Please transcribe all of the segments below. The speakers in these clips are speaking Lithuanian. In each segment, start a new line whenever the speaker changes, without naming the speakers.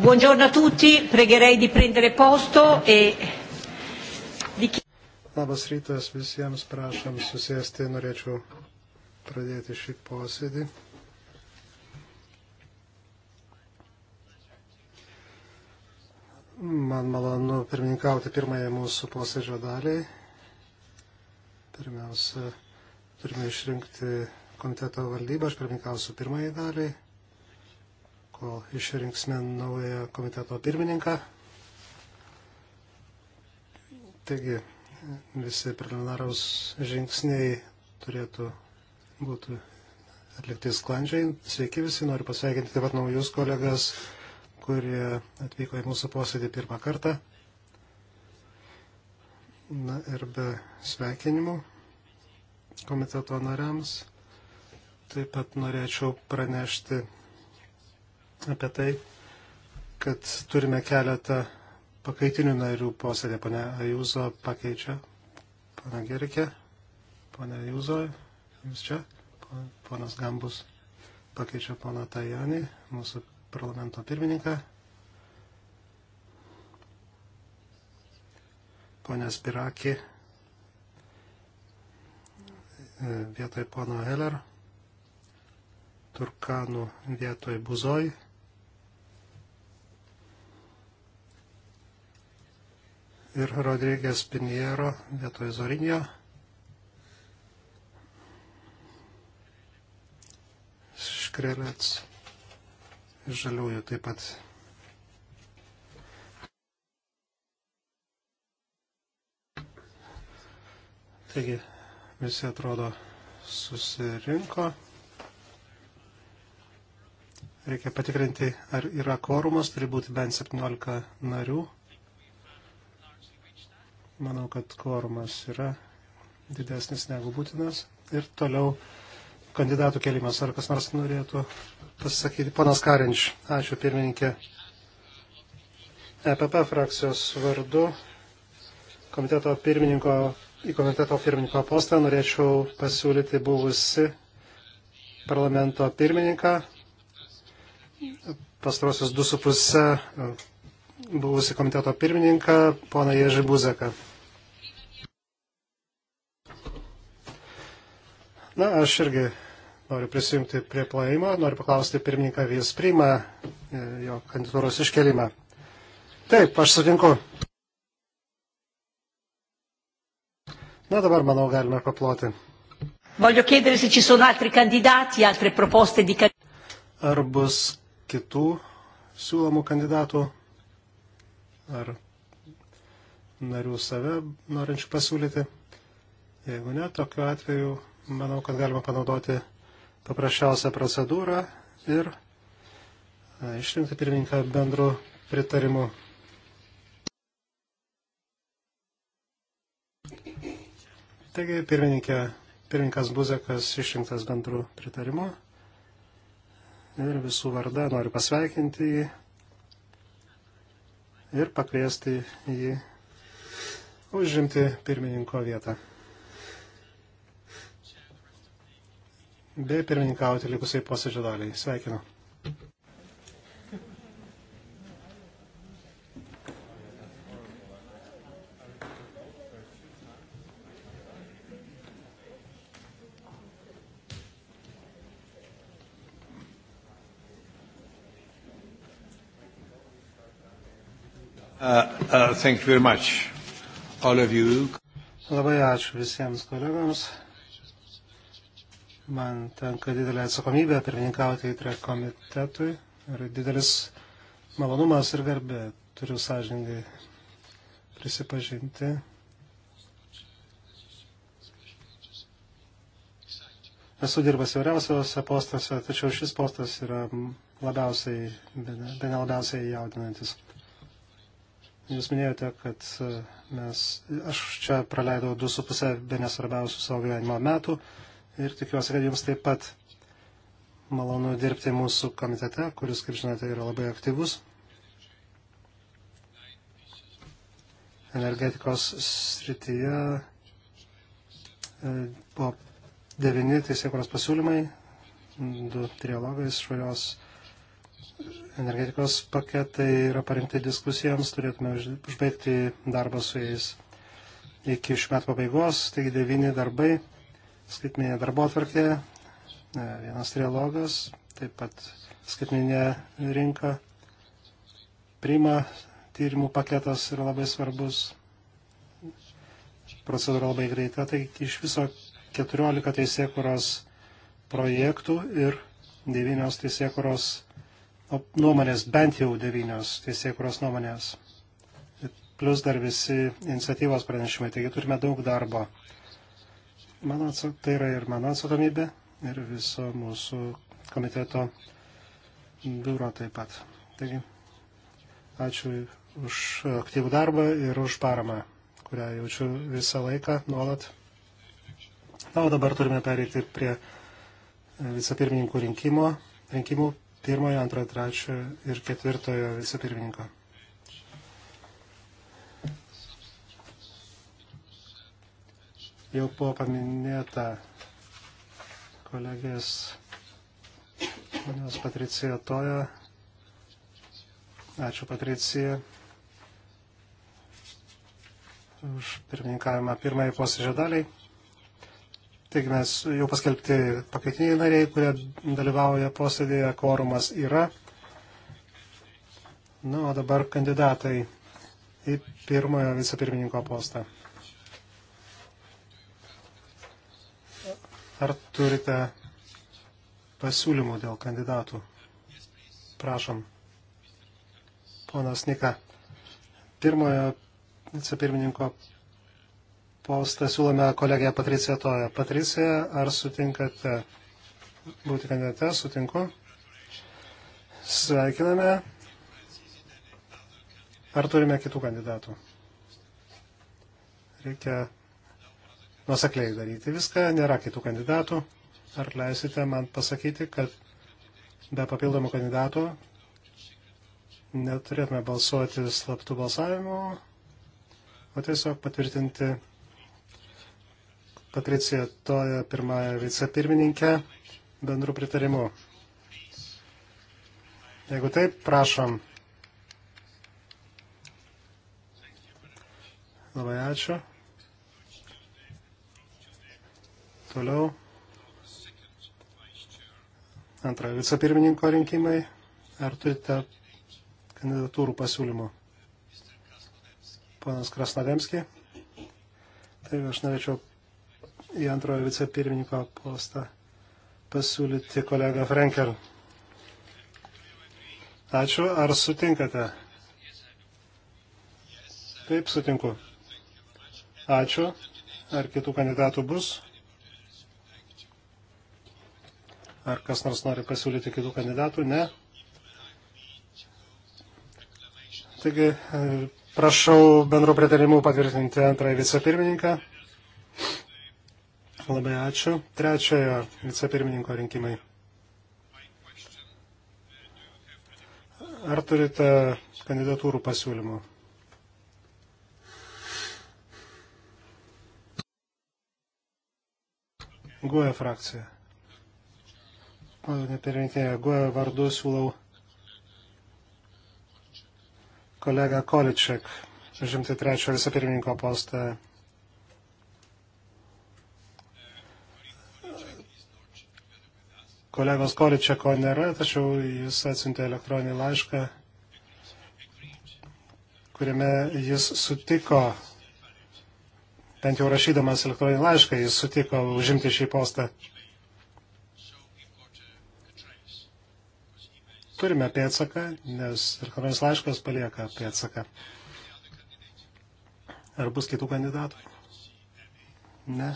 Buongiorno a tutti, pregherei di prendere posto e di chi...
Labas rytas visiems, prašom susėsti, norėčiau pradėti šį posėdį. Man malonu pirmininkauti pirmąją mūsų posėdžio daliai. Pirmiausia, turime išrinkti komiteto valdybą, aš pirmininkausiu pirmąjį daliai kol išrinksime naują komiteto pirmininką. Taigi visi preliminaraus žingsniai turėtų būti atlikti sklandžiai. Sveiki visi, noriu pasveikinti taip pat naujus kolegas, kurie atvyko į mūsų posėdį pirmą kartą. Na ir be sveikinimų komiteto nariams. Taip pat norėčiau pranešti apie tai, kad turime keletą pakaitinių narių posėdė. Pane Ajuzo pakeičia. Pane Gerikė. Pane Ajuzo, jūs čia. Ponas Gambus pakeičia poną Tajanį, mūsų parlamento pirmininką. Pone Spiraki e, vietoj pono Heller. Turkanų vietoj Buzoj. ir Rodrygės Piniero vietoj Zorinio. Škrelėts iš žaliųjų taip pat. Taigi, visi atrodo susirinko. Reikia patikrinti, ar yra kvorumas, turi būti bent 17 narių. Manau, kad kvorumas yra didesnis negu būtinas. Ir toliau kandidatų kelimas. Ar kas nors norėtų pasisakyti? Ponas Karinč, ačiū pirmininkė. EPP frakcijos vardu komiteto pirmininko, į komiteto pirmininko postą norėčiau pasiūlyti buvusi parlamento pirmininką, pastarosius du su pusę e, buvusi komiteto pirmininką, poną Ježį Buzeką. Na, aš irgi noriu prisijungti prie plojimo, noriu paklausti pirmininką, ar jis priima e, jo kandidatūros iškelimą. Taip, aš sutinku. Na, dabar, manau, galime paploti.
Voglio chiedere se ci sono altri candidati,
altre proposte di candidati. Ar bus kitų siūlomų kandidatų? Ar narių save norinčių pasiūlyti? Jeigu ne, tokiu atveju manau, kad galima panaudoti paprasčiausią procedūrą ir e, išrinkti pirmininką bendru pritarimu. Taigi pirmininkė, pirmininkas Buzekas išrinktas bendru pritarimu ir visų vardą noriu pasveikinti jį ir pakviesti jį užimti pirmininko vietą. bei pirmininkauti likusiai posėdžio daliai. Sveikinu.
Uh, uh, thank you very much, all of you.
Labai ačiū visiems kolegams. Man tenka didelė atsakomybė pirmininkauti įtrė komitetui ir didelis malonumas ir garbė turiu sąžiningai prisipažinti. Esu dirbęs įvairiausiose postuose, tačiau šis postas yra labiausiai, bene labiausiai jaudinantis. Jūs minėjote, kad e, mes, aš čia praleidau du su pusę bene svarbiausių savo gyvenimo metų ir tikiuosi, kad jums taip pat malonu dirbti mūsų komitete, kuris, kaip žinote, yra labai aktyvus. Energetikos srityje e, buvo devini teisėkuros pasiūlymai, du trialogai švarios energetikos paketai yra parengti diskusijoms, turėtume užbaigti darbą su jais iki šių metų pabaigos, taigi devyni darbai skaitminė darbo atvarkė, e, vienas trialogas, taip pat skaitminė rinka, priima tyrimų paketas yra labai svarbus, procedūra labai greita, tai iš viso 14 teisėkuros projektų ir 9 teisėkuros nuomonės, bent jau 9 teisėkuros nuomonės. Plus dar visi iniciatyvos pranešimai, taigi turime daug darbo. Mano, tai yra ir mano atsakomybė, ir viso mūsų komiteto biuro taip pat. Taigi, ačiū už aktyvų darbą ir už paramą, kurią jaučiu visą laiką, nuolat. Na, o dabar turime pereiti prie e, vicepirmininkų rinkimo, rinkimų pirmojo, antrojo, trečiojo ir ketvirtojo vicepirmininko. jau buvo paminėta kolegės ponios Patricija Toja. Ačiū Patricija už pirmininkavimą pirmąjį posėdžio daliai. Taigi mes jau paskelbti pakaitiniai nariai, kurie dalyvauja posėdėje, kvorumas yra. Na, nu, o dabar kandidatai į pirmojo vicepirmininko postą. Ar turite pasiūlymų dėl kandidatų? Prašom. Ponas Nika. Pirmojo vicepirmininko postą siūlome kolegę Patriciją Toją. Patricija, ar sutinkate būti kandidate? Sutinku. Sveikiname. Ar turime kitų kandidatų? Reikia nusekliai daryti viską, nėra kitų kandidatų. Ar leisite man pasakyti, kad be papildomų kandidatų neturėtume balsuoti slaptų balsavimų, o tiesiog patvirtinti Patricija Toja pirmąją vicepirmininkę bendrų pritarimų. Jeigu taip, prašom. Labai ačiū. Toliau. Antra, vicepirmininko rinkimai. Ar turite kandidatūrų pasiūlymų? Ponas Krasnodemski. Tai aš norėčiau į antrojo vicepirmininko postą pasiūlyti kolegą Frenkel. Ačiū. Ar sutinkate? Taip, sutinku. Ačiū. Ar kitų kandidatų bus? Ar kas nors nori pasiūlyti kitų kandidatų? Ne. Taigi, e, prašau bendro pritarimų patvirtinti antrąjį vicepirmininką. Labai ačiū. Trečiojo vicepirmininko rinkimai. Ar turite kandidatūrų pasiūlymų? Guoja frakcija pirmininkė, guoja vardu siūlau kolegą Količek žimti trečio vicepirmininko postą. Kolegos Količeko nėra, tačiau jis atsiuntė elektroninį laišką, kuriame jis sutiko, bent jau rašydamas elektroninį laišką, jis sutiko užimti šį postą. turime pėtsaką, nes ir komisijos laiškas palieka pėtsaką. Ar bus kitų kandidatų? Ne.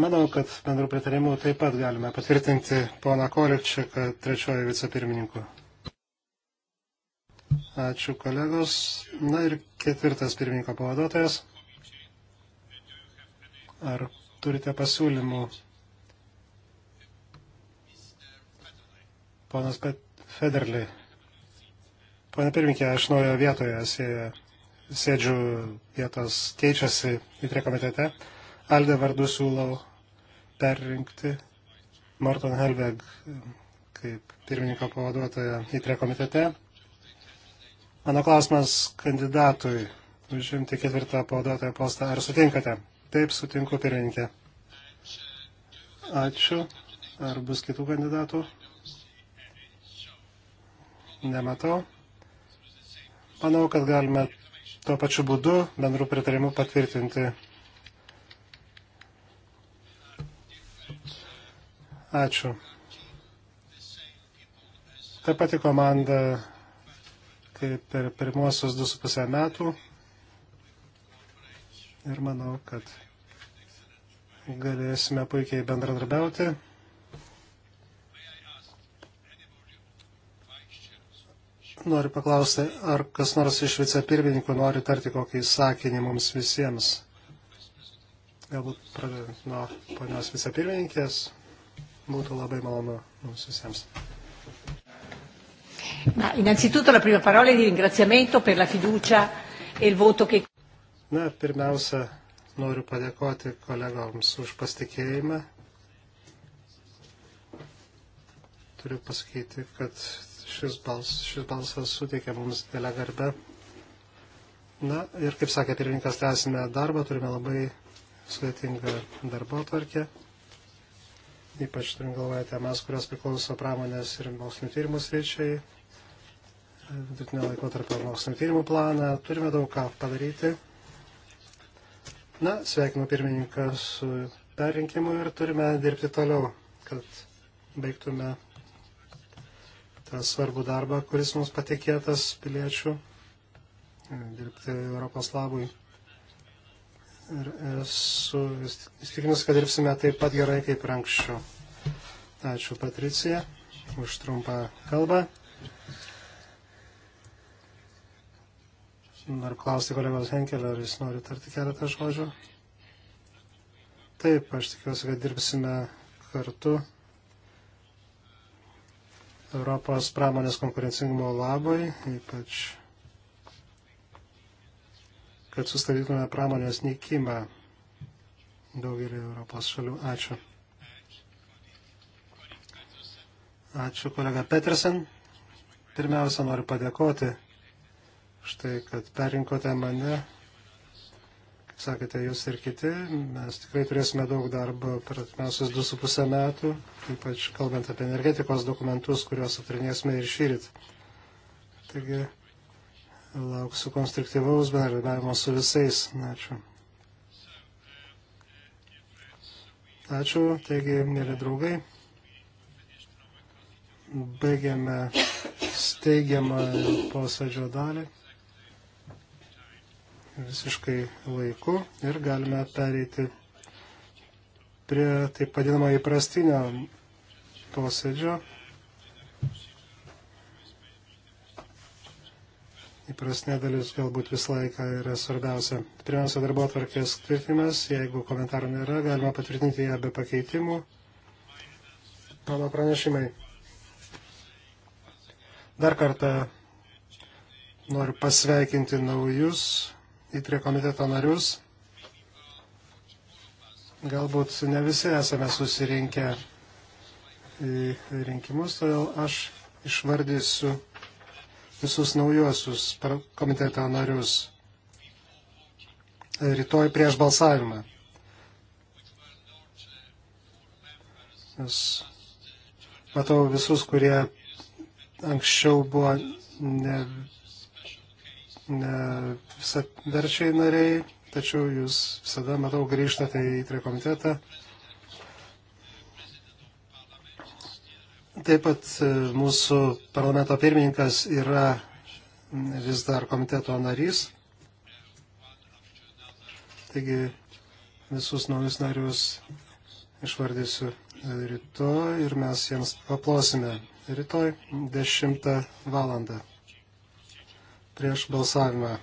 Manau, kad bendrų pritarimų taip pat galime patvirtinti poną Količiką trečiojo vicepirmininku. Ačiū kolegos. Na ir ketvirtas pirmininko pavaduotojas. Ar turite pasiūlymų Ponas Federli. Pane pirminkė, aš naujo vietoje sėdžiu, vietos keičiasi į trie komitete. Alde vardu siūlau perrinkti Morton Helveg e, kaip pirmininko pavaduotoją į trie komitete. Mano klausimas kandidatui užimti ketvirtą pavaduotojo postą. Ar sutinkate? Taip, sutinku, pirmininkė. Ačiū. Ar bus kitų kandidatų? Nematau. Manau, kad galime tuo pačiu būdu bendrų pritarimų patvirtinti. Ačiū. Ta pati komanda kaip per pirmuosius 2,5 metų. Ir manau, kad galėsime puikiai bendradarbiauti. Noriu paklausti, ar kas nors iš vicepirmininkų nori tarti kokį sakinį mums visiems. Galbūt pradedant nuo ponios vicepirmininkės, būtų labai malonu mums visiems.
Ma innanzitutto la prima parola è di ringraziamento per la fiducia e il voto che.
Na, pirmiausia, noriu padėkoti kolegoms už pasitikėjimą. Turiu pasakyti, kad Šis, bals, šis balsas suteikia mums dėlę garbę. Na ir, kaip sakė pirmininkas, tęsime darbą, turime labai sudėtingą darbo atvarkę. Ypač turim galvoje temas, kurios priklauso pramonės ir mokslinio tyrimų sričiai, vidutinio laiko tarp mokslinio tyrimų planą. Turime daug ką padaryti. Na, sveikinu pirmininką su perrinkimu ir turime dirbti toliau, kad baigtume tą svarbų darbą, kuris mums patikėtas piliečių e, dirbti Europos labui. Ir esu įstikinus, kad dirbsime taip pat gerai kaip ir anksčiau. Ačiū Patricija už trumpą kalbą. Noriu klausti kolegos Henkelio, ar jis nori tarti keletą žodžių. Taip, aš tikiuosi, kad dirbsime kartu. Europos pramonės konkurencingumo labai, ypač kad sustarytume pramonės nykimą daugelį Europos šalių. Ačiū. Ačiū kolega Petersen. Pirmiausia, noriu padėkoti štai, kad perinkote mane sakėte jūs ir kiti, mes tikrai turėsime daug darbo per atmiausius 2,5 metų, ypač kalbant apie energetikos dokumentus, kuriuos aptarinėsime ir šyrit. Taigi lauksiu konstruktyvaus bendradarbiavimo su visais. Ačiū. Ačiū, taigi, mėly draugai, baigiame steigiamą posėdžio dalį visiškai laiku ir galime pereiti prie taip vadinamo įprastinio posėdžio. Įprastinė dalis galbūt visą laiką yra svarbiausia. Pirmiausia, darbo atvarkės tvirtinimas. Jeigu komentarų nėra, galima patvirtinti ją be pakeitimų. Mano pranešimai. Dar kartą noriu pasveikinti naujus įtrie komiteto narius. Galbūt ne visi esame susirinkę į rinkimus, todėl aš išvardysiu visus naujosius komiteto narius rytoj prieš balsavimą. Nes matau visus, kurie anksčiau buvo ne ne visaverčiai nariai, tačiau jūs visada, matau, grįžtate į trikomitetą. Taip pat e, mūsų parlamento pirmininkas yra vis dar komiteto narys. Taigi visus naujus narius išvardysiu e, rytoj ir mes jiems paplosime rytoj 10 valandą prieš balsavimą.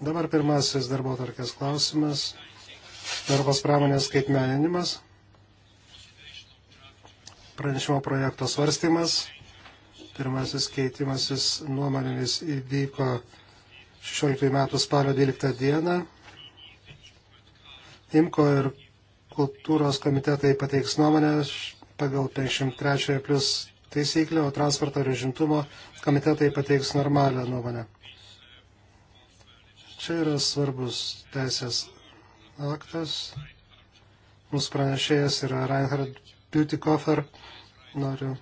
Dabar pirmasis darbo tarkės klausimas. Darbos pramonės skaitmeninimas. Pranešimo projekto svarstymas. Pirmasis keitimasis nuomonėmis įvyko 16 metų spalio 12 dieną. Imko ir kultūros komitetai pateiks nuomonę pagal 53 plus taisyklių, o transporto ir žimtumo komitetai pateiks normalią nuomonę. Čia yra svarbus teisės aktas. Mūsų pranešėjas yra Reinhard Beautykofer. Noriu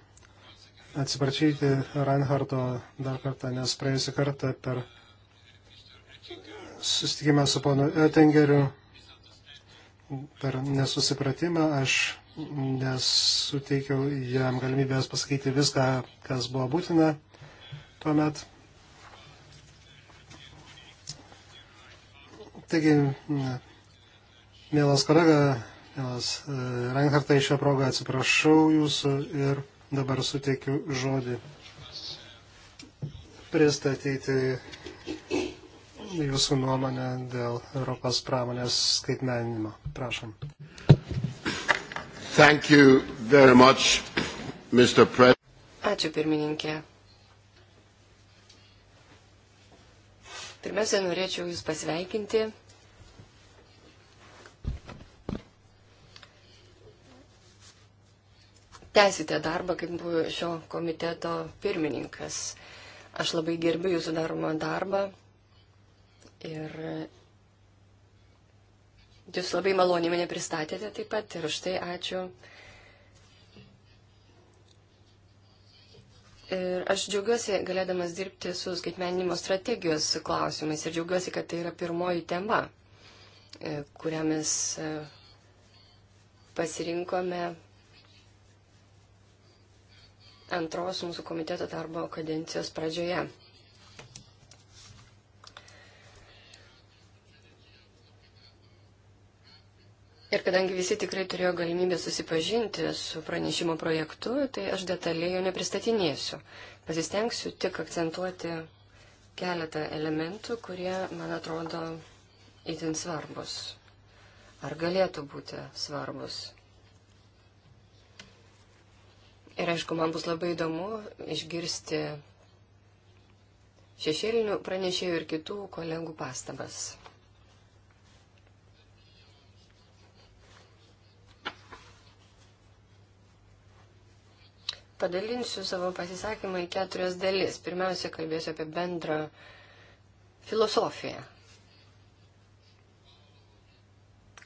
atsiprašyti Reinhardo dar kartą, nes praėjusį kartą per susitikimą su ponu Oettingeriu per nesusipratimą aš nes suteikiau jam galimybės pasakyti viską, kas buvo būtina tuomet. Taigi, mielas kolega, mielas e, Reinhardtai, šią progą atsiprašau jūsų ir dabar suteikiu žodį pristatyti jūsų nuomonę dėl Europos pramonės skaitmeninimo. Prašom.
Thank you very much, Mr. President.
Ačiū pirmininkė. Pirmiausia, norėčiau Jūs pasveikinti. Tęsite darbą kaip šio komiteto pirmininkas. Aš labai gerbiu Jūsų daromą darbą ir Jūs labai maloniai mane pristatėte taip pat ir už tai ačiū. Ir aš džiaugiuosi galėdamas dirbti su skaitmeninimo strategijos klausimais ir džiaugiuosi, kad tai yra pirmoji tema, e, kurią mes e, pasirinkome antros mūsų komiteto darbo kadencijos pradžioje. Ir kadangi visi tikrai turėjo galimybę susipažinti su pranešimo projektu, tai aš detaliai jo nepristatinėsiu. Pasistengsiu tik akcentuoti keletą elementų, kurie, man atrodo, itin svarbus. Ar galėtų būti svarbus. Ir aišku, man bus labai įdomu išgirsti šešėlinių pranešėjų ir kitų kolegų pastabas. Padalinsiu savo pasisakymą į keturias dalis. Pirmiausia, kalbėsiu apie bendrą filosofiją,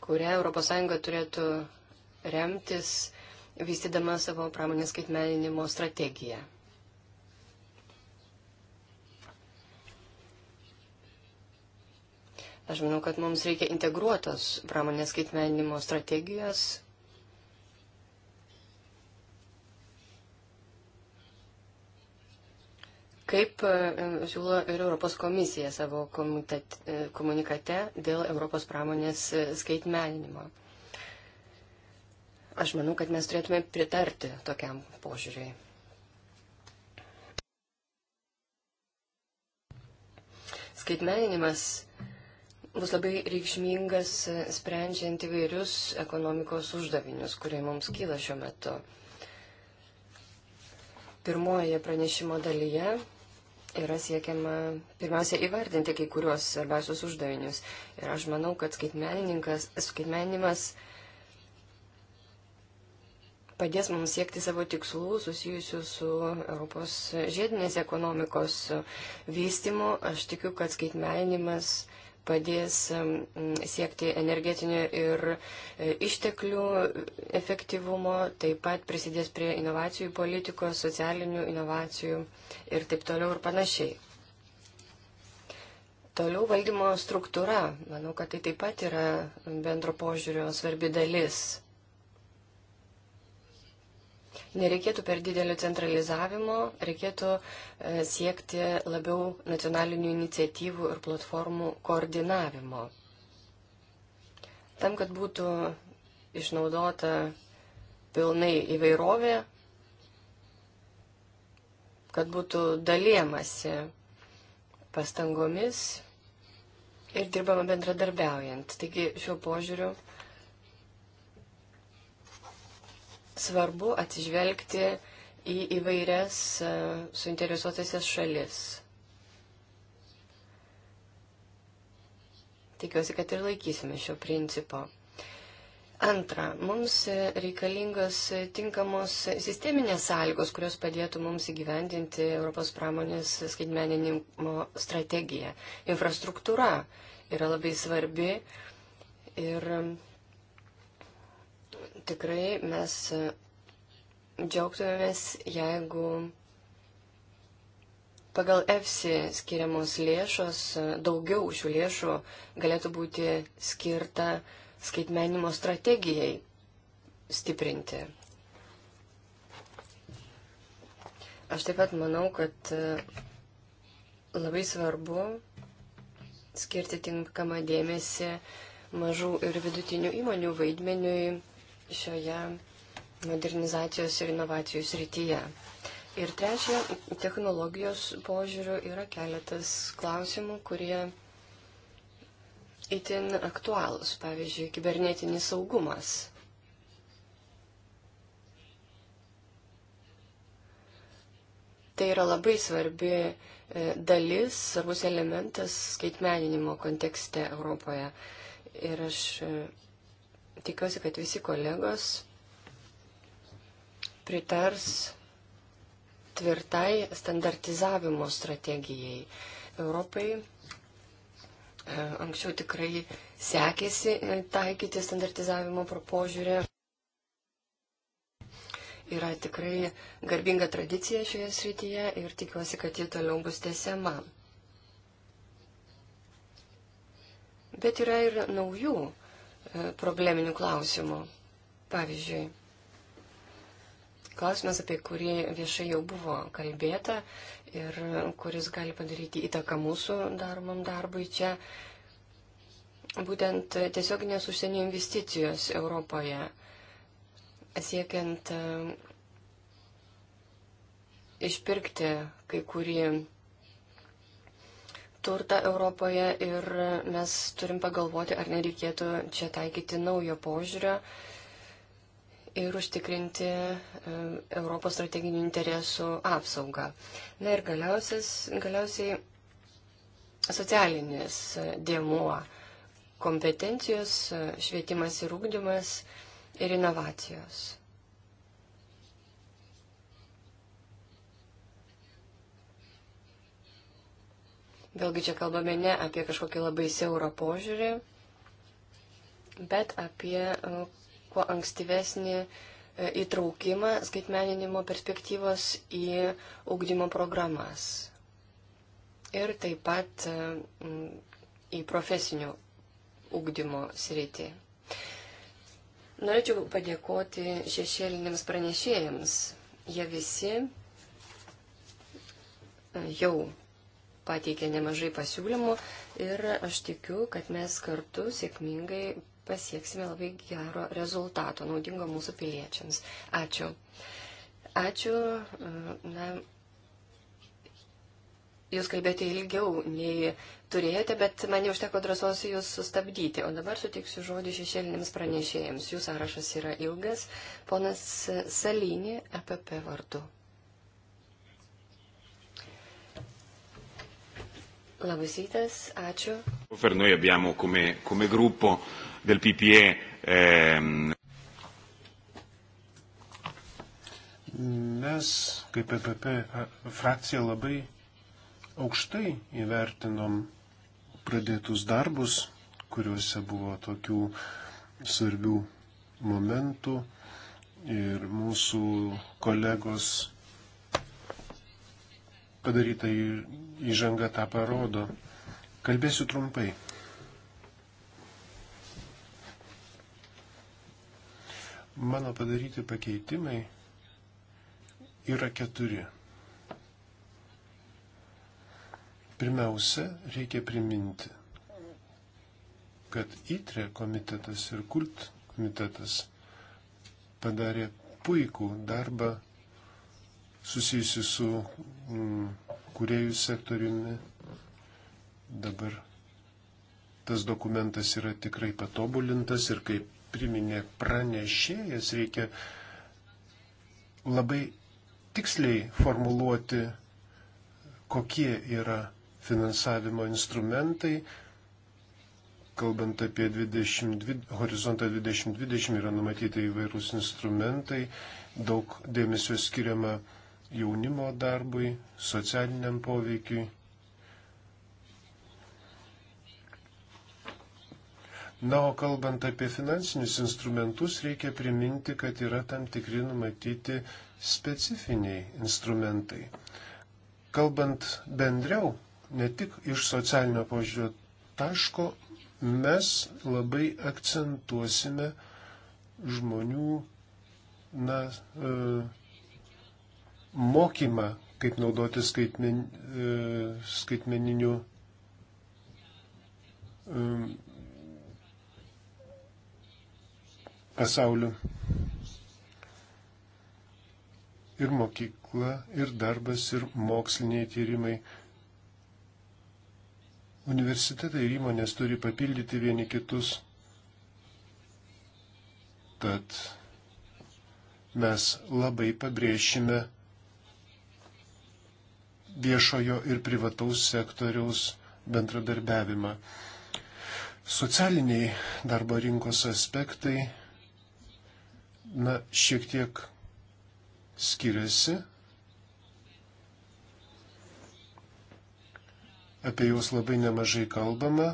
kurią ES turėtų remtis, vystydama savo pramonės skaitmeninimo strategiją. Aš manau, kad mums reikia integruotos pramonės skaitmeninimo strategijos, kaip e, siūlo ir Europos komisija savo e, komunikate dėl Europos pramonės e, skaitmeninimo. Aš manau, kad mes turėtume pritarti tokiam požiūriui. Skaitmeninimas bus labai reikšmingas sprendžiant įvairius ekonomikos uždavinius, kurie mums kyla šiuo metu. Pirmoje pranešimo dalyje yra siekiama pirmiausia įvardinti kai kuriuos svarbiausius uždavinius. Ir aš manau, kad skaitmenimas padės mums siekti savo tikslų susijusių su Europos žiedinės ekonomikos vystimu. Aš tikiu, kad skaitmenimas padės mm, siekti energetinio ir e, išteklių efektyvumo, taip pat prisidės prie inovacijų politikos, socialinių inovacijų ir taip toliau ir panašiai. Toliau valdymo struktūra. Manau, kad tai taip pat yra bendro požiūrio svarbi dalis Nereikėtų per didelio centralizavimo, reikėtų e, siekti labiau nacionalinių iniciatyvų ir platformų koordinavimo. Tam, kad būtų išnaudota pilnai įvairovė, kad būtų dalėmasi pastangomis ir dirbama bendradarbiaujant. Taigi šiuo požiūriu svarbu atsižvelgti į įvairias e, suinteresuotasias šalis. Tikiuosi, kad ir laikysime šio principo. Antra, mums reikalingos tinkamos sisteminės sąlygos, kurios padėtų mums įgyvendinti Europos pramonės skaitmeninimo strategiją. Infrastruktūra yra labai svarbi ir tikrai mes e, džiaugtumėmės, jeigu pagal EFSI skiriamos lėšos, e, daugiau šių lėšų galėtų būti skirta skaitmenimo strategijai stiprinti. Aš taip pat manau, kad e, labai svarbu skirti tinkamą dėmesį mažų ir vidutinių įmonių vaidmeniui šioje modernizacijos ir inovacijų srityje. Ir trečia, technologijos požiūrių yra keletas klausimų, kurie itin aktualūs, pavyzdžiui, kibernetinis saugumas. Tai yra labai svarbi e, dalis, svarbus elementas skaitmeninimo kontekste Europoje. Ir aš e, Tikiuosi, kad visi kolegos pritars tvirtai standartizavimo strategijai Europai. E, anksčiau tikrai sekėsi e, taikyti standartizavimo propožiūrį. Yra tikrai garbinga tradicija šioje srityje ir tikiuosi, kad ji toliau bus tęsiama. Bet yra ir naujų E, probleminių klausimų. Pavyzdžiui, klausimas, apie kurį viešai jau buvo kalbėta ir kuris gali padaryti įtaką mūsų daromam darbui čia, būtent tiesioginės užsienio investicijos Europoje, siekiant e, išpirkti kai kurį turtą Europoje ir mes turim pagalvoti, ar nereikėtų čia taikyti naujo požiūrio ir užtikrinti e, Europos strateginių interesų apsaugą. Na ir galiausiai socialinis dėmuo - kompetencijos, švietimas ir ūkdymas ir inovacijos. Vėlgi čia kalbame ne apie kažkokį labai siaurą požiūrį, bet apie e, kuo ankstyvesnį e, įtraukimą skaitmeninimo perspektyvos į ugdymo programas ir taip pat e, į profesinių ugdymo sritį. Norėčiau padėkoti šešėliniams pranešėjams. Jie visi jau pateikė nemažai pasiūlymų ir aš tikiu, kad mes kartu sėkmingai pasieksime labai gero rezultato, naudingo mūsų piliečiams. Ačiū. Ačiū. Na, Jūs kalbėjote ilgiau nei turėjote, bet man neužteko drąsos jūs sustabdyti. O dabar sutiksiu žodį šešėlinėms pranešėjams. Jų sąrašas yra ilgas. Ponas Salinį, APP e vardu. Labas rytas, ačiū.
Per noi abbiamo come, come gruppo del PPE. Ehm... Mes kaip PPP frakcija labai aukštai įvertinom pradėtus darbus, kuriuose buvo tokių svarbių momentų ir mūsų kolegos padaryta įžanga tą parodo. Kalbėsiu trumpai. Mano padaryti pakeitimai yra keturi. Pirmiausia, reikia priminti, kad ITRE komitetas ir KULT komitetas padarė puikų darbą susijusi su mm, kuriejų sektoriumi. Dabar tas dokumentas yra tikrai patobulintas ir kaip priminė pranešėjas, reikia labai tiksliai formuluoti, kokie yra finansavimo instrumentai, kalbant apie 20, horizontą 2020 yra numatyti įvairūs instrumentai, daug dėmesio skiriama jaunimo darbui, socialiniam poveikiui. Na, o kalbant apie finansinius instrumentus, reikia priminti, kad yra tam tikri numatyti specifiniai instrumentai. Kalbant bendriau, ne tik iš socialinio požiūrio taško, mes labai akcentuosime žmonių na, e, mokymą, kaip naudoti skaitmen, e, skaitmeninių pasauliu. Ir mokykla, ir darbas, ir moksliniai tyrimai. Universitetai ir įmonės turi papildyti vieni kitus. Tad mes labai pabrėšime viešojo ir privataus sektoriaus bendradarbiavimą. Socialiniai darbo rinkos aspektai, na, šiek tiek skiriasi. Apie juos labai nemažai kalbama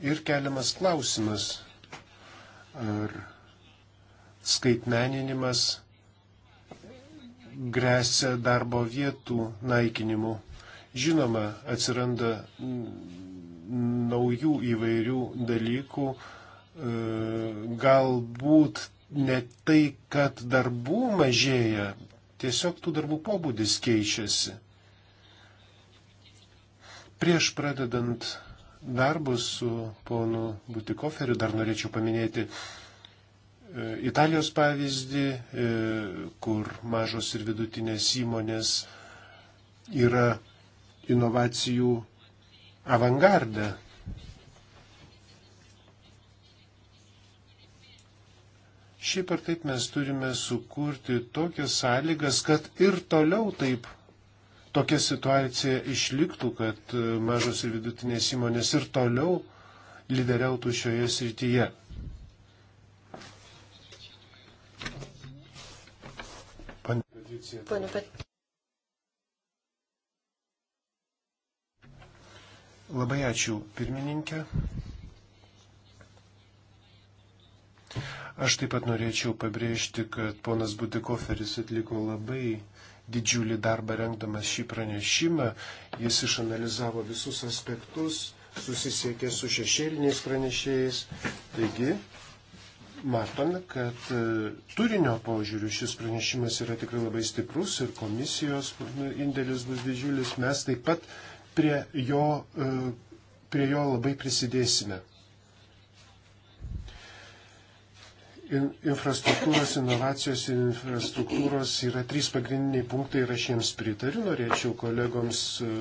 ir keliamas klausimas, ar skaitmeninimas grėsia darbo vietų naikinimu. Žinoma, atsiranda naujų įvairių dalykų, e, galbūt ne tai, kad darbų mažėja, tiesiog tų darbų pobūdis keičiasi. Prieš pradedant darbus su ponu Butikoferiu dar norėčiau paminėti E, Italijos pavyzdį, e, kur mažos ir vidutinės įmonės yra inovacijų avangardą. Šiaip ar taip mes turime sukurti tokias sąlygas, kad ir toliau taip tokia situacija išliktų, kad e, mažos ir vidutinės įmonės ir toliau lyderiautų šioje srityje.
poziciją. Pone, bet...
Labai ačiū pirmininkė. Aš taip pat norėčiau pabrėžti, kad ponas Budikoferis atliko labai didžiulį darbą rengdamas šį pranešimą. Jis išanalizavo visus aspektus, susisiekė su šešėliniais pranešėjais. Taigi, matome, kad e, turinio požiūrių šis pranešimas yra tikrai labai stiprus ir komisijos indėlis bus didžiulis. Mes taip pat prie jo, e, prie jo labai prisidėsime. Infrastruktūros, inovacijos ir infrastruktūros yra trys pagrindiniai punktai ir aš jiems pritariu. Norėčiau kolegoms e,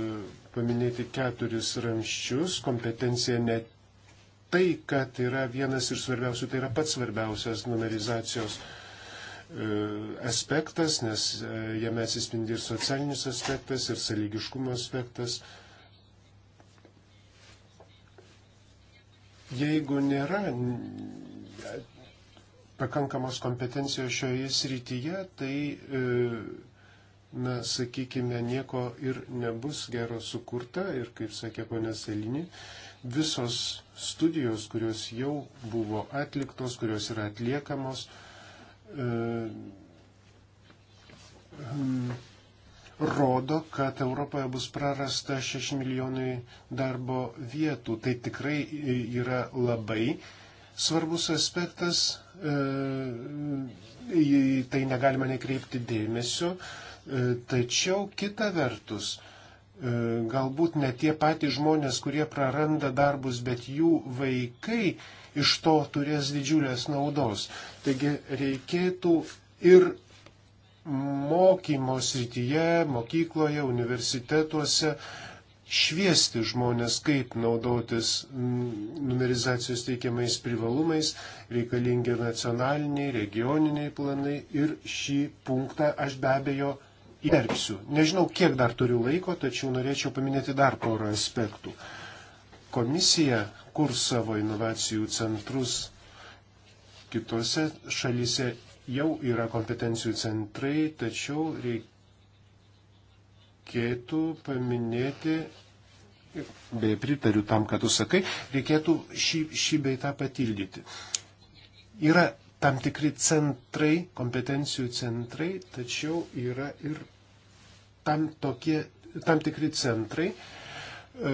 paminėti keturis ramščius. Kompetencija net tai, kad yra vienas ir svarbiausių, tai yra pats svarbiausias numerizacijos e, aspektas, nes e, jame atsispindi ir socialinis aspektas, ir sąlygiškumo aspektas. Jeigu nėra pakankamos kompetencijos šioje srityje, tai, e, na, sakykime, nieko ir nebus gero sukurta ir, kaip sakė ponė Selinė, visos studijos, kurios jau buvo atliktos, kurios yra atliekamos, e, hmm, rodo, kad Europoje bus prarasta 6 milijonai darbo vietų. Tai tikrai yra labai svarbus aspektas, e, į tai negalima nekreipti dėmesio. E, tačiau kita vertus, E, galbūt ne tie patys žmonės, kurie praranda darbus, bet jų vaikai iš to turės didžiulės naudos. Taigi reikėtų ir mokymo srityje, mokykloje, universitetuose šviesti žmonės, kaip naudotis numerizacijos teikiamais privalumais, reikalingi nacionaliniai, regioniniai planai ir šį punktą aš be abejo įterpsiu. Nežinau, kiek dar turiu laiko, tačiau norėčiau paminėti dar porą aspektų. Komisija kur savo inovacijų centrus kitose šalyse jau yra kompetencijų centrai, tačiau reikėtų paminėti, beje pritariu tam, ką tu sakai, reikėtų šį, šį beitą patildyti. Yra tam tikri centrai, kompetencijų centrai, tačiau yra ir tam, tokie, tam tikri centrai, e,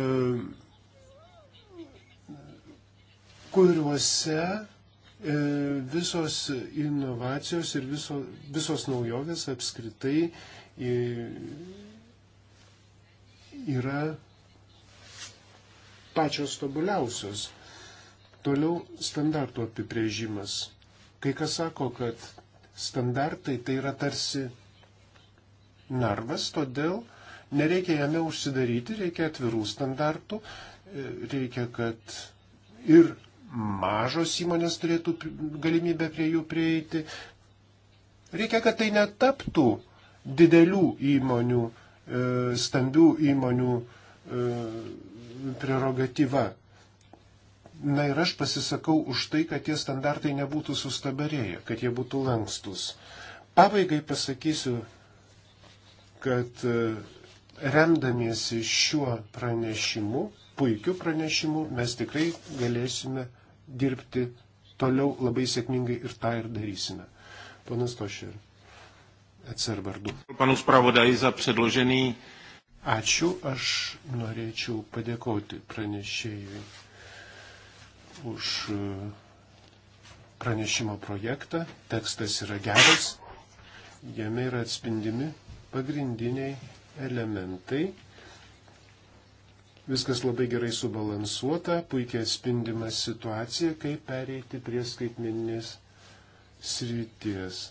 kuriuose e, visos inovacijos ir viso, visos naujovės apskritai e, yra pačios tobuliausios. Toliau standartų apibrėžimas. Kai kas sako, kad standartai tai yra tarsi narvas, todėl nereikia jame užsidaryti, reikia atvirų standartų, e, reikia, kad ir mažos įmonės turėtų galimybę prie jų prieiti. Reikia, kad tai netaptų didelių įmonių, e, stambių įmonių e, prerogatyva. Na ir aš pasisakau už tai, kad tie standartai nebūtų sustabarėję, kad jie būtų lankstus. Pabaigai pasakysiu, kad e, remdamiesi šiuo pranešimu, puikiu pranešimu, mes tikrai galėsime dirbti toliau labai sėkmingai ir tą ir darysime. Ponas Tošer, atsir vardu. Panus pravodai za predloženį. Ačiū, aš norėčiau padėkoti pranešėjui už e, pranešimo projektą. Tekstas yra geras. Jame yra atspindimi pagrindiniai elementai. Viskas labai gerai subalansuota, puikiai atspindima situacija, kaip pereiti prie skaitmeninės srities.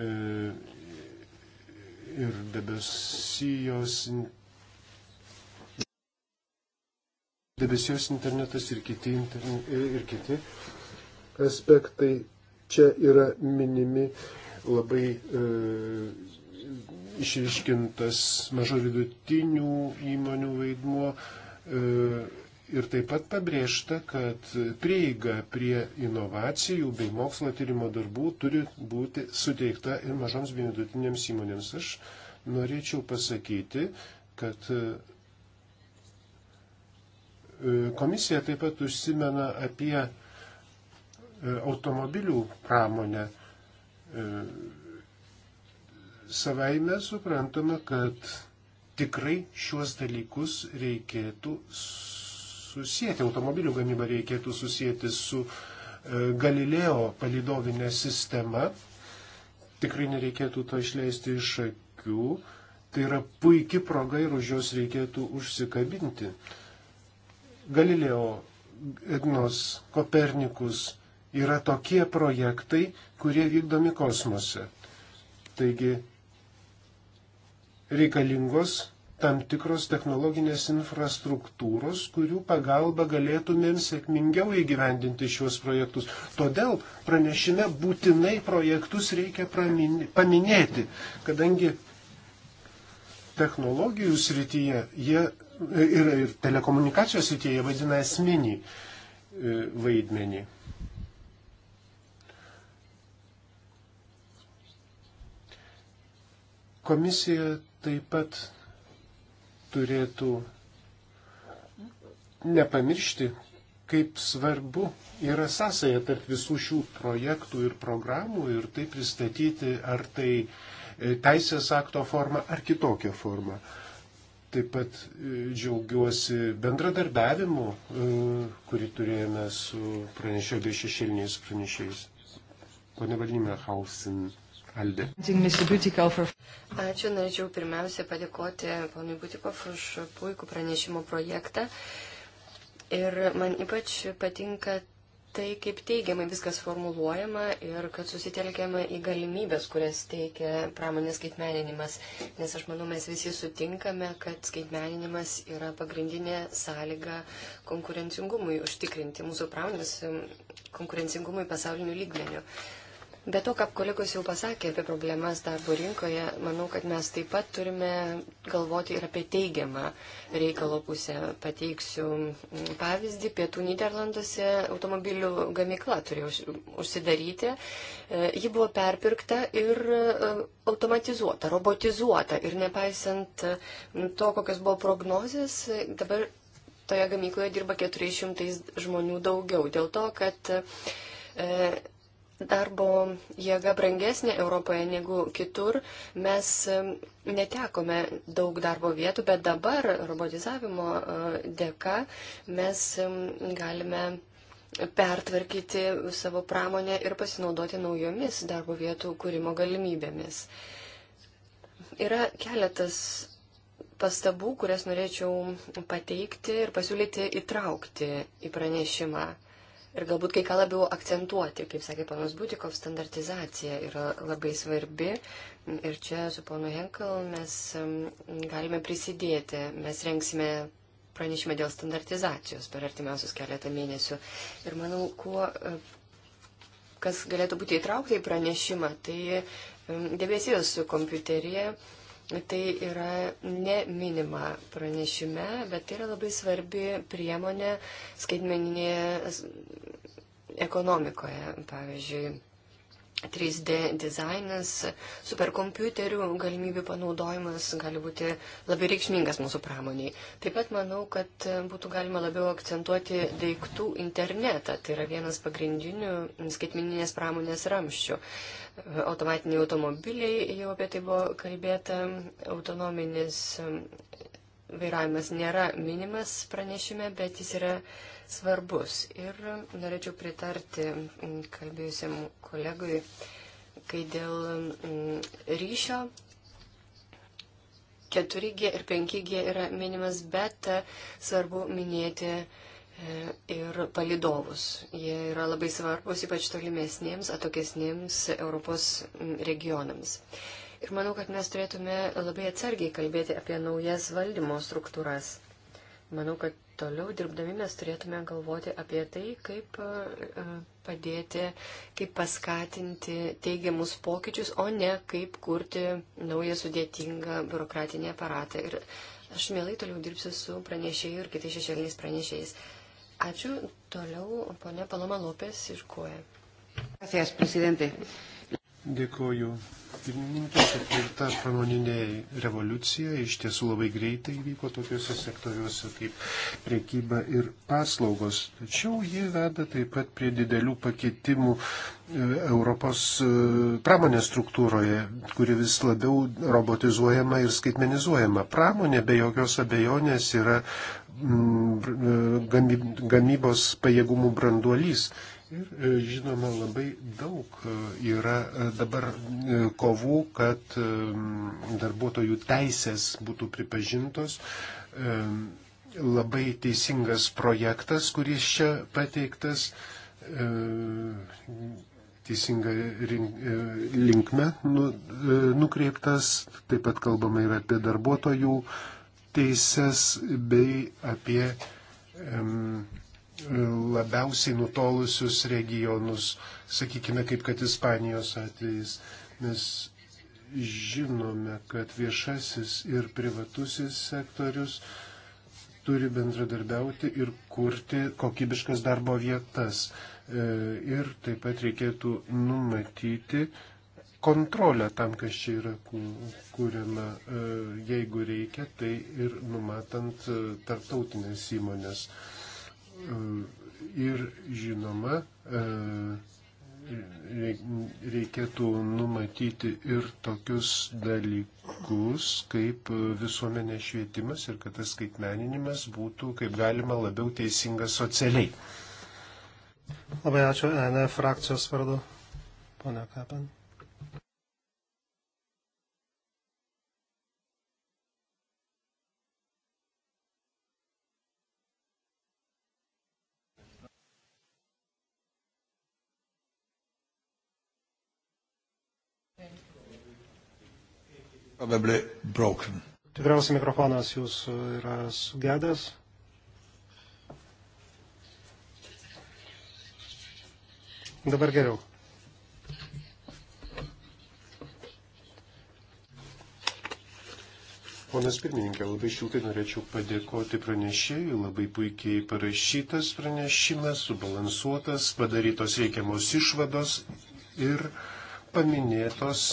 E, ir debesijos debesijos internetas ir kiti, internet, ir kiti aspektai čia yra minimi labai e, išriškintas mažo vidutinių įmonių vaidmuo. E, Ir taip pat pabrėžta, kad prieiga prie inovacijų bei mokslo tyrimo darbų turi būti suteikta ir mažoms bei vidutinėms įmonėms. Aš norėčiau pasakyti, kad E, komisija taip pat užsimena apie e, automobilių pramonę. E, savaime suprantama, kad tikrai šiuos dalykus reikėtų susijęti, automobilių gamybą reikėtų susijęti su Galileo palidovinė sistema. Tikrai nereikėtų to išleisti iš akių. Tai yra puikia proga ir už jos reikėtų užsikabinti. Galileo, Egnos, Kopernikus yra tokie projektai, kurie vykdomi kosmose. Taigi reikalingos tam tikros technologinės infrastruktūros, kurių pagalba galėtumėm sėkmingiau įgyvendinti šiuos projektus. Todėl pranešime būtinai projektus reikia paminėti, kadangi technologijų srityje jie, ir, ir telekomunikacijos srityje jie vadina esminį e, vaidmenį. Komisija taip pat turėtų nepamiršti, kaip svarbu yra sąsaja tarp visų šių projektų ir programų ir tai pristatyti, ar tai uh, teisės akto forma ar kitokia forma. Taip pat e, džiaugiuosi bendradarbiavimu, e, kurį turėjome su pranešio bei šešėliniais pranešėjais. Pone Valnime Hausin. Aldė. Ačiū,
norėčiau pirmiausia padėkoti ponui Butikov už puikų pranešimo projektą. Ir man ypač patinka tai, kaip teigiamai viskas formuluojama ir kad susitelkiama į galimybės, kurias teikia pramonės skaitmeninimas. Nes aš manau, mes visi sutinkame, kad skaitmeninimas yra pagrindinė sąlyga konkurencingumui užtikrinti mūsų pramonės konkurencingumui pasauliniu lygmeniu. Be to, ką kolegos jau pasakė apie problemas darbo rinkoje, manau, kad mes taip pat turime galvoti ir apie teigiamą reikalo pusę. Pateiksiu pavyzdį, pietų Niderlanduose automobilių gamykla turėjo užsidaryti. E, ji buvo perpirkta ir e, automatizuota, robotizuota. Ir nepaisant e, to, kokios buvo prognozijas, dabar toje gamykloje dirba 400 žmonių daugiau. Dėl to, kad darbo jėga brangesnė Europoje negu kitur. Mes netekome daug darbo vietų, bet dabar robotizavimo e, dėka mes galime pertvarkyti savo pramonę ir pasinaudoti naujomis darbo vietų kūrimo galimybėmis. Yra keletas pastabų, kurias norėčiau pateikti ir pasiūlyti įtraukti į pranešimą ir galbūt kai ką labiau akcentuoti. Kaip sakė panas Butikov, standartizacija yra labai svarbi ir čia su ponu Henkel mes galime prisidėti. Mes rengsime pranešimą dėl standartizacijos per artimiausius keletą mėnesių. Ir manau, kuo, e, kas galėtų būti įtraukta į pranešimą, tai debesijos kompiuterėje Tai yra neminima pranešime, bet tai yra labai svarbi priemonė skaitmeninėje ekonomikoje, pavyzdžiui 3D dizainas, superkompiuterių galimybių panaudojimas gali būti labai reikšmingas mūsų pramoniai. Taip pat manau, kad būtų galima labiau akcentuoti daiktų internetą. Tai yra vienas pagrindinių skaitmininės pramonės ramščių. Automatiniai automobiliai, jau apie tai buvo kalbėta, autonominis vairavimas nėra minimas pranešime, bet jis yra svarbus. Ir norėčiau pritarti mm, kalbėjusiam kolegui, kai dėl mm, ryšio 4G ir 5G yra minimas, bet e, svarbu minėti e, ir palidovus. Jie yra labai svarbus, ypač tolimesniems, atokesniems Europos mm, regionams. Ir manau, kad mes turėtume labai atsargiai kalbėti apie naujas valdymo struktūras. Manau, kad toliau dirbdami mes turėtume galvoti apie tai, kaip e, padėti, kaip paskatinti teigiamus pokyčius, o ne kaip kurti naują sudėtingą biurokratinį aparatą. Ir aš mielai toliau dirbsiu su pranešėjų ir kitais šešėliniais pranešėjais. Ačiū. Toliau ponia Paloma Lopės iš Kuoja. Gracias, presidente.
Dėkoju. Pirmininkė, ketvirta pramoninė revoliucija iš tiesų labai greitai vyko tokiuose sektoriuose kaip priekyba ir paslaugos. Tačiau ji veda taip pat prie didelių pakitimų e, Europos e, pramonės struktūroje, kuri vis labiau robotizuojama ir skaitmenizuojama. Pramonė be jokios abejonės yra e, gamybos pajėgumų branduolys Ir e, žinoma, labai daug e, yra e, dabar kovų, kad darbuotojų teisės būtų pripažintos. Labai teisingas projektas, kuris čia pateiktas teisinga linkme nu, nukreiptas. Taip pat kalbama ir apie darbuotojų teises bei apie labiausiai nutolusius regionus, sakykime, kaip kad Ispanijos atvejais. Mes žinome, kad viešasis ir privatusis sektorius turi bendradarbiauti ir kurti kokybiškas darbo vietas. E, ir taip pat reikėtų numatyti kontrolę tam, kas čia yra kūriama, e, jeigu reikia, tai ir numatant e, tarptautinės įmonės. E, ir žinoma, e, reikėtų numatyti ir tokius dalykus, kaip visuomenės švietimas ir kad tas skaitmeninimas būtų kaip galima labiau teisingas socialiai.
Labai ačiū ENF frakcijos vardu, ponia Kapen. Tikriausiai mikrofonas jūsų e, yra sugedęs. Dabar geriau.
Ponas pirmininkė, labai šiltai norėčiau padėkoti pranešėjui, labai puikiai parašytas pranešimas, subalansuotas, padarytos reikiamos išvados ir paminėtos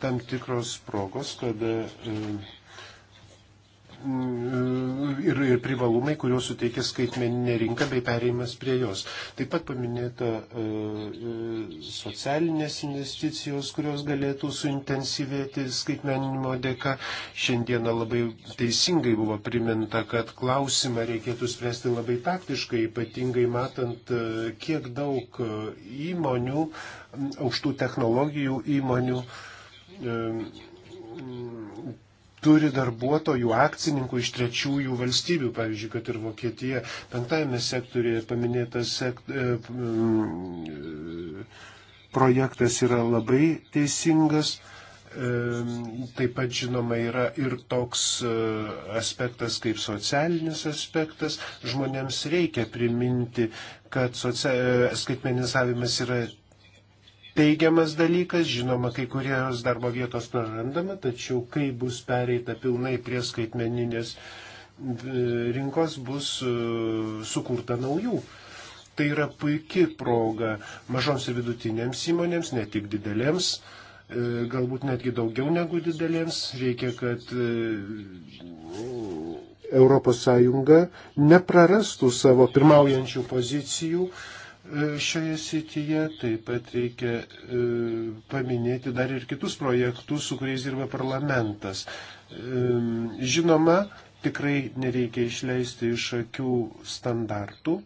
tam tikros progos, kada e, e, ir, ir privalumai, kuriuos suteikia skaitmeninė rinka bei pereimas prie jos. Taip pat paminėta e, socialinės investicijos, kurios galėtų suintensyvėti skaitmeninimo dėka. Šiandieną labai teisingai buvo priminta, kad klausimą reikėtų spręsti labai taktiškai, ypatingai matant, kiek daug įmonių, aukštų technologijų įmonių, uh, turi darbuotojų akcininkų iš trečiųjų valstybių, pavyzdžiui, kad ir Vokietija penktajame sektorėje paminėtas sekt, e, e, projektas yra labai teisingas. Taip pat žinoma yra ir toks e, aspektas kaip socialinis aspektas. Žmonėms reikia priminti, kad socia... skaitmenizavimas yra teigiamas dalykas, žinoma, kai kurios darbo vietos prarandama, tačiau kai bus pereita pilnai prie skaitmeninės e, rinkos, bus e, sukurta naujų. Tai yra puikia proga mažoms ir vidutinėms įmonėms, ne tik didelėms, e, galbūt netgi daugiau negu didelėms. Reikia, kad ES neprarastų savo pirmaujančių pozicijų E, šioje srityje. Taip pat reikia e, paminėti dar ir kitus projektus, su kuriais dirba parlamentas. E, žinoma, tikrai nereikia išleisti iš akių standartų.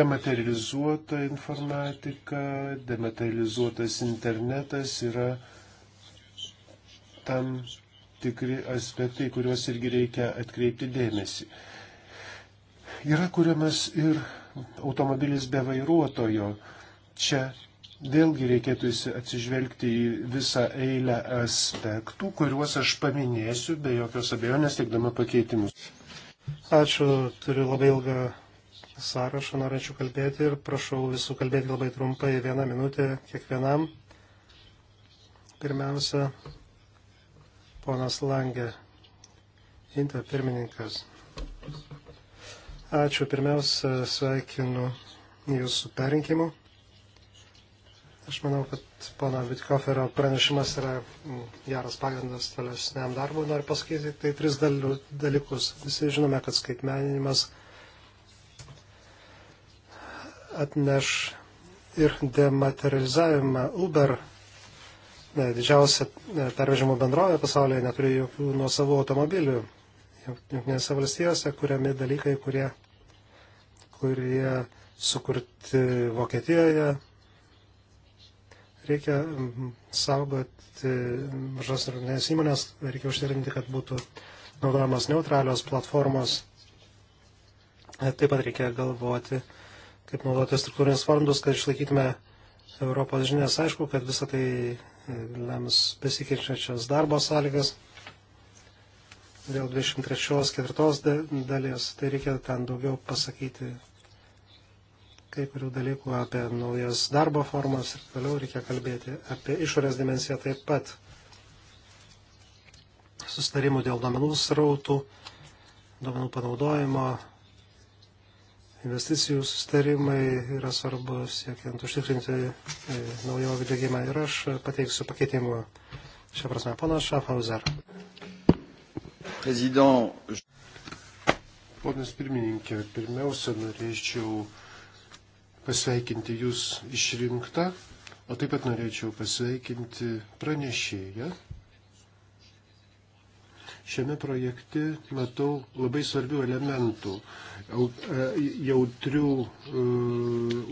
Dematerializuota informatika, dematerializuotas internetas yra uh, tam tikri aspektai, kuriuos irgi reikia atkreipti dėmesį. Yra kuriamas ir automobilis be vairuotojo. Čia vėlgi reikėtų atsižvelgti į visą eilę aspektų, kuriuos aš paminėsiu be jokios abejonės teikdama pakeitimus.
Ačiū, turiu labai ilgą sąrašą, norėčiau kalbėti ir prašau visų kalbėti labai trumpai, vieną minutę kiekvienam. Pirmiausia, ponas Langė, Inta pirmininkas. Ačiū. Pirmiausia, sveikinu jūsų perinkimu. Aš manau, kad pono Vitkoferio pranešimas yra geras pagrindas tolesniam darbui. Noriu pasakyti tai tris dalykus. Visi žinome, kad skaitmeninimas atneš ir dematerializavimą Uber didžiausia pervežimo bendrovė pasaulyje neturi jokių nuosavų automobilių. Junktinėse valstijose kuriami dalykai, kurie, kurie sukurti Vokietijoje. Reikia saugoti mažas ir nes įmonės, reikia užtikrinti, kad būtų naudojamos neutralios platformos. Taip pat reikia galvoti, kaip naudoti struktūrinius fondus, kad išlaikytume Europos žinias. Aišku, kad visą tai lems besikeičiančias darbo sąlygas. Dėl 23.4 dalies, tai reikia ten daugiau pasakyti kai kurių dalykų apie naujas darbo formas ir toliau reikia kalbėti apie išorės dimensiją taip pat. Sustarimų dėl domenų srautų, domenų panaudojimo, investicijų sustarimai yra svarbu siekiant užtikrinti e, naujovių dėgymą ir aš pateiksiu pakeitimų šią prasme. Ponas Šafhauser.
Prezident.
Ponas pirmininkė, pirmiausia norėčiau pasveikinti Jūs išrinktą, o taip pat norėčiau pasveikinti pranešėją. Šiame projekte matau labai svarbių elementų E, jautrių e,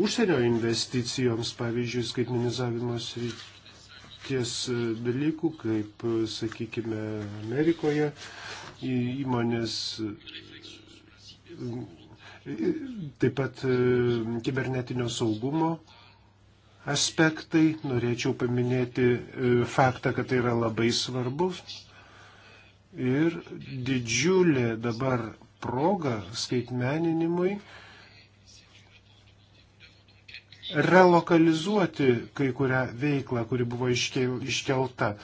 užsienio investicijoms, pavyzdžiui, skaitminizavimo srities e, dalykų, kaip, sakykime, Amerikoje įmonės taip pat kibernetinio saugumo aspektai. Norėčiau paminėti faktą, kad tai yra labai svarbus. Ir didžiulė dabar proga skaitmeninimui relokalizuoti kai kurią veiklą, kuri buvo iškelta.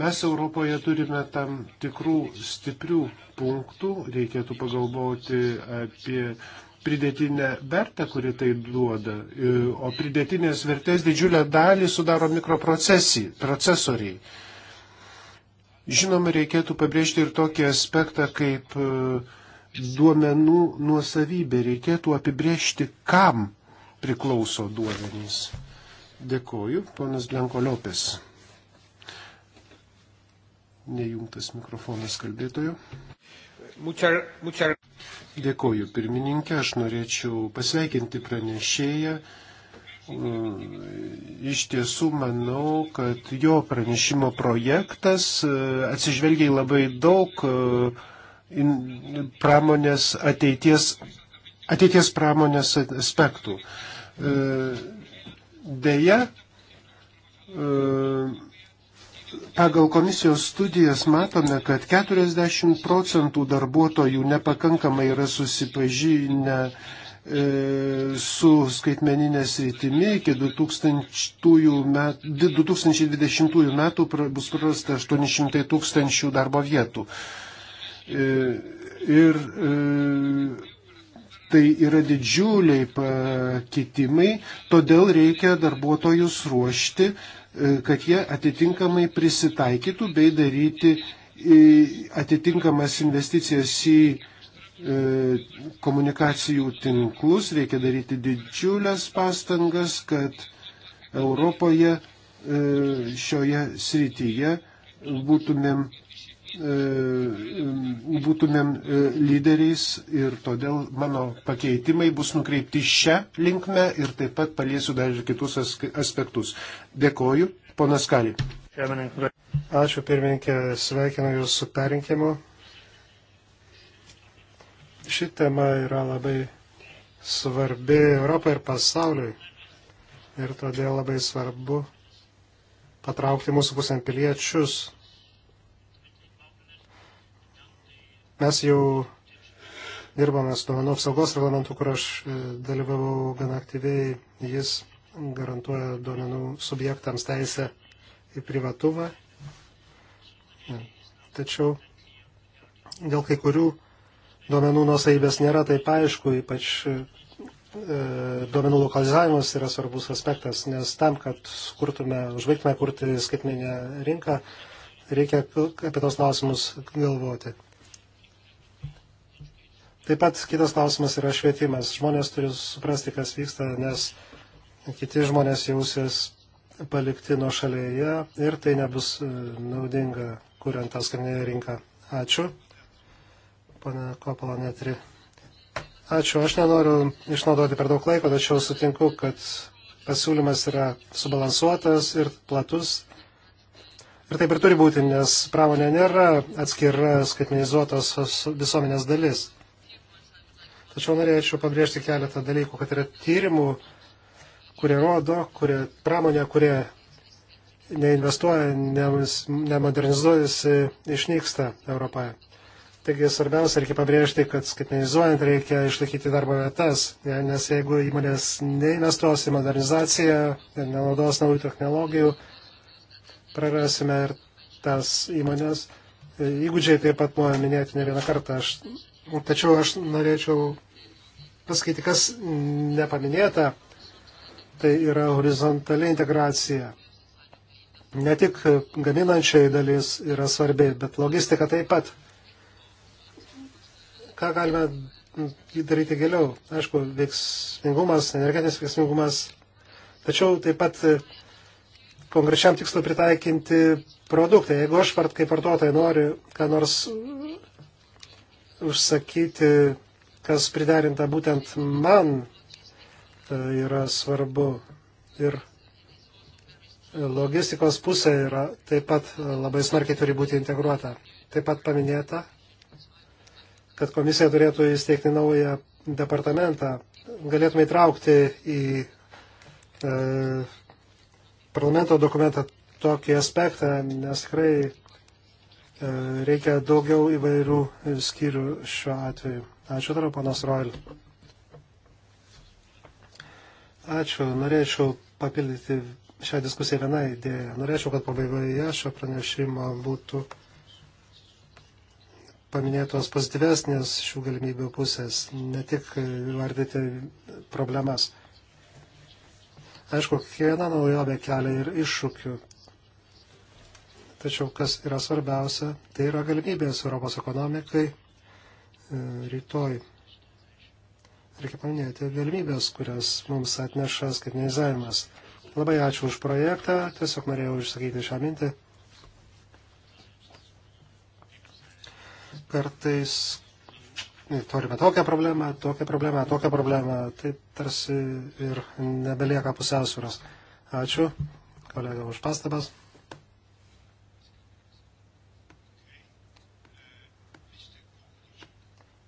Mes Europoje turime tam tikrų stiprių punktų, reikėtų pagalvoti apie pridėtinę vertę, kuri tai duoda, e, o pridėtinės vertės didžiulę dalį sudaro mikroprocesoriai. Žinoma, reikėtų pabrėžti ir tokį aspektą kaip uh, duomenų nuosavybė, reikėtų apibriežti, kam priklauso duomenys. Dėkoju, ponas Blanko Lopes. Nejungtas mikrofonas kalbėtojo.
Muchar, muchar.
Dėkoju, pirmininkė, aš norėčiau pasveikinti pranešėją. Iš tiesų manau, kad jo pranešimo projektas e, atsižvelgia į labai daug uh, pramonės ateities, ateities pramonės aspektų. E, deja, e, pagal komisijos studijas matome, kad 40 procentų darbuotojų nepakankamai yra susipažinę e, su skaitmeninė sritimi iki 2000 met, 2020 metų bus prarasta 800 tūkstančių darbo vietų. E, ir e, tai yra didžiuliai pakitimai, todėl reikia darbuotojus ruošti, e, kad jie atitinkamai prisitaikytų bei daryti atitinkamas investicijas į komunikacijų tinklus, reikia daryti didžiulės pastangas, kad Europoje šioje srityje būtumėm E, būtumėm e, lyderiais ir todėl mano pakeitimai bus nukreipti šią linkmę ir taip pat paliesiu dar ir kitus aspektus. Dėkoju, ponas Kali.
Ačiū pirmininkė, sveikinu Jūs su perinkimu. Ši tema yra labai svarbi Europai ir pasauliui ir todėl labai svarbu patraukti mūsų pusėn piliečius Mes jau dirbame su duomenų apsaugos reglamentu, kur aš e, dalyvavau gan aktyviai. Jis garantuoja duomenų subjektams teisę į privatumą. Tačiau dėl kai kurių duomenų nusaibės nėra taip aišku, ypač e, e, duomenų lokalizavimas yra svarbus aspektas, nes tam, kad skurtume, užbaigtume kurti skaitminę rinką, reikia apie tos klausimus galvoti. Taip pat kitas klausimas yra švietimas. Žmonės turi suprasti, kas vyksta, nes kiti žmonės jausis palikti nuo šalyje ir tai nebus e, naudinga, kuriant tą skaninę rinką. Ačiū. Pane Kopala Netri. Ačiū. Aš nenoriu išnaudoti per daug laiko, tačiau sutinku, kad pasiūlymas yra subalansuotas ir platus. Ir taip ir turi būti, nes pramonė nėra atskira skaitmenizuotos visuomenės dalis Tačiau norėčiau pabrėžti keletą dalykų, kad yra tyrimų, kurie rodo, kurie pramonė, kurie neinvestuoja, nemodernizuojasi, išnyksta Europoje. Taigi svarbiausia, reikia pabrėžti, kad skaitmenizuojant reikia išlaikyti darbo vietas, nes jeigu įmonės neinvestuos į modernizaciją, nenaudos naujų technologijų, prarasime ir tas įmonės. Įgūdžiai taip pat buvo minėti ne vieną kartą. Aš, tačiau aš norėčiau pasakyti, kas nepaminėta, tai yra horizontali integracija. Ne tik gaminančiai dalis yra svarbi, bet logistika taip pat. Ką galime daryti giliau? Aišku, veiksmingumas, energetinis veiksmingumas, tačiau taip pat konkrečiam tikslui pritaikinti produktai. Jeigu aš vart kaip vartotojai noriu ką nors užsakyti kas priderinta būtent man, tai yra svarbu. Ir logistikos pusė yra taip pat e, labai smarkiai turi būti integruota. Taip pat paminėta, kad komisija turėtų įsteigti naują departamentą. Galėtume įtraukti į e, parlamento dokumentą tokį aspektą, nes tikrai e, reikia daugiau įvairių skyrių šiuo atveju. Ačiū toliau, panas Roil. Ačiū. Norėčiau papildyti šią diskusiją vieną idėją. Norėčiau, kad pabaigoje šio pranešimo būtų paminėtos pozityvesnės šių galimybių pusės, ne tik vardyti problemas. Aišku, kiekviena naujovė kelia ir iššūkių. Tačiau kas yra svarbiausia, tai yra galimybės Europos ekonomikai E, rytoj. Reikia paminėti galimybės, kurias mums atneša skaitmenizavimas. Labai ačiū už projektą, tiesiog norėjau išsakyti šią mintį. Kartais turime tokią problemą, tokią problemą, tokią problemą, tai tarsi ir nebelieka pusiausvėros. Ačiū, kolega, už pastabas.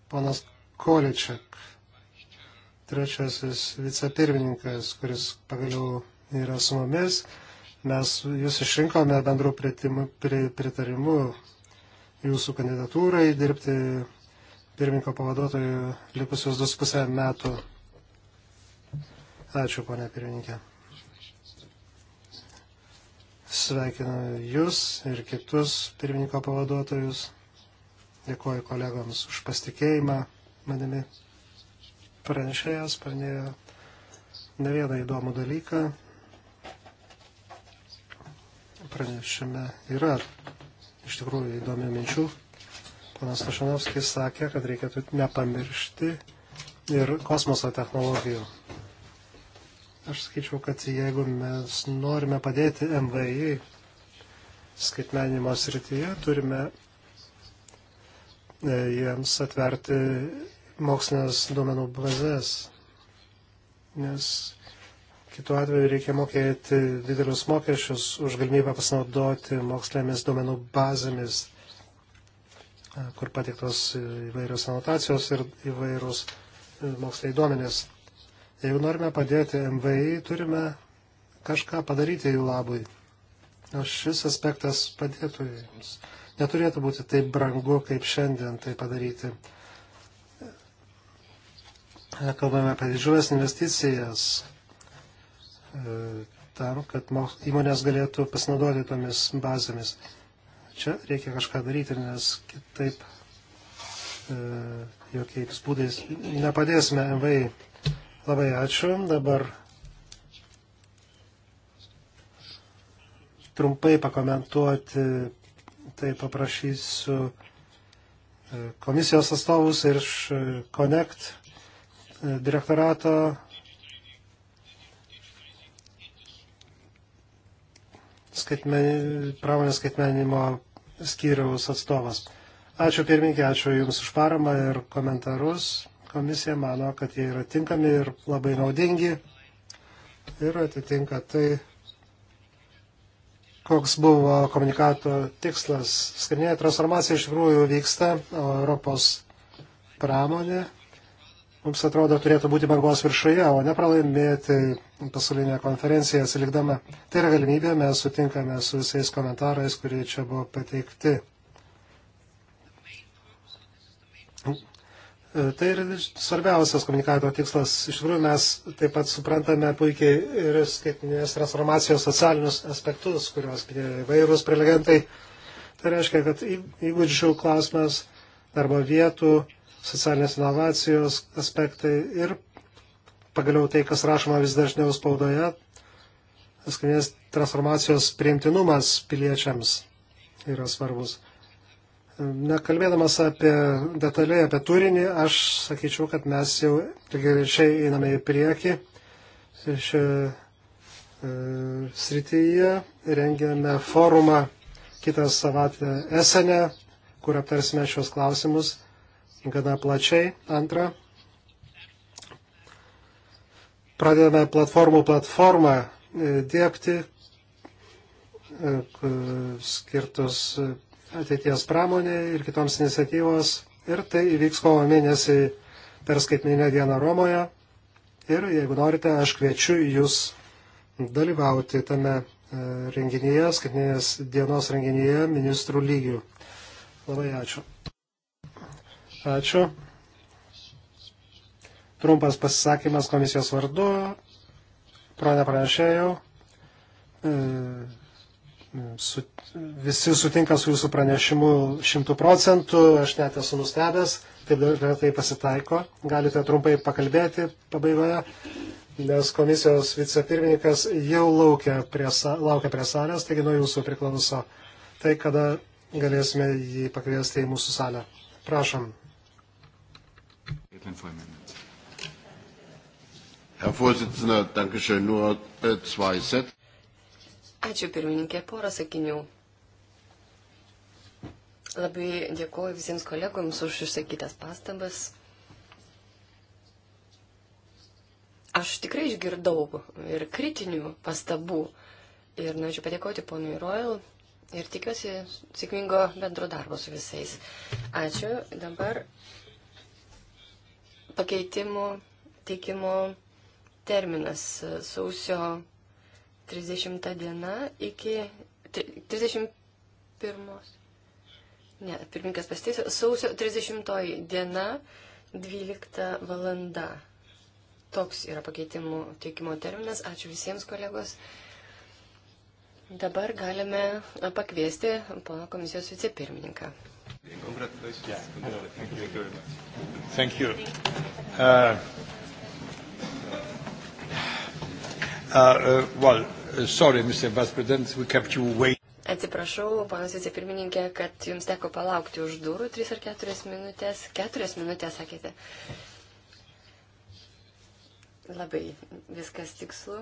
ponas Količiak, trečiasis vicepirmininkas, kuris pagaliau yra su mumis. Mes jūs išrinkome bendrų pritarimu jūsų kandidatūrai dirbti pirmininko pavaduotojų likusius 2,5 metų. Ačiū, ponė pirmininkė. Sveikinu jūs ir kitus pirmininko pavaduotojus. Dėkuoju kolegoms už pasitikėjimą manimi. Pranešėjas pranėjo ne vieną įdomų dalyką. Pranešime yra iš tikrųjų įdomių minčių. Panas Tošanovskis sakė, kad reikėtų nepamiršti ir kosmoso technologijų. Aš sakyčiau, kad jeigu mes norime padėti MVI skaitmenimo srityje, turime E, jiems atverti mokslinės duomenų bazės, nes kitu atveju reikia mokėti didelius mokesčius už galimybę pasinaudoti mokslinėmis duomenų bazėmis, e, kur patiktos įvairios anotacijos ir įvairūs e, moksliniai duomenės. Jeigu norime padėti MVI, turime kažką padaryti jų labui. Šis aspektas padėtų jums. Neturėtų būti taip brangu, kaip šiandien tai padaryti. Kalbame apie didžiulės investicijas e, tam, kad įmonės galėtų pasinaudoti tomis bazėmis. Čia reikia kažką daryti, nes kitaip e, jokiais būdais nepadėsime MVI. Labai ačiū. Dabar trumpai pakomentuoti tai paprašysiu e, komisijos atstovus ir iš e, Connect e, direktorato skaitmeni, pramonės skaitmenimo skyriaus atstovas. Ačiū pirmininkė, ačiū Jums už paramą ir komentarus. Komisija mano, kad jie yra tinkami ir labai naudingi ir atitinka tai, koks buvo komunikato tikslas. Skaitmeninė transformacija iš tikrųjų vyksta, o Europos pramonė mums atrodo turėtų būti bangos viršuje, o ne pralaimėti pasaulinę konferenciją atsilikdama. Tai yra galimybė, mes sutinkame su visais komentarais, kurie čia buvo pateikti. E, tai yra svarbiausias komunikato tikslas. Iš tikrųjų, mes taip pat suprantame puikiai ir skaitinės transformacijos socialinius aspektus, kuriuos minėjo įvairūs prelegentai. Tai reiškia, kad įgūdžių klausimas, darbo vietų, socialinės inovacijos aspektai ir pagaliau tai, kas rašoma vis dažniau spaudoje, skaitinės transformacijos priimtinumas piliečiams yra svarbus. Nekalbėdamas apie detaliai apie turinį, aš sakyčiau, kad mes jau greičiai einame į priekį. Šioje e, srityje rengiame forumą kitą savaitę Esene, kur aptarsime šios klausimus gana plačiai. Antra, pradedame platformų platformą e, dėpti e, skirtus ateities pramonė ir kitoms iniciatyvos. Ir tai įvyks kovo mėnesį per skaitminę dieną Romoje. Ir jeigu norite, aš kviečiu jūs dalyvauti tame e, renginyje, skaitinės dienos renginyje ministrų lygių. Labai ačiū. Ačiū. Trumpas pasisakymas komisijos vardu. Prone pranešėjau. E, su, visi sutinka su jūsų pranešimu šimtų procentų, aš net esu nustebęs, taip retai pasitaiko. Galite trumpai pakalbėti pabaigoje, nes komisijos vicepirmininkas jau laukia prie, laukia prie salės, taigi nuo jūsų priklauso tai, kada galėsime jį pakviesti į mūsų salę. Prašom.
Herr Vorsitzender, danke schön. Nur äh, zwei Sätze.
Ačiū pirmininkė, porą sakinių. Labai dėkuoju visiems kolegoms už išsakytas pastabas. Aš tikrai išgirdau ir kritinių pastabų ir norėčiau padėkoti ponui Royal ir tikiuosi sėkmingo bendro darbo su visais. Ačiū. Dabar pakeitimų teikimo terminas sausio 30 diena iki 31. Ne, pirmininkas pasitaiso. Sausio 30 diena 12 valanda. Toks yra pakeitimų teikimo terminas. Ačiū visiems kolegos. Dabar galime pakviesti pono komisijos vicepirmininką.
Thank you. Uh, uh, well, Uh, sorry, Mr. Vice President, we kept you waiting.
Atsiprašau, panas vicepirmininkė, kad jums teko palaukti už durų 3 ar 4 minutės. 4 minutės, sakėte. Labai viskas tikslu.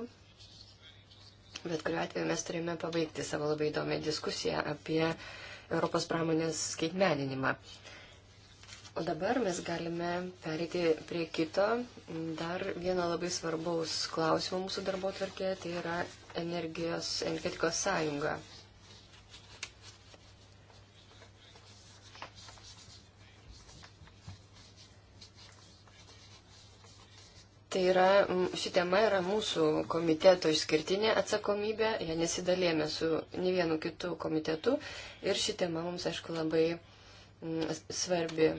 Bet kuriuo atveju mes turime pabaigti savo labai įdomią diskusiją apie Europos pramonės skaitmeninimą. O dabar mes galime perėti prie kito, dar vieno labai svarbaus klausimo mūsų darbo tvarkėje, tai yra energijos energetikos sąjungą. Tai yra, ši tema yra mūsų komiteto išskirtinė atsakomybė, ją nesidalėme su ne vienu kitu komitetu ir ši tema mums, aišku, labai svarbi.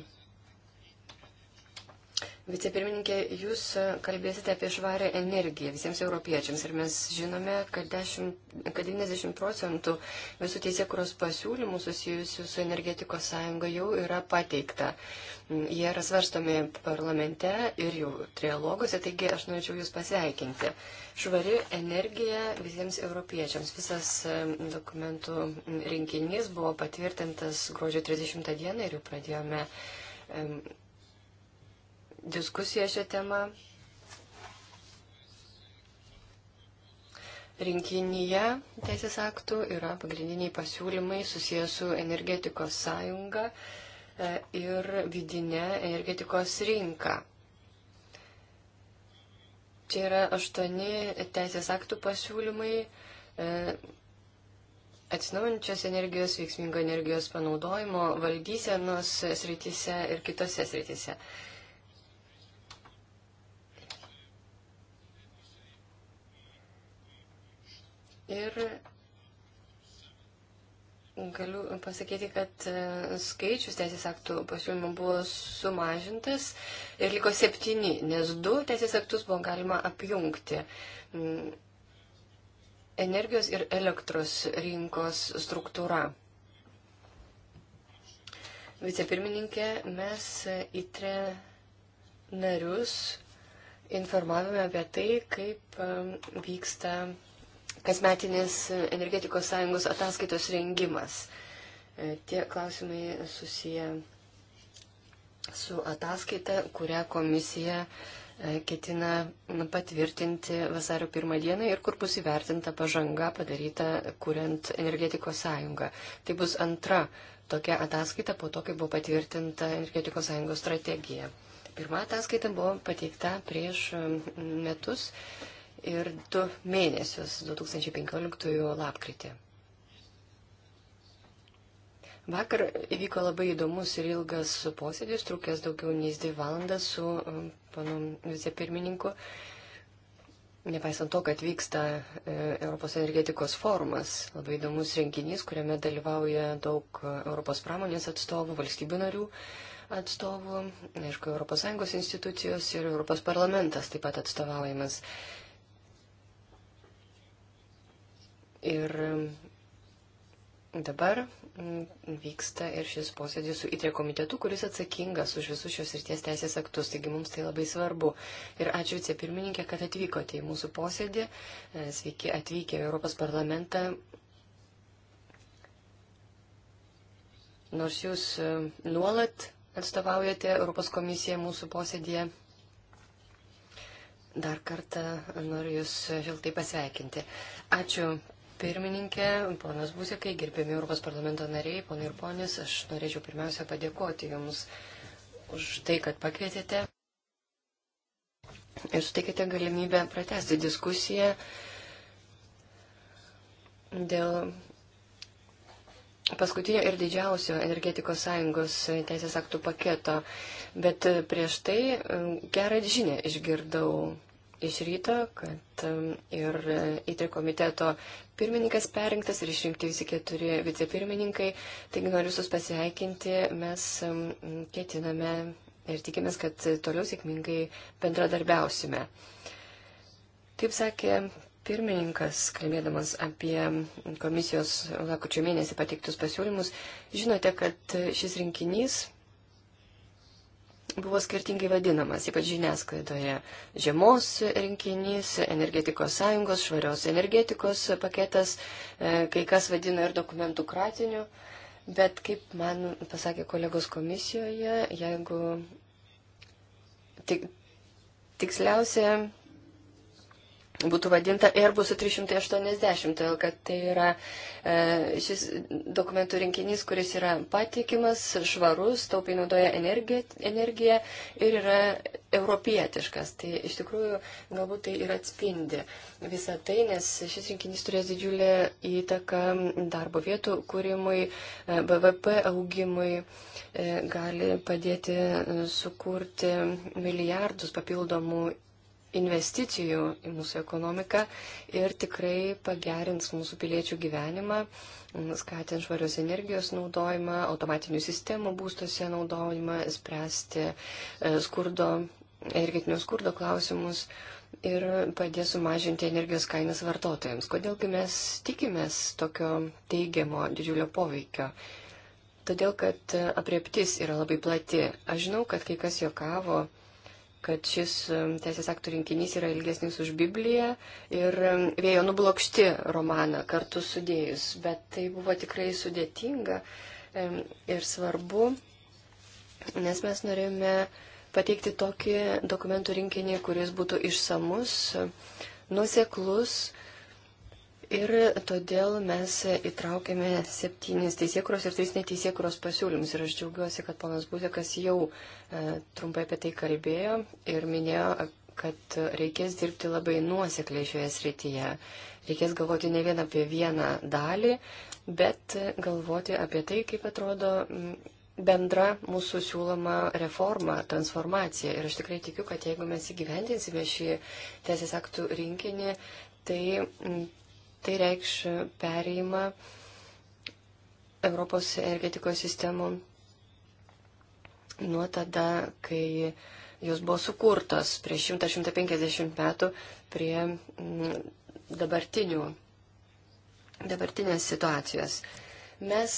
Vicepirmininkė, jūs e, kalbėsite apie švarę energiją visiems europiečiams ir mes žinome, kad, 10, kad 90 procentų visų teisėkuros pasiūlymų susijusių su energetikos sąjunga jau yra pateikta. Mm, jie yra svarstomi parlamente ir jau trialoguose, taigi aš norėčiau jūs pasveikinti. Švari energija visiems europiečiams. Visas e, dokumentų mm, rinkinys buvo patvirtintas gruodžio 30 dieną ir jau pradėjome diskusiją šią temą. Rinkinyje teisės aktų yra pagrindiniai pasiūlymai susijęs su energetikos sąjunga e, ir vidinė energetikos rinka. Čia yra aštuoni teisės aktų pasiūlymai e, atsinaujančios energijos, veiksmingo energijos panaudojimo, valdysenos srityse ir kitose srityse. Ir galiu pasakyti, kad e, skaičius teisės aktų pasiūlymų buvo sumažintas ir liko septyni, nes du teisės aktus buvo galima apjungti. Mm, energijos ir elektros rinkos struktūra. Vicepirmininkė, mes įtre narius informavome apie tai, kaip e, vyksta kasmetinės energetikos sąjungos ataskaitos rengimas. E, tie klausimai susiję su ataskaita, kurią komisija e, ketina patvirtinti vasario pirmą dieną ir kur bus įvertinta pažanga padaryta, kuriant energetikos sąjungą. Tai bus antra tokia ataskaita po to, kai buvo patvirtinta energetikos sąjungos strategija. Pirma ataskaita buvo pateikta prieš metus ir 2 mėnesius 2015 lapkritį. Vakar įvyko labai įdomus ir ilgas posėdis, trukęs daugiau nei 2 valandas su um, panu vicepirmininku. Nepaisant to, kad vyksta e, Europos energetikos forumas, labai įdomus renginys, kuriame dalyvauja daug e, Europos pramonės atstovų, valstybių narių atstovų, aišku, ES institucijos ir ES parlamentas taip pat atstovaujamas. Ir mm, dabar mm, vyksta ir šis posėdis su ITRE komitetu, kuris atsakingas už visus šios ryties teisės aktus, taigi mums tai labai svarbu. Ir ačiū vicepirmininkė, kad atvykote į mūsų posėdį. E, sveiki atvykę į Europos parlamentą. Nors jūs e, nuolat atstovaujate Europos komisiją mūsų posėdėje, dar kartą noriu Jūs šiltai pasveikinti. Ačiū pirmininkė, ponas Buzikai, gerbėmi Europos parlamento nariai, ponai ir ponis, aš norėčiau pirmiausia padėkoti Jums už tai, kad pakvietėte ir suteikėte galimybę pratesti diskusiją dėl paskutinio ir didžiausio energetikos sąjungos teisės aktų paketo. Bet prieš tai e, gerą žinę išgirdau iš ryto, kad ir e, įtri komiteto pirmininkas perinktas ir išrinkti visi keturi vicepirmininkai. Taigi noriu visus pasveikinti. Mes ketiname ir tikimės, kad toliau sėkmingai bendradarbiausime. Taip sakė pirmininkas, kalbėdamas apie komisijos lakučio mėnesį pateiktus pasiūlymus. Žinote, kad šis rinkinys buvo skirtingai vadinamas, ypač žiniasklaidoje. Žiemos rinkinys, energetikos sąjungos, švarios energetikos paketas, e, kai kas vadina ir dokumentų kratiniu. Bet kaip man pasakė kolegos komisijoje, jeigu tik, tiksliausia būtų vadinta Airbus 380, todėl kad tai yra e, šis dokumentų rinkinys, kuris yra patikimas, švarus, taupiai naudoja energiją, energiją ir yra europietiškas. Tai iš tikrųjų galbūt tai ir atspindi visą tai, nes šis rinkinys turės didžiulę įtaką darbo vietų kūrimui, e, BVP augimui, e, gali padėti sukurti milijardus papildomų investicijų į mūsų ekonomiką ir tikrai pagerins mūsų piliečių gyvenimą, skatins švarios energijos naudojimą, automatinių sistemų būstuose naudojimą, spręsti e, skurdo, energetinio skurdo klausimus ir padės sumažinti energijos kainas vartotojams. Kodėlgi mes tikimės tokio teigiamo didžiulio poveikio? Todėl, kad e, apriptis yra labai plati. Aš žinau, kad kai kas jokavo, kad šis teisės aktų rinkinys yra ilgesnis už Bibliją ir vėjo nublokšti romaną kartu sudėjus. Bet tai buvo tikrai sudėtinga ir svarbu, nes mes norėjome pateikti tokį dokumentų rinkinį, kuris būtų išsamus, nuseklus Ir todėl mes įtraukėme septynis teisėkuros ir tris neteisėkuros pasiūlymus. Ir aš džiaugiuosi, kad ponas Būzikas jau e, trumpai apie tai kalbėjo ir minėjo, kad reikės dirbti labai nuosekliai šioje srityje. Reikės galvoti ne vien apie vieną dalį, bet galvoti apie tai, kaip atrodo bendra mūsų siūloma reforma, transformacija. Ir aš tikrai tikiu, kad jeigu mes įgyvendinsime šį teisės aktų rinkinį, tai Tai reikš pereimą Europos energetikos sistemų nuo tada, kai jos buvo sukurtos prieš 100-150 metų prie mm, dabartinių, dabartinės situacijos. Mes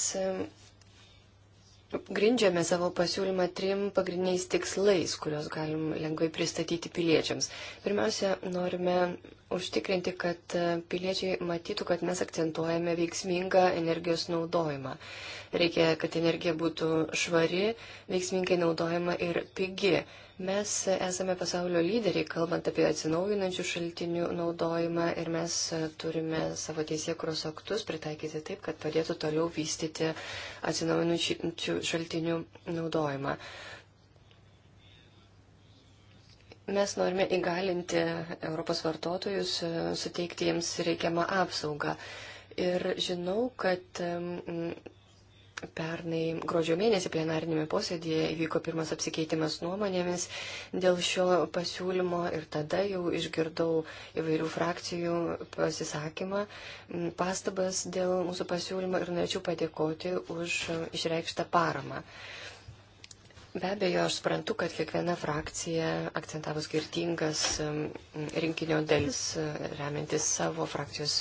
grindžiame savo pasiūlymą trim pagrindiniais tikslais, kuriuos galim lengvai pristatyti piliečiams. Pirmiausia, norime užtikrinti, kad piliečiai matytų, kad mes akcentuojame veiksmingą energijos naudojimą. Reikia, kad energija būtų švari, veiksmingai naudojama ir pigi. Mes esame pasaulio lyderiai, kalbant apie atsinaujinančių šaltinių naudojimą ir mes turime savo teisėkuros aktus pritaikyti taip, kad padėtų toliau vystyti atsinaujinančių šaltinių naudojimą. Mes norime įgalinti Europos vartotojus, e, suteikti jiems reikiamą apsaugą. Ir žinau, kad Pernai gruodžio mėnesį plenarinėme posėdėje įvyko pirmas apsikeitimas nuomonėmis dėl šio pasiūlymo ir tada jau išgirdau įvairių frakcijų pasisakymą, pastabas dėl mūsų pasiūlymo ir norėčiau padėkoti už išreikštą paramą. Be abejo, aš suprantu, kad kiekviena frakcija akcentavo skirtingas rinkinio dalis, remiantis savo frakcijos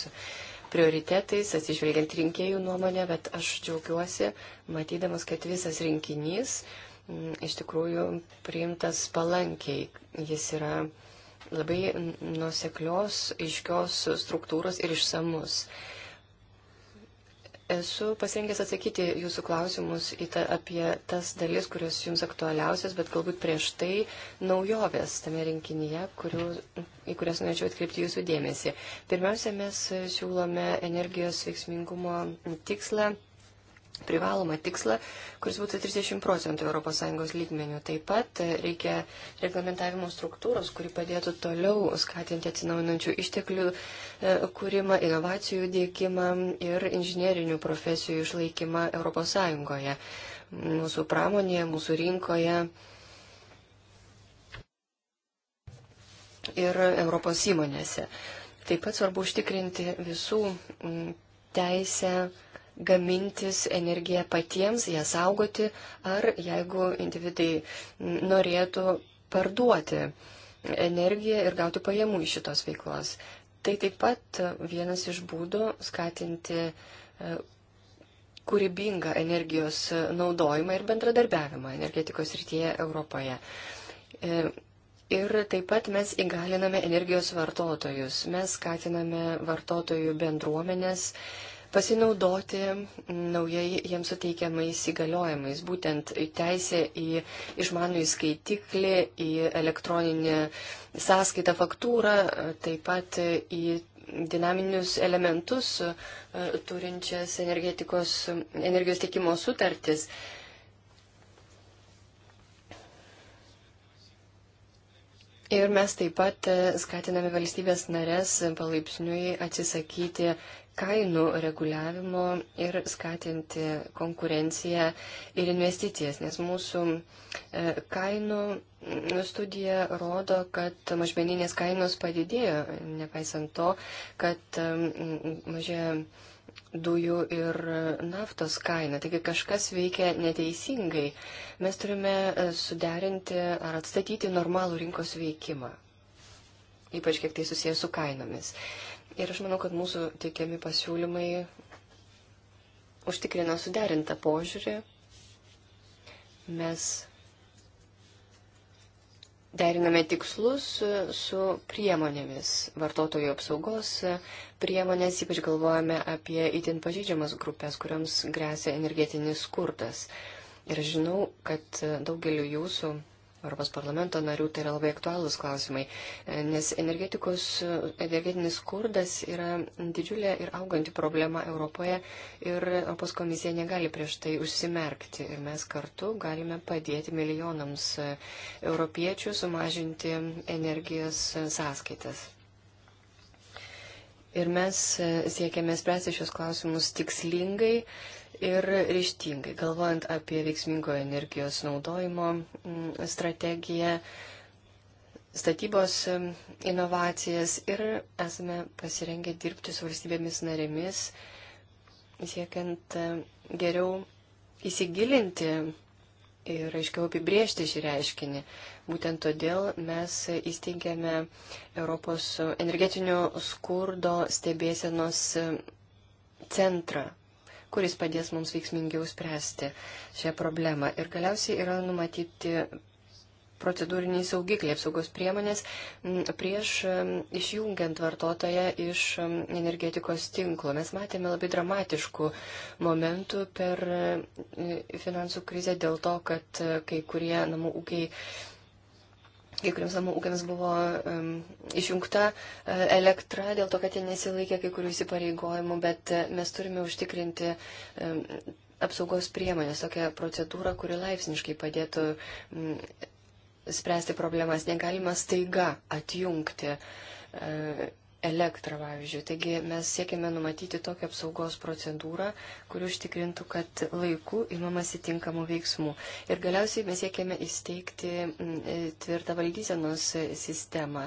prioritetais, atsižvelgiant rinkėjų nuomonę, bet aš džiaugiuosi, matydamas, kad visas rinkinys m, mm, iš tikrųjų priimtas palankiai. Jis yra labai nuseklios, aiškios struktūros ir išsamus. Esu pasirengęs atsakyti jūsų klausimus ta, apie tas dalis, kurios jums aktualiausias, bet galbūt prieš tai naujovės tame rinkinyje, kurių, į kurias norėčiau atkreipti jūsų dėmesį. Pirmiausia, mes siūlome energijos veiksmingumo tikslą privalomą tikslą, kuris būtų 30 procentų ES lygmenių. Taip pat reikia reglamentavimo struktūros, kuri padėtų toliau skatinti atsinaujinančių išteklių e, kūrimą, inovacijų dėkimą ir inžinierinių profesijų išlaikymą ES. Mūsų pramonėje, mūsų rinkoje. Ir Europos įmonėse. Taip pat svarbu užtikrinti visų teisę gamintis energiją patiems, ją saugoti, ar jeigu individai norėtų parduoti energiją ir gauti pajamų iš šitos veiklos. Tai taip pat vienas iš būdų skatinti e, kūrybingą energijos naudojimą ir bendradarbiavimą energetikos rytyje Europoje. E, ir taip pat mes įgaliname energijos vartotojus, mes skatiname vartotojų bendruomenės pasinaudoti naujai jiems suteikiamais įgaliojimais, būtent teisė į išmanų įskaitiklį, į elektroninį sąskaitą faktūrą, taip pat į dinaminius elementus e, turinčias energijos tiekimo sutartis. Ir mes taip pat e, skatiname valstybės narės palaipsniui atsisakyti kainų reguliavimo ir skatinti konkurenciją ir investicijas, nes mūsų e, kainų studija rodo, kad mažmeninės kainos padidėjo, nepaisant to, kad e, mažėja dujų ir naftos kaina. Taigi kažkas veikia neteisingai. Mes turime e, suderinti ar atstatyti normalų rinkos veikimą ypač kiek tai susijęs su kainomis. Ir aš manau, kad mūsų teikiami pasiūlymai užtikrina suderintą požiūrį. Mes deriname tikslus su priemonėmis, vartotojų apsaugos priemonės, ypač galvojame apie itin pažydžiamas grupės, kuriams grėsia energetinis skurdas. Ir žinau, kad daugeliu jūsų Europos parlamento narių, tai yra labai aktualūs klausimai, e, nes e, energetinis skurdas yra didžiulė ir auganti problema Europoje ir Europos komisija negali prieš tai užsimerkti. Ir mes kartu galime padėti milijonams e, europiečių sumažinti energijos sąskaitas. Ir mes siekiame spręsti šios klausimus tikslingai ir ryštingai, galvojant apie veiksmingo energijos naudojimo mm, strategiją, statybos mm, inovacijas ir esame pasirengę dirbti su valstybėmis narėmis, siekiant mm, geriau įsigilinti ir aiškiau apibriežti šį reiškinį. Būtent todėl mes įsteigėme Europos energetinio skurdo stebėsenos centrą kuris padės mums veiksmingiau spręsti šią problemą. Ir galiausiai yra numatyti procedūriniai saugikliai, apsaugos priemonės prieš išjungiant vartotoją iš energetikos tinklo. Mes matėme labai dramatiškų momentų per e, finansų krizę dėl to, kad e, kai kurie namų ūkiai kai kuriems namų ūkiams buvo um, išjungta e, elektra dėl to, kad jie nesilaikė kai kurių įsipareigojimų, bet e, mes turime užtikrinti um, apsaugos priemonės, tokią procedūrą, kuri laipsniškai padėtų um, spręsti problemas. Negalima staiga atjungti. Uh, elektrą, pavyzdžiui. Taigi mes siekime numatyti tokią apsaugos procedūrą, kuri užtikrintų, kad laiku imamasi tinkamų veiksmų. Ir galiausiai mes siekime įsteigti e, tvirtą valdysenos sistemą,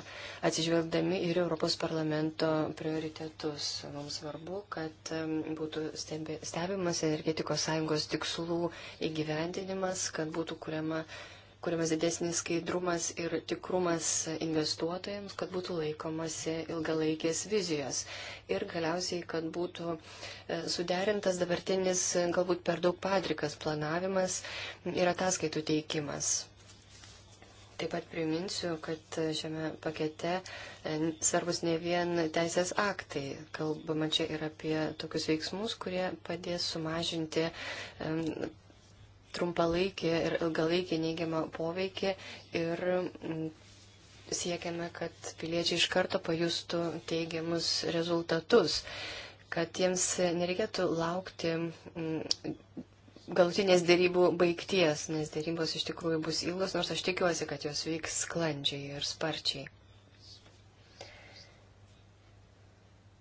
atsižvelgdami ir Europos parlamento prioritetus. Mums svarbu, kad būtų stebimas energetikos sąjungos tikslų įgyvendinimas, kad būtų kuriama kuriamas didesnis skaidrumas ir tikrumas investuotojams, kad būtų laikomasi ilgalaikės vizijos ir galiausiai, kad būtų e, suderintas dabartinis galbūt per daug padrikas planavimas ir ataskaitų teikimas. Taip pat priminsiu, kad šiame pakete e, svarbus ne vien teisės aktai. Kalbama čia ir apie tokius veiksmus, kurie padės sumažinti trumpalaikį ir ilgalaikį neigiamą poveikį ir mm, siekiame, kad piliečiai iš karto pajustų teigiamus rezultatus, kad jiems nereikėtų laukti mm, galutinės dėrybų baigties, nes dėrybos iš tikrųjų bus ilgos, nors aš tikiuosi, kad jos vyks sklandžiai ir sparčiai.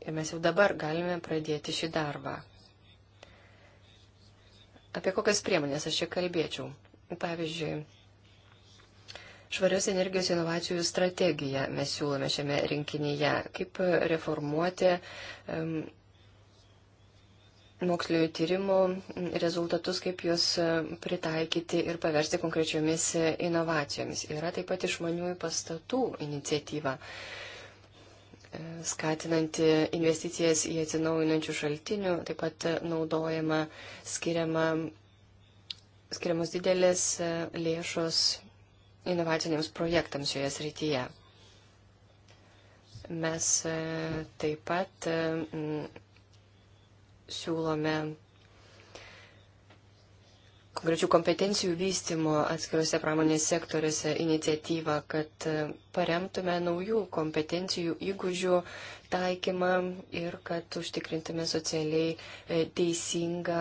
Ir mes jau dabar galime pradėti šį darbą apie kokias priemonės aš čia kalbėčiau. Pavyzdžiui, švarios energijos inovacijų strategiją mes siūlome šiame rinkinyje, kaip reformuoti um, mokslinio tyrimų rezultatus, kaip juos pritaikyti ir paversti konkrečiomis inovacijomis. Yra taip pat išmaniųjų pastatų iniciatyva. Uh, skatinanti investicijas į atsinaujinančių šaltinių, taip pat naudojama skiriama, skiriamos didelės lėšos inovaciniams projektams šioje srityje. Mes e, taip pat siūlome konkrečių kompetencijų vystimo atskiruose pramonės sektoriuose iniciatyvą, kad e, paremtume naujų kompetencijų įgūdžių taikymą ir kad užtikrintume socialiai e, teisingą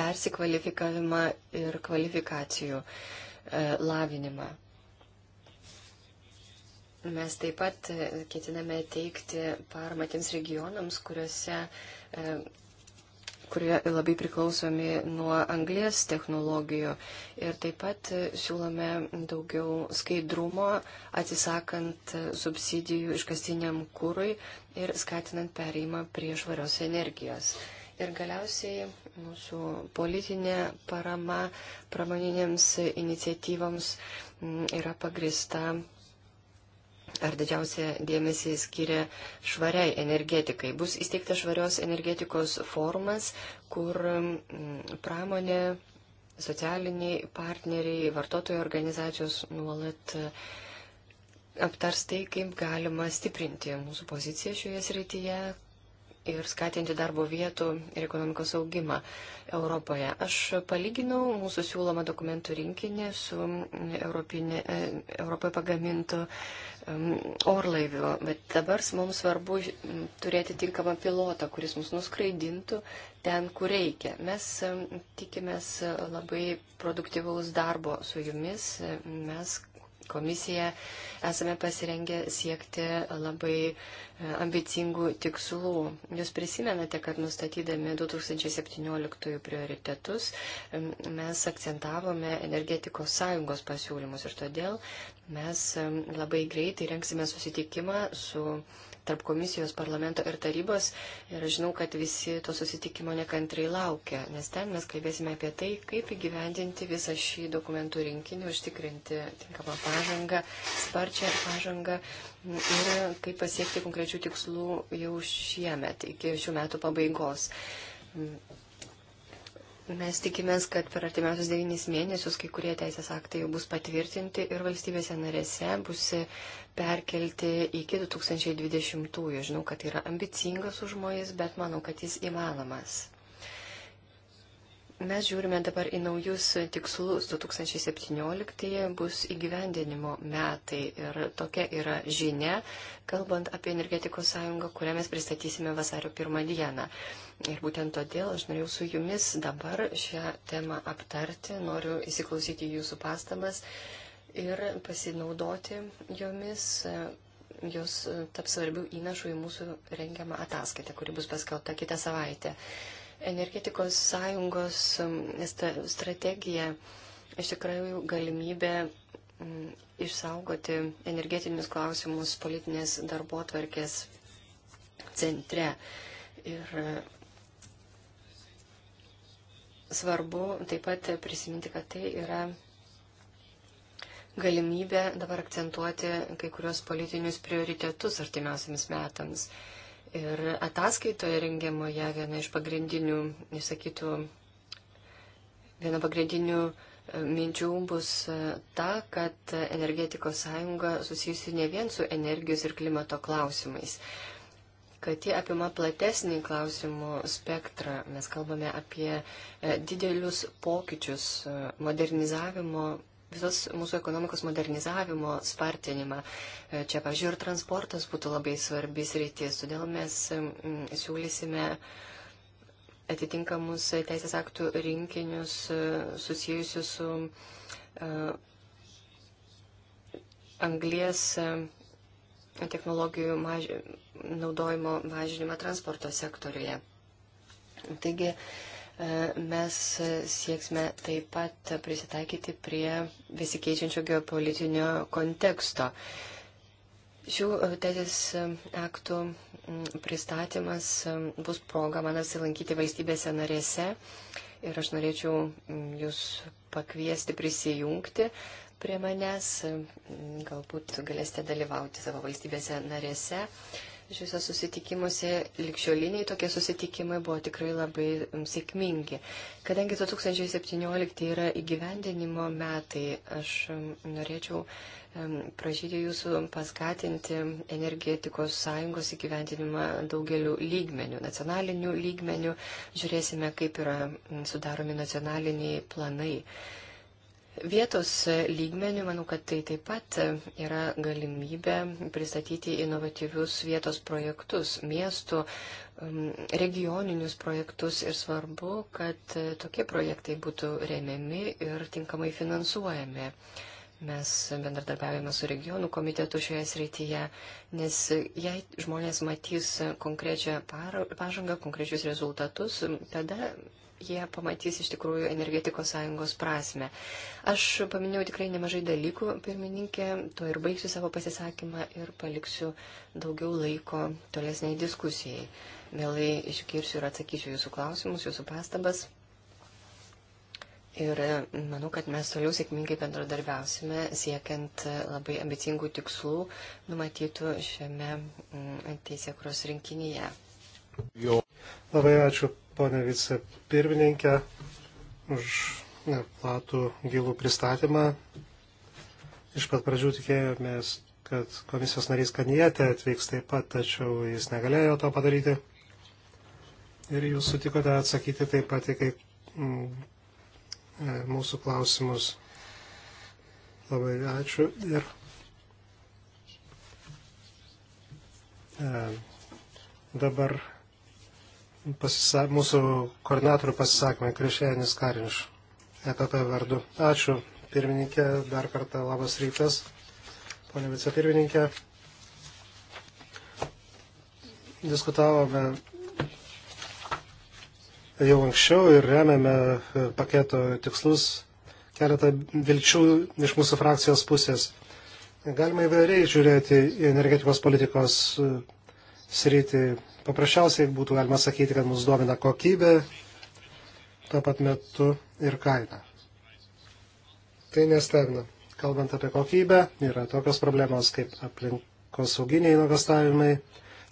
persikvalifikavimą ir kvalifikacijų e, lavinimą. Mes taip pat ketiname teikti paramą tiems regionams, kuriuose kurie labai priklausomi nuo anglės technologijų. Ir taip pat siūlome daugiau skaidrumo, atsisakant subsidijų iškastiniam kūrui ir skatinant pereimą prie švarios energijos. Ir galiausiai mūsų politinė parama pramoninėms iniciatyvams mm, yra pagrista ar didžiausia dėmesį skiria švariai energetikai. Bus įsteigtas švarios energetikos forumas, kur pramonė, socialiniai partneriai, vartotojų organizacijos nuolat e, aptars tai, kaip galima stiprinti mūsų poziciją šioje srityje, ir skatinti darbo vietų ir ekonomikos augimą Europoje. Aš palyginau mūsų siūlomą dokumentų rinkinį su mm, Europinė, e, Europoje pagamintu mm, orlaiviu, bet dabar mums svarbu mm, turėti tinkamą pilotą, kuris mus nuskraidintų ten, kur reikia. Mes tikimės labai produktyvaus darbo su jumis. Mes komisija esame pasirengę siekti labai e, ambicingų tikslų. Jūs prisimenate, kad nustatydami 2017 prioritetus mes akcentavome energetikos sąjungos pasiūlymus ir todėl mes labai greitai renksime susitikimą su tarp komisijos, parlamento ir tarybos. Ir aš žinau, kad visi to susitikimo nekantrai laukia, nes ten mes kalbėsime apie tai, kaip įgyvendinti visą šį dokumentų rinkinį, užtikrinti tinkamą pažangą, sparčią pažangą ir kaip pasiekti konkrečių tikslų jau šiemet, iki šių metų pabaigos. Mes tikimės, kad per artimiausius devynis mėnesius kai kurie teisės aktai jau bus patvirtinti ir valstybėse narėse bus perkelti iki 2020-ųjų. Žinau, kad tai yra ambicingas užmojas, bet manau, kad jis įmanomas. Mes žiūrime dabar į naujus tikslus. 2017 bus įgyvendinimo metai ir tokia yra žinia, kalbant apie energetikos sąjungą, kurią mes pristatysime vasario pirmą dieną. Ir būtent todėl aš norėjau su jumis dabar šią temą aptarti, noriu įsiklausyti jūsų pastabas ir pasinaudoti jomis. Jos taps svarbių įnašų į mūsų rengiamą ataskaitę, kuri bus paskelbta kitą savaitę. Uh, Energetikos sąjungos um, strategija iš tikrųjų galimybė um, išsaugoti energetinius klausimus politinės darbo atvarkės centre. Ir uh, svarbu taip pat prisiminti, kad tai yra galimybė dabar akcentuoti kai kurios politinius prioritetus artimiausiams metams. Ir ataskaitoje rengiamoje viena iš pagrindinių, sakytų, viena pagrindinių e, minčių bus e, ta, kad energetikos sąjunga susijusi ne vien su energijos ir klimato klausimais, kad ji apima platesnį klausimų spektrą. Mes kalbame apie e, didelius pokyčius modernizavimo visos mūsų ekonomikos modernizavimo spartinimą. E, čia, pažiūrėjau, ir transportas būtų labai svarbis rytis, todėl mes siūlysime atitinkamus teisės aktų rinkinius e, susijusius su e, anglies technologijų maž... naudojimo mažinimą transporto sektoriuje. Taigi, uh, E, mes sieksime taip pat prisitaikyti prie besikeičiančio geopolitinio konteksto. Šių teisės aktų pristatymas bus proga man apsilankyti valstybėse narėse ir aš norėčiau jūs pakviesti prisijungti prie manęs, galbūt galėsite dalyvauti savo valstybėse narėse šiuose susitikimuose, likščioliniai tokie susitikimai buvo tikrai labai sėkmingi. Kadangi 2017 yra įgyvendinimo metai, aš norėčiau prašyti jūsų paskatinti energetikos sąjungos įgyvendinimą daugeliu lygmenių, nacionalinių lygmenių. Žiūrėsime, kaip yra sudaromi nacionaliniai planai. Vietos lygmenių, manau, kad tai taip pat yra galimybė pristatyti inovatyvius vietos projektus, miestų, um, regioninius projektus ir svarbu, kad tokie projektai būtų remiami ir tinkamai finansuojami. Mes bendradarbiavime su regionų komitetu šioje srityje, nes jei žmonės matys konkrečią pažangą, konkrečius rezultatus, tada jie pamatys iš tikrųjų energetikos sąjungos prasme. Aš paminėjau tikrai nemažai dalykų, pirmininkė, tuo ir baigsiu savo pasisakymą ir paliksiu daugiau laiko tolesniai diskusijai. Mielai išgirsiu ir atsakysiu jūsų klausimus, jūsų pastabas. Ir manau, kad mes toliau sėkmingai bendradarbiausime, siekiant labai ambicingų tikslų numatytų šiame mm, teisėkros rinkinyje.
Jo. Labai ačiū ponė vicepirmininkė, už platų gilų pristatymą. Iš pat pradžių tikėjomės, kad komisijos narys Kanijete atvyks taip pat, tačiau jis negalėjo to padaryti. Ir jūs sutikote atsakyti taip pat į kaip mm, e, mūsų klausimus. Labai ačiū ir e, dabar pasisa mūsų koordinatorių pasisakymą Krišėjanis Kariniš, EPP vardu. Ačiū, pirmininkė, dar kartą labas rytas, ponė vicepirmininkė. Diskutavome jau anksčiau ir remiame e, paketo tikslus keletą vilčių iš mūsų frakcijos pusės. Galima įvairiai žiūrėti į energetikos politikos e, sritį Paprasčiausiai būtų galima sakyti, kad mus domina kokybė, tuo pat metu ir kaina. Tai nestebina. Kalbant apie kokybę, yra tokios problemos kaip aplinkosauginiai nuogastavimai,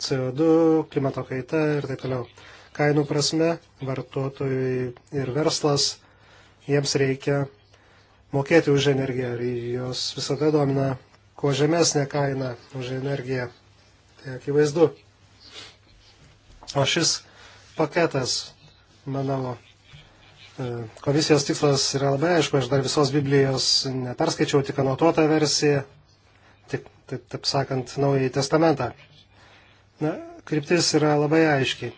CO2, klimato kaita ir taip toliau. Kainų prasme, vartotojai ir verslas, jiems reikia mokėti už energiją ir jos visada domina kuo žemesnė kaina už energiją. Tai akivaizdu. O šis paketas, manau, e, komisijos tikslas yra labai aišku, aš dar visos Biblijos neperskaičiau, tik anotuotą versiją, tik, taip, taip sakant, naująjį testamentą. Na, kryptis yra labai aiškiai.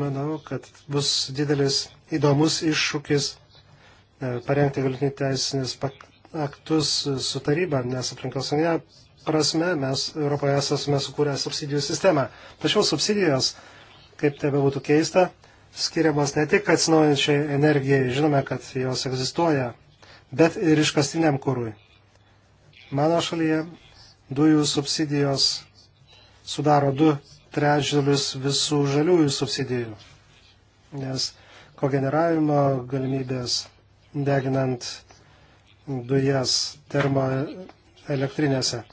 Manau, kad bus didelis įdomus iššūkis e, parengti galutinį teisinės aktus su taryba, nes aplinkosauginė prasme mes Europoje esame sukūrę subsidijų sistemą. Tačiau subsidijos, kaip tai bebūtų keista, skiriamos ne tik atsinaujančiai energijai, žinome, kad jos egzistuoja, bet ir iškastiniam kūrui. Mano šalyje dujų subsidijos sudaro du trečdalius visų žaliųjų subsidijų, nes kogeneravimo galimybės deginant dujas termoelektrinėse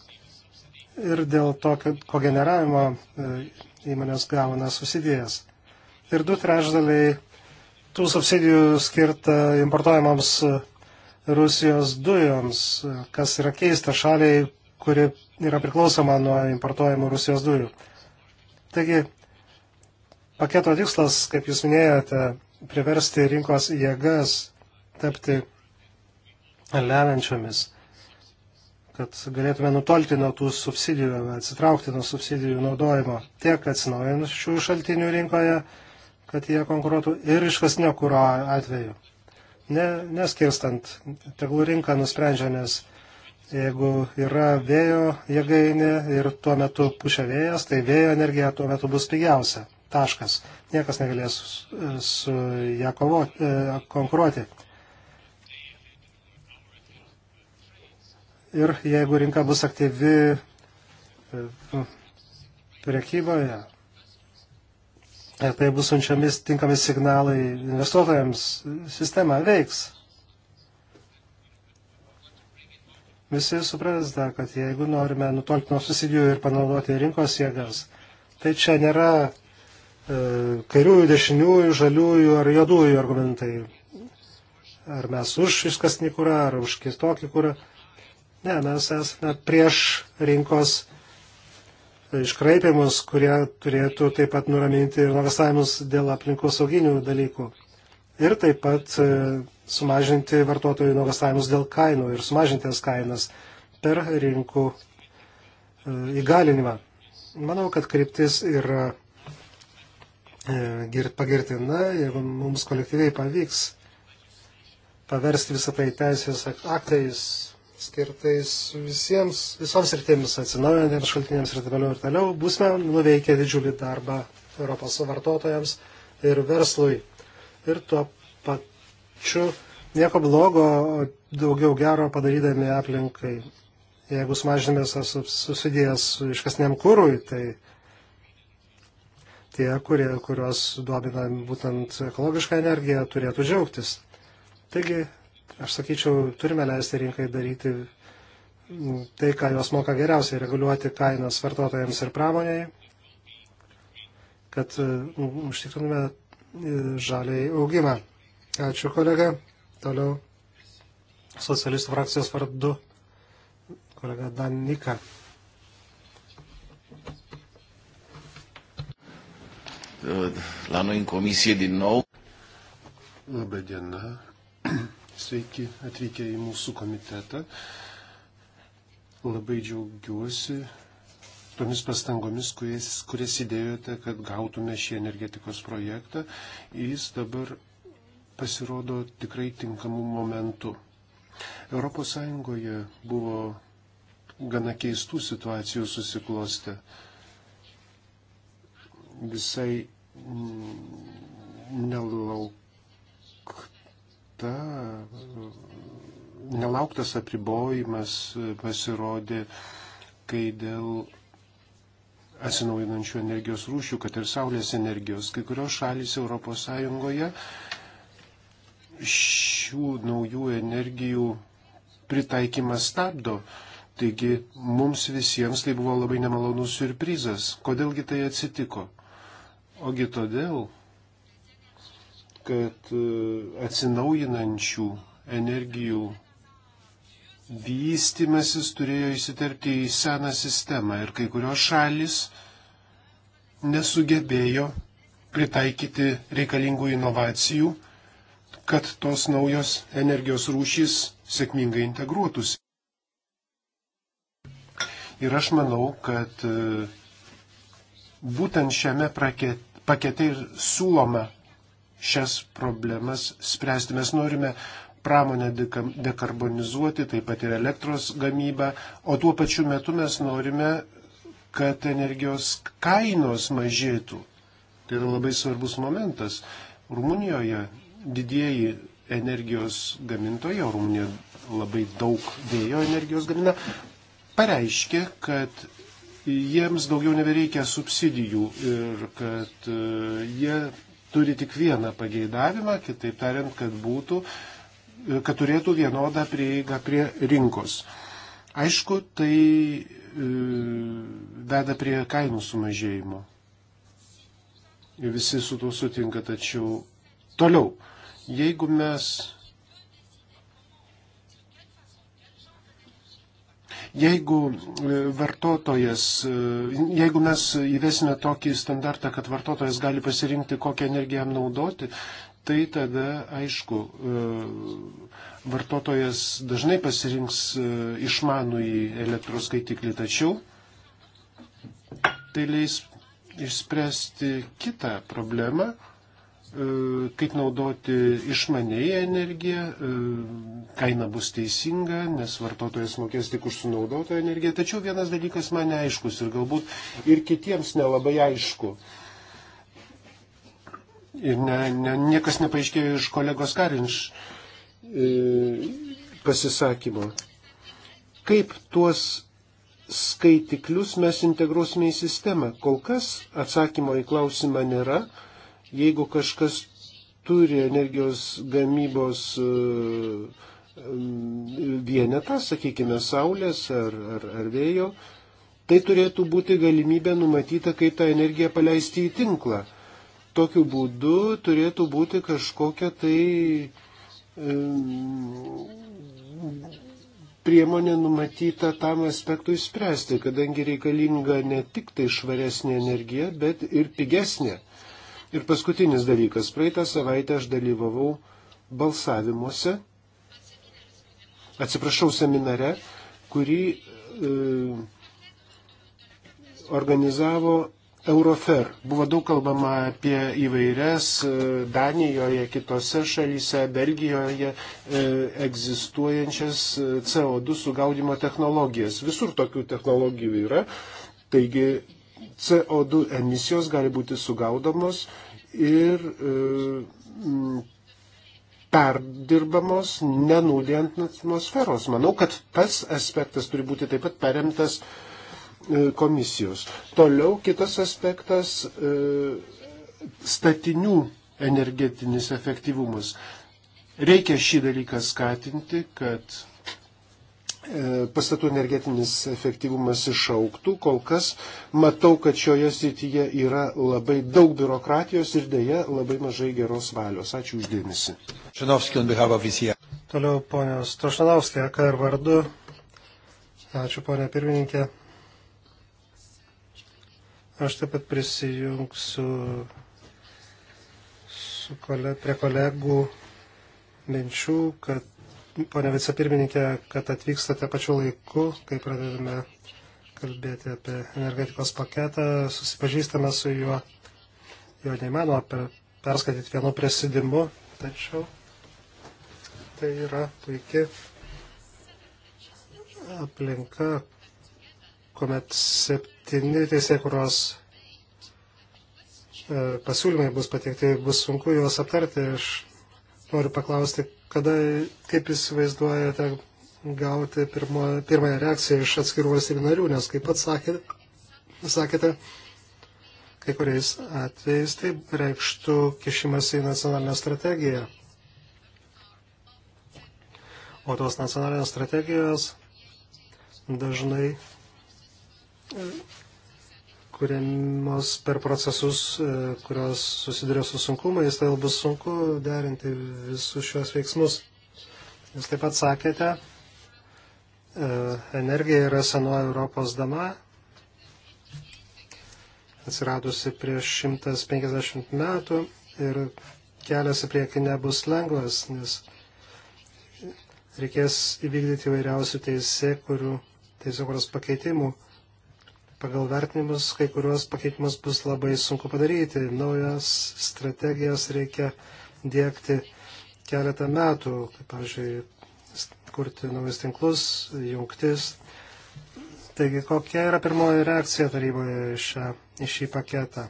ir dėl to, kad kogeneravimo e, įmonės gauna subsidijas. Ir du trešdaliai tų subsidijų skirta importuojamoms e, Rusijos dujoms, e, kas yra keista šaliai, kuri yra priklausoma nuo importuojamų Rusijos dujų. Taigi, paketo tikslas, kaip jūs minėjote, priversti rinkos jėgas tapti lemiančiomis kad galėtume nutolti nuo tų subsidijų, atsitraukti nuo subsidijų naudojimo tiek atsinaujančių šaltinių rinkoje, kad jie konkuruotų ir iškasnio kūro atveju. Ne, neskirstant, tegul rinka nusprendžia, nes jeigu yra vėjo jėgainė ir tuo metu pušia vėjas, tai vėjo energija tuo metu bus pigiausia. Taškas. Niekas negalės su ją kovoti, e, konkuruoti. ir jeigu rinka bus aktyvi e, nu, priekyboje, e, tai bus sunčiami tinkami signalai investuotojams, sistema veiks. Visi suprasda, kad jeigu norime nutolti nuo susidijų ir panaudoti rinkos jėgas, tai čia nėra e, kairiųjų, dešiniųjų, žaliųjų ar juodųjų argumentai. Ar mes už iškasnį kurą, ar už kitokį kurą. Ne, mes esame prieš rinkos iškraipimus, kurie turėtų taip pat nuraminti ir nuogastavimus dėl aplinkos sauginių dalykų. Ir taip pat e, sumažinti vartotojų nuogastavimus dėl kainų ir sumažintas kainas per rinkų e, įgalinimą. Manau, kad kryptis yra e, pagirtina, jeigu mums kolektyviai pavyks paversti visą tai teisės aktais skirtais visiems, visoms sritims atsinaujantiems šaltiniams ir taip toliau ir toliau, būsime nuveikę didžiulį darbą Europos vartotojams ir verslui. Ir tuo pačiu nieko blogo, daugiau gero padarydami aplinkai. Jeigu sumažiname susidėjęs su iškasniam kūrui, tai tie, kurie, kuriuos duobina būtent ekologišką energiją, turėtų džiaugtis. Taigi Aš sakyčiau, turime leisti rinkai daryti tai, ką jos moka geriausiai reguliuoti kainas vartotojams ir pramoniai, kad e, užtikrintume e, žaliai augimą. Ačiū kolega. Toliau socialistų frakcijos vardu kolega Danika.
La noi în comisie din nou.
Labai diena. Sveiki atvykę į mūsų komitetą. Labai džiaugiuosi tomis pastangomis, kurias, kurias įdėjote, kad gautume šį energetikos projektą. Jis dabar pasirodo tikrai tinkamų momentų. ES buvo gana keistų situacijų susiklostę. Visai nelauk ta nelauktas apribojimas pasirodė, kai dėl atsinaujinančių energijos rūšių, kad ir saulės energijos, kai kurios šalys ES šių naujų energijų pritaikymą stabdo. Taigi mums visiems tai buvo labai nemalonus surprizas. Kodėlgi tai atsitiko? Ogi todėl, kad e, atsinaujinančių energijų vystimasis turėjo įsiterpti į seną sistemą ir kai kurios šalis nesugebėjo pritaikyti reikalingų inovacijų, kad tos naujos energijos rūšys sėkmingai integruotųsi. Ir aš manau, kad e, būtent šiame pakete ir siūloma šias problemas spręsti. Mes norime pramonę dekarbonizuoti, taip pat ir elektros gamybą, o tuo pačiu metu mes norime, kad energijos kainos mažėtų. Tai yra labai svarbus momentas. Rumunijoje didieji energijos gamintojai, Rumunija labai daug vėjo energijos gamina, pareiškė, kad jiems daugiau nebereikia subsidijų ir kad e, jie turi tik vieną pageidavimą, kitaip tariant, kad, būtų, kad turėtų vienodą prieigą prie rinkos. Aišku, tai e, veda prie kainų sumažėjimo. Visi su tuo sutinka, tačiau toliau, jeigu mes Jeigu e, vartotojas, e, jeigu mes įvesime tokį standartą, kad vartotojas gali pasirinkti, kokią energiją jam naudoti, tai tada, aišku, e, vartotojas dažnai pasirinks išmanų į elektros skaitiklį, tačiau tai leis išspręsti kitą problemą, E, kaip naudoti išmaniai energiją, e, kaina bus teisinga, nes vartotojas mokės tik už sunaudotą energiją. Tačiau vienas dalykas man neaiškus ir galbūt ir kitiems nelabai aišku. Ir ne, ne, niekas nepaaiškėjo iš kolegos Karinš e, pasisakymo. Kaip tuos skaitiklius mes integruosime į sistemą? Kol kas atsakymo į klausimą nėra Jeigu kažkas turi energijos gamybos e, vienetą, sakykime, saulės ar, ar, ar vėjo, tai turėtų būti galimybė numatyta, kaip tą energiją paleisti į tinklą. Tokiu būdu turėtų būti kažkokia tai priemonė numatyta tam aspektui spręsti, kadangi reikalinga ne tik tai švaresnė energija, bet ir pigesnė. Ir paskutinis dalykas. Praeitą savaitę aš dalyvavau balsavimuose, atsiprašau, seminare, kurį e, organizavo Eurofer. Buvo daug kalbama apie įvairias e, Danijoje, kitose šalyse, Belgijoje e, egzistuojančias e, CO2 sugaudimo technologijas. Visur tokių technologijų yra. Taigi CO2 emisijos gali būti sugaudomos ir e, perdirbamos nenūdėjant atmosferos. Manau, kad tas aspektas turi būti taip pat paremtas e, komisijos. Toliau kitas aspektas e, - statinių energetinis efektyvumas. Reikia šį dalyką skatinti, kad pastatų energetinis efektyvumas išauktų. Kol kas matau, kad šioje srityje yra labai daug biurokratijos ir dėja labai mažai geros valios. Ačiū uždėmesi.
Toliau ponios Tošanovskė, ką ir vardu. Ačiū ponia pirmininkė. Aš taip pat prisijungsiu su kole, prie kolegų minčių, kad ponia vicepirmininkė, kad atvykstate pačiu laiku, kai pradedame kalbėti apie energetikos paketą, susipažįstame su juo, jo neįmanoma per, perskaityti vienu prisidimu, tačiau tai yra puikia aplinka, kuomet septyni teisėkuros e, pasiūlymai bus pateikti, bus sunku juos aptarti. Aš Noriu paklausti, kada, kaip jūs vaizduojate gauti pirmo, pirmąją reakciją iš atskirų valstybių narių, nes kaip pat sakėte, sakėte, kai kuriais atvejais tai reikštų kišimas į nacionalinę strategiją. O tos nacionalinės strategijos dažnai kuriamos per procesus, e, kurios susiduria su sunkumais, tai bus sunku derinti visus šios veiksmus. Jūs taip pat sakėte, e, energija yra senoji Europos dama, atsiradusi prieš 150 metų ir kelias į priekį nebus lengvas, nes reikės įvykdyti įvairiausių teisė, kurių teisėkuros pakeitimų pagal vertinimus kai kuriuos pakeitimus bus labai sunku padaryti. Naujas strategijas reikia dėkti keletą metų, kaip, pavyzdžiui, kurti naujus tinklus, jungtis. Taigi, kokia yra pirmoji reakcija taryboje į šią, į šį paketą?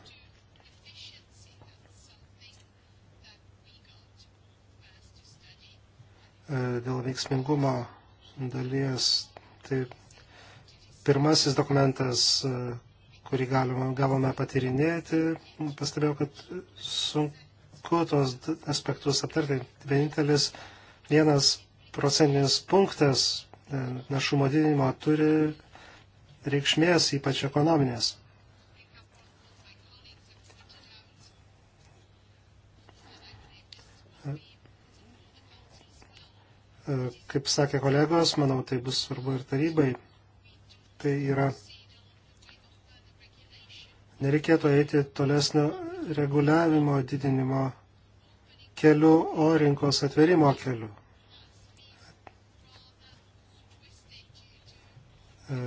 E, dėl veiksmingumo dalies, taip pirmasis dokumentas, e, kurį galima, gavome patirinėti, pastebėjau, kad sunku tos aspektus aptarti. Vienintelis vienas procentinis punktas e, našumo didinimo turi reikšmės, ypač ekonominės. E, kaip sakė kolegos, manau, tai bus svarbu ir tarybai tai yra nereikėtų eiti tolesnio reguliavimo didinimo keliu, o rinkos atverimo keliu. E,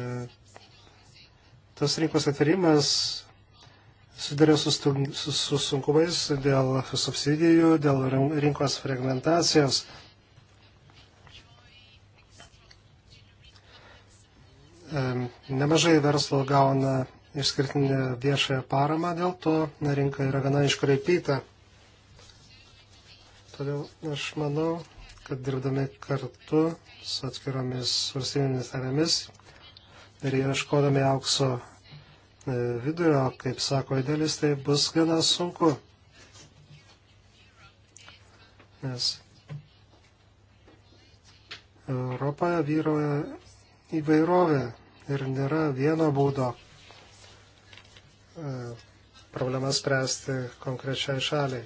tas rinkos atverimas sudarė su, su sunkumais dėl subsidijų, dėl rinkos fragmentacijos. nemažai verslo gauna išskirtinę viešąją paramą, dėl to na, rinka yra gana iškraipyta. Todėl aš manau, kad dirbdami kartu su atskiromis valstybėmis narėmis ir ieškodami aukso e, vidurio, kaip sako idealistai, bus gana sunku. Nes Europoje vyroja įvairovė ir nėra vieno būdo e, problemas spręsti konkrečiai šaliai.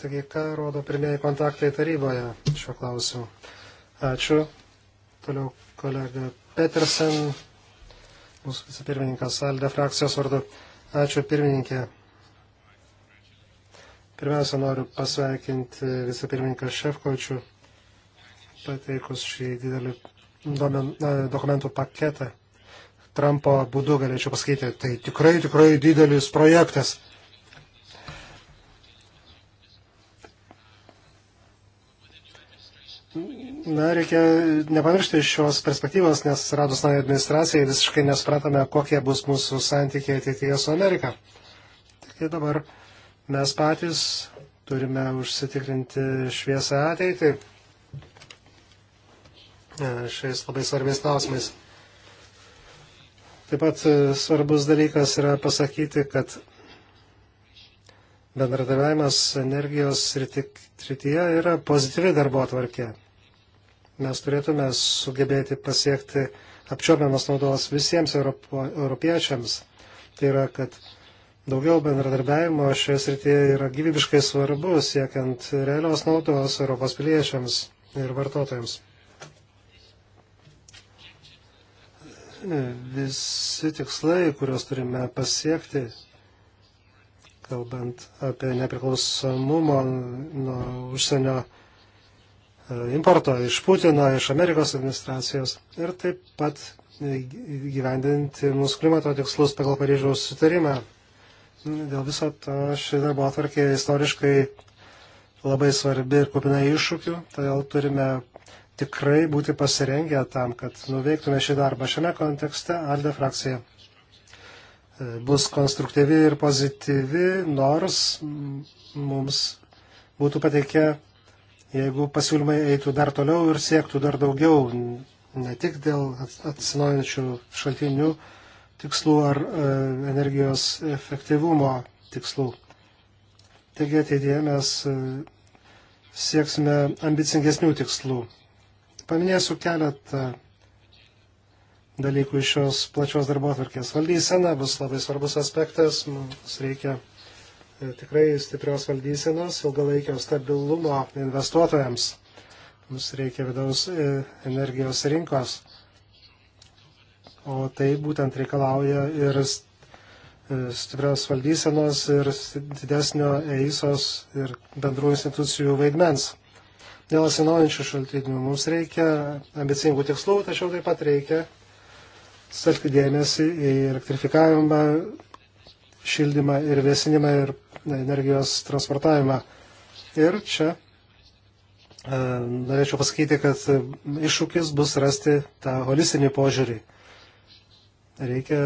Taigi, ką rodo pirmieji kontaktai taryboje šiuo klausimu? Ačiū. Toliau kolega Petersen, mūsų vicepirmininkas Alde frakcijos vardu. Ačiū pirmininkė. Pirmiausia, noriu pasveikinti vicepirmininką Šefkočių, pateikus šį didelį domen, e, dokumentų paketą. Trumpo būdu galėčiau pasakyti, tai tikrai, tikrai didelis projektas. Na, reikia nepamiršti šios perspektyvos, nes radus naują administraciją visiškai nespratome, kokie bus mūsų santykiai ateityje su Amerika. Taigi dabar mes patys turime užsitikrinti šviesą ateitį. E, šiais labai svarbiais klausimais. Taip pat e, svarbus dalykas yra pasakyti, kad bendradarbiavimas energijos srityje yra pozityvi darbo atvarkė. Mes turėtume sugebėti pasiekti apčiopiamas naudos visiems europo, europiečiams. Tai yra, kad daugiau bendradarbiavimo šioje srityje yra gyvybiškai svarbu siekiant realios naudos Europos piliečiams ir vartotojams. visi tikslai, kuriuos turime pasiekti, kalbant apie nepriklausomumo nuo užsienio e, importo iš Putino, iš Amerikos administracijos ir taip pat gyvendinti mūsų klimato tikslus pagal Paryžiaus sutarimą. Nu, dėl viso to ši darbo atvarkė istoriškai labai svarbi ir kupina iššūkių, todėl turime tikrai būti pasirengę tam, kad nuveiktume šį darbą. Šiame kontekste Alde frakcija e, bus konstruktyvi ir pozityvi, nors mums būtų pateikę, jeigu pasiūlymai eitų dar toliau ir siektų dar daugiau, ne tik dėl atsinaujinčių šaltinių tikslų ar e, energijos efektyvumo tikslų. Taigi ateityje mes e, sieksime ambicingesnių tikslų. Paminėsiu keletą dalykų iš šios plačios darbo atvarkės. Valdysena bus labai svarbus aspektas. Mums reikia e, tikrai stiprios valdysenos, ilgalaikio stabilumo investuotojams. Mums reikia vidaus e, energijos rinkos. O tai būtent reikalauja ir e, stiprios valdysenos, ir didesnio EISOS ir bendrų institucijų vaidmens. Dėl atsinaujinčių šaltinių mums reikia ambicingų tikslų, tačiau taip pat reikia sutelkti dėmesį į elektrifikavimą, šildymą ir vėsinimą ir energijos transportavimą. Ir čia e, norėčiau pasakyti, kad iššūkis bus rasti tą holistinį požiūrį. Reikia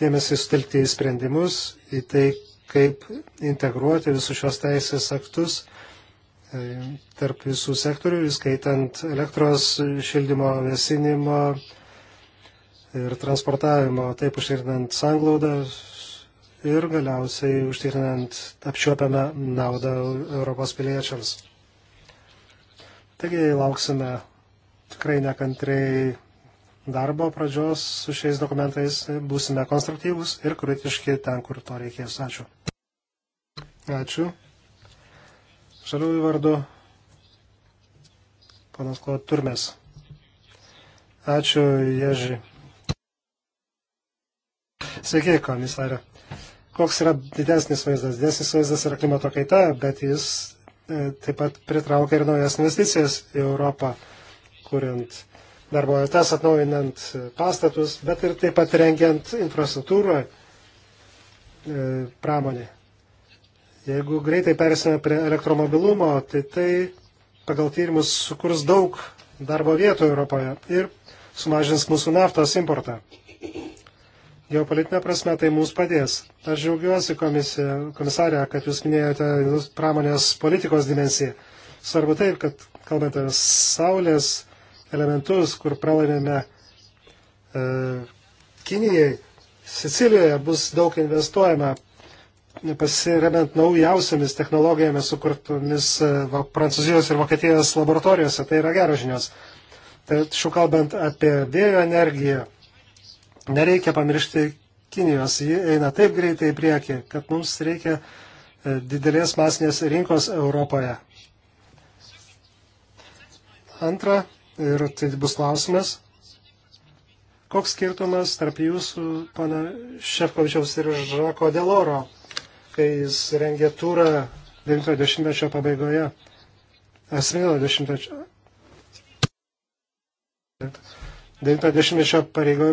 dėmesį sutelkti į sprendimus, į tai, kaip integruoti visus šios teisės aktus Tai tarp visų sektorių, įskaitant elektros šildymo, vėsinimo ir transportavimo, taip užtikrinant sanglaudą ir galiausiai užtikrinant apčiuopiamą naudą Europos piliečiams. Taigi lauksime tikrai nekantriai darbo pradžios su šiais dokumentais, būsime konstruktyvus ir kritiški ten, kur to reikės. Ačiū. Ačiū. Žaliųjų vardu panas Klaud Turmes. Ačiū, Ježi. Sveiki, komisarė. Koks yra didesnis vaizdas? Didesnis vaizdas yra klimato kaita, bet jis e, taip pat pritraukia ir naujas investicijas į Europą, kuriant darbo vietas, atnaujinant pastatus, bet ir taip pat rengiant infrastruktūrą e, pramonį. Jeigu greitai persime prie elektromobilumo, tai tai pagal tyrimus sukurs daug darbo vietų Europoje ir sumažins mūsų naftos importą. Geopolitinė prasme tai mums padės. Aš džiaugiuosi komisarė, kad jūs minėjote pramonės politikos dimensiją. Svarbu tai, kad kalbant apie saulės elementus, kur pralaimėme e, Kinijai, Sicilijoje bus daug investuojama pasiremiant naujausiamis technologijomis sukurtomis e, Prancūzijos ir Vokietijos laboratorijose. Tai yra geros žinios. Tačiau kalbant apie vėjo energiją, nereikia pamiršti Kinijos. Ji eina taip greitai į priekį, kad mums reikia e, didelės masinės rinkos Europoje. Antra, ir tai bus klausimas, koks skirtumas tarp jūsų, pana Šefkovičiaus ir Žako Deloro kai jis rengė turą 90-mečio pabaigoje. 70-mečio. 90-mečio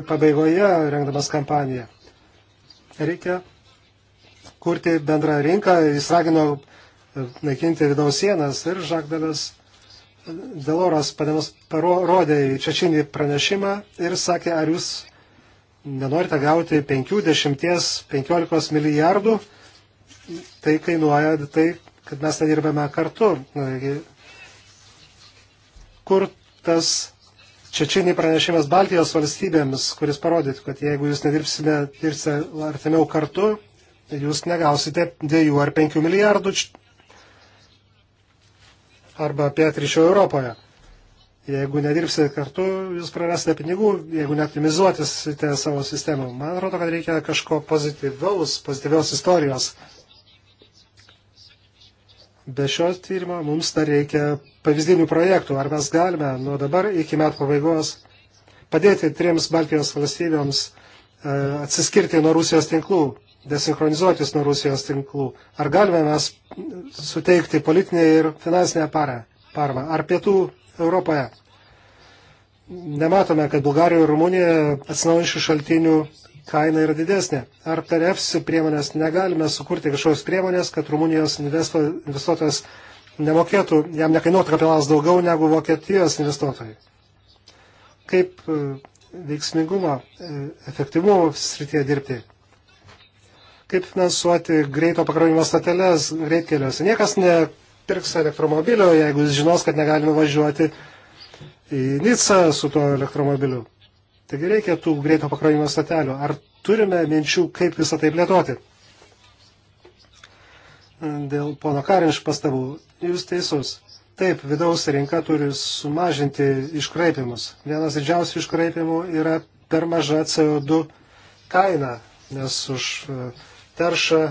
pabaigoje rengdamas kampaniją. Reikia kurti bendrą rinką. Jis ragino e, naikinti vidaus sienas ir Žakdalas e, Deloras parodė į Čečinį pranešimą ir sakė, ar jūs nenorite gauti 50-15 milijardų tai kainuoja tai, kad mes ten dirbame kartu. Kur tas Čečiniai pranešimas Baltijos valstybėms, kuris parodytų, kad jeigu jūs nedirbsite, dirbsite artimiau kartu, jūs negausite 2 ar 5 milijardų arba pietryčio Europoje. Jeigu nedirbsite kartu, jūs prarasite pinigų, jeigu neoptimizuotisite savo sistemą. Man atrodo, kad reikia kažko pozityvaus, pozityvios istorijos. Be šios tyrimo mums dar reikia pavyzdinių projektų. Ar mes galime nuo dabar iki metų pabaigos padėti trims Baltijos valstybėms e, atsiskirti nuo Rusijos tinklų, desinkronizuotis nuo Rusijos tinklų? Ar galime mes suteikti politinę ir finansinę paramą? Ar pietų Europoje? Nematome, kad Bulgarijoje ir Rumunijoje atsinaujančių šaltinių kaina yra didesnė. Ar per EFSI priemonės negalime sukurti kažkokios priemonės, kad Rumunijos investuotojas nemokėtų, jam nekainuotų kapitalas daugiau negu Vokietijos investuotojai? Kaip e, veiksmingumo, e, efektyvumo srityje dirbti? Kaip finansuoti greito pakrovimo stateles greitkeliuose? Niekas nepirks elektromobilio, jeigu jis žinos, kad negali nuvažiuoti į Nicą su tuo elektromobiliu. Taigi reikia tų greito pakrovimo statelių. Ar turime minčių, kaip visą tai plėtoti? Dėl pono Karinš pastabų, jūs teisus. Taip, vidaus rinka turi sumažinti iškraipimus. Vienas didžiausių iškraipimų yra per maža CO2 kaina, nes už e, taršą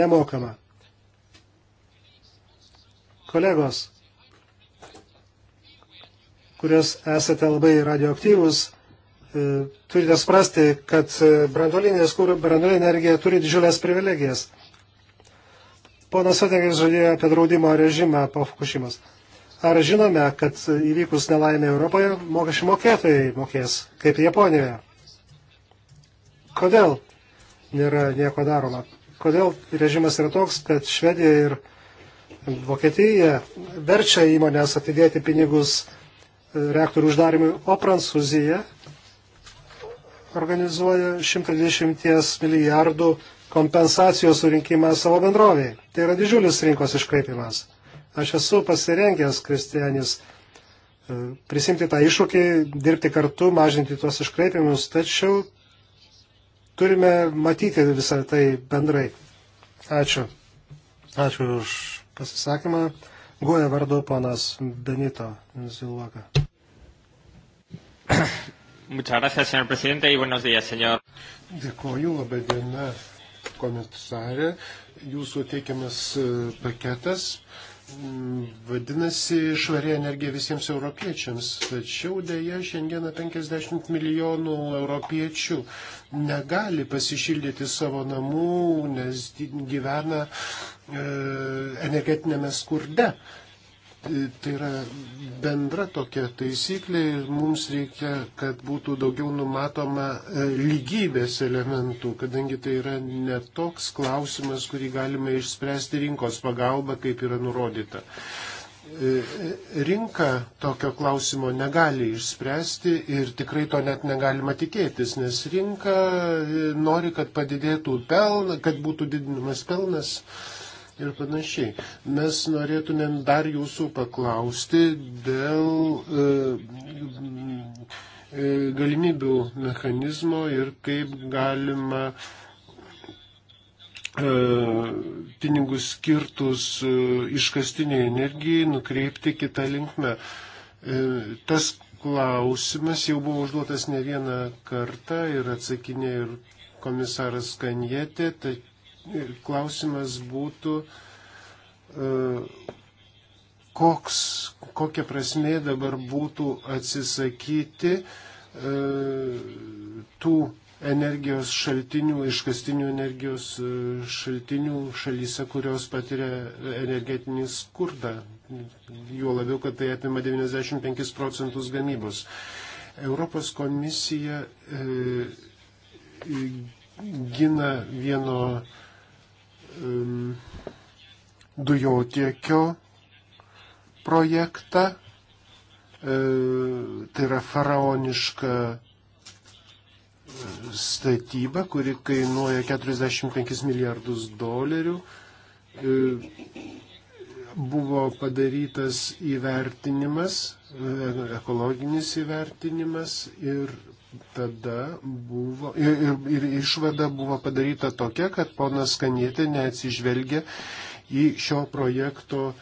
nemokama. Kolegos, kurios esate labai radioaktyvus, E, turite suprasti, kad e, branduolinė energija turi didžiulės privilegijas. Ponas Sotekas žadėjo apie draudimo režimą po Fukushimas. Ar žinome, kad įvykus nelaimė Europoje mokesčių mokėtojai mokės, kaip Japonijoje? Kodėl nėra nieko daroma? Kodėl režimas yra toks, kad Švedija ir Vokietija verčia įmonės atidėti pinigus reaktorių uždarimui, o Prancūzija organizuoja 120 milijardų kompensacijos surinkimą savo bendroviai. Tai yra didžiulis rinkos iškreipimas. Aš esu pasirengęs, Kristianis, e, prisimti tą iššūkį, dirbti kartu, mažinti tuos iškreipimus, tačiau turime matyti visą tai bendrai. Ačiū. Ačiū už pasisakymą. Guoja vardu ponas Benito Zilvaka. Muchas gracias, señor presidente, y buenos días, señor. Dėkuoju, labai diena,
komisarė. Jūsų teikiamas e, paketas vadinasi švari energija visiems europiečiams, tačiau dėja šiandieną 50 milijonų europiečių negali pasišildyti savo namų, nes gyvena e, energetinėme skurde. E, Tai yra bendra tokia taisyklė ir mums reikia, kad būtų daugiau numatoma e, lygybės elementų, kadangi tai yra netoks klausimas, kurį galime išspręsti rinkos pagalba, kaip yra nurodyta. E, e, rinka tokio klausimo negali išspręsti ir tikrai to net negalima tikėtis, nes rinka nori, kad padidėtų pelnas, kad būtų didinamas pelnas ir panašiai. Mes norėtumėm dar jūsų paklausti dėl e, e, galimybių mechanizmo ir kaip galima e, pinigus skirtus e, iškastiniai energijai nukreipti kitą linkmę. E, tas klausimas jau buvo užduotas ne vieną kartą ir atsakinė ir komisaras Kanjetė, tačiau klausimas būtų, e, koks, kokia prasme dabar būtų atsisakyti e, tų energijos šaltinių, iškastinių energijos e, šaltinių šalyse, kurios patiria energetinį skurdą. Juo labiau, kad tai apima 95 procentus gamybos. Europos komisija e, gina vieno Um, dujotiekio projektą. Uh, tai yra faraoniška uh, statyba, kuri kainuoja 45 milijardus dolerių. Uh, buvo padarytas įvertinimas, ekologinis įvertinimas ir tada buvo ir, ir, ir išvada buvo padaryta tokia, kad ponas Kanietė neatsižvelgia į šio projekto e,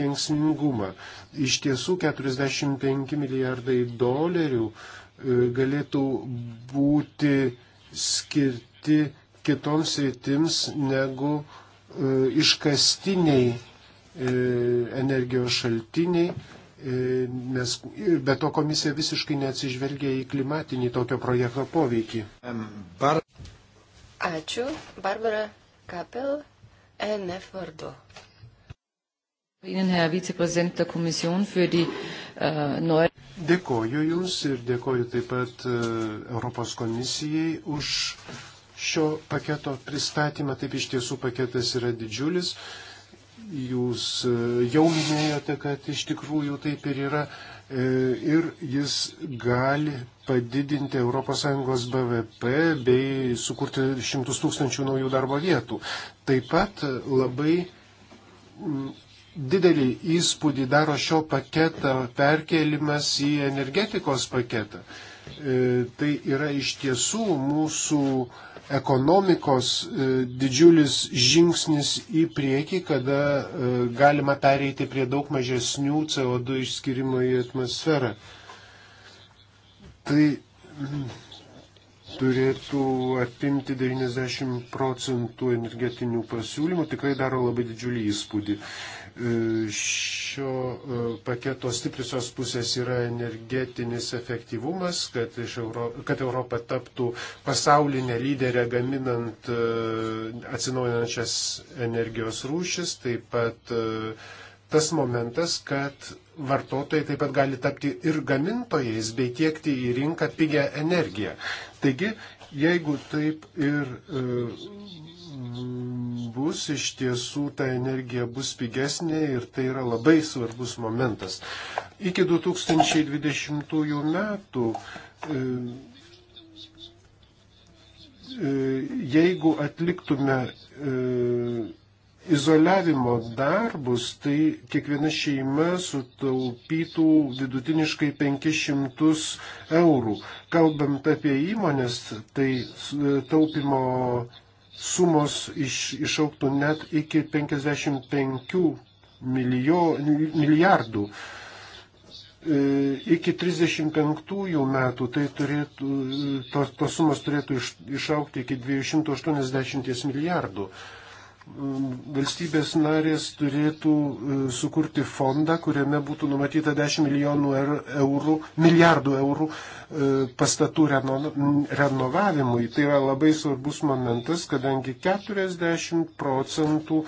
kengsmingumą. Iš tiesų 45 milijardai dolerių e, galėtų būti skirti kitoms rytims negu e, iškastiniai e, energijos šaltiniai E, nes be to komisija visiškai neatsižvelgia į klimatinį tokio projekto poveikį. Bar...
Ačiū, Barbara Kapel, ENF vardu. Ihnen, Herr Vizepräsident der Kommission, für die äh, neue. Dėkoju Jums ir
dėkoju taip pat e, Europos komisijai už šio paketo pristatymą. Taip iš tiesų paketas yra didžiulis. Äh, Jūs e, jau minėjote, kad iš tikrųjų taip ir yra e, ir jis gali padidinti ES BVP bei sukurti šimtus tūkstančių naujų darbo vietų. Taip pat labai didelį įspūdį daro šio paketo perkelimas į energetikos paketą. E, tai yra iš tiesų mūsų uh, ekonomikos e, didžiulis žingsnis į priekį, kada e, galima pereiti prie daug mažesnių CO2 išskirimo į atmosferą. Tai mm, turėtų apimti 90 procentų energetinių pasiūlymų, tikrai daro labai didžiulį įspūdį. Šio e, paketo stipriosios pusės yra energetinis efektyvumas, kad, Euro, kad Europa taptų pasaulinė lyderė gaminant e, atsinaujinančias energijos rūšis, taip pat e, tas momentas, kad vartotojai taip pat gali tapti ir gamintojais bei tiekti į rinką pigią energiją. Taigi, jeigu taip ir bus, iš tiesų ta energija bus pigesnė ir tai yra labai svarbus momentas. Iki 2020 metų, e, e, jeigu atliktume e, izoliavimo darbus, tai kiekviena šeima sutaupytų vidutiniškai 500 eurų. Kalbant apie įmonės, tai taupimo sumos iš, išauktų net iki 55 milijo, milijardų. E, iki 35 metų tai turėtų, e, tos, tos sumos turėtų iš, išaukti iki 280 milijardų. E, valstybės narės turėtų e, sukurti fondą, kuriame būtų numatyta 10 milijonų er, eurų, milijardų eurų e, pastatų reno, renovavimui. Tai yra labai svarbus momentas, kadangi 40 procentų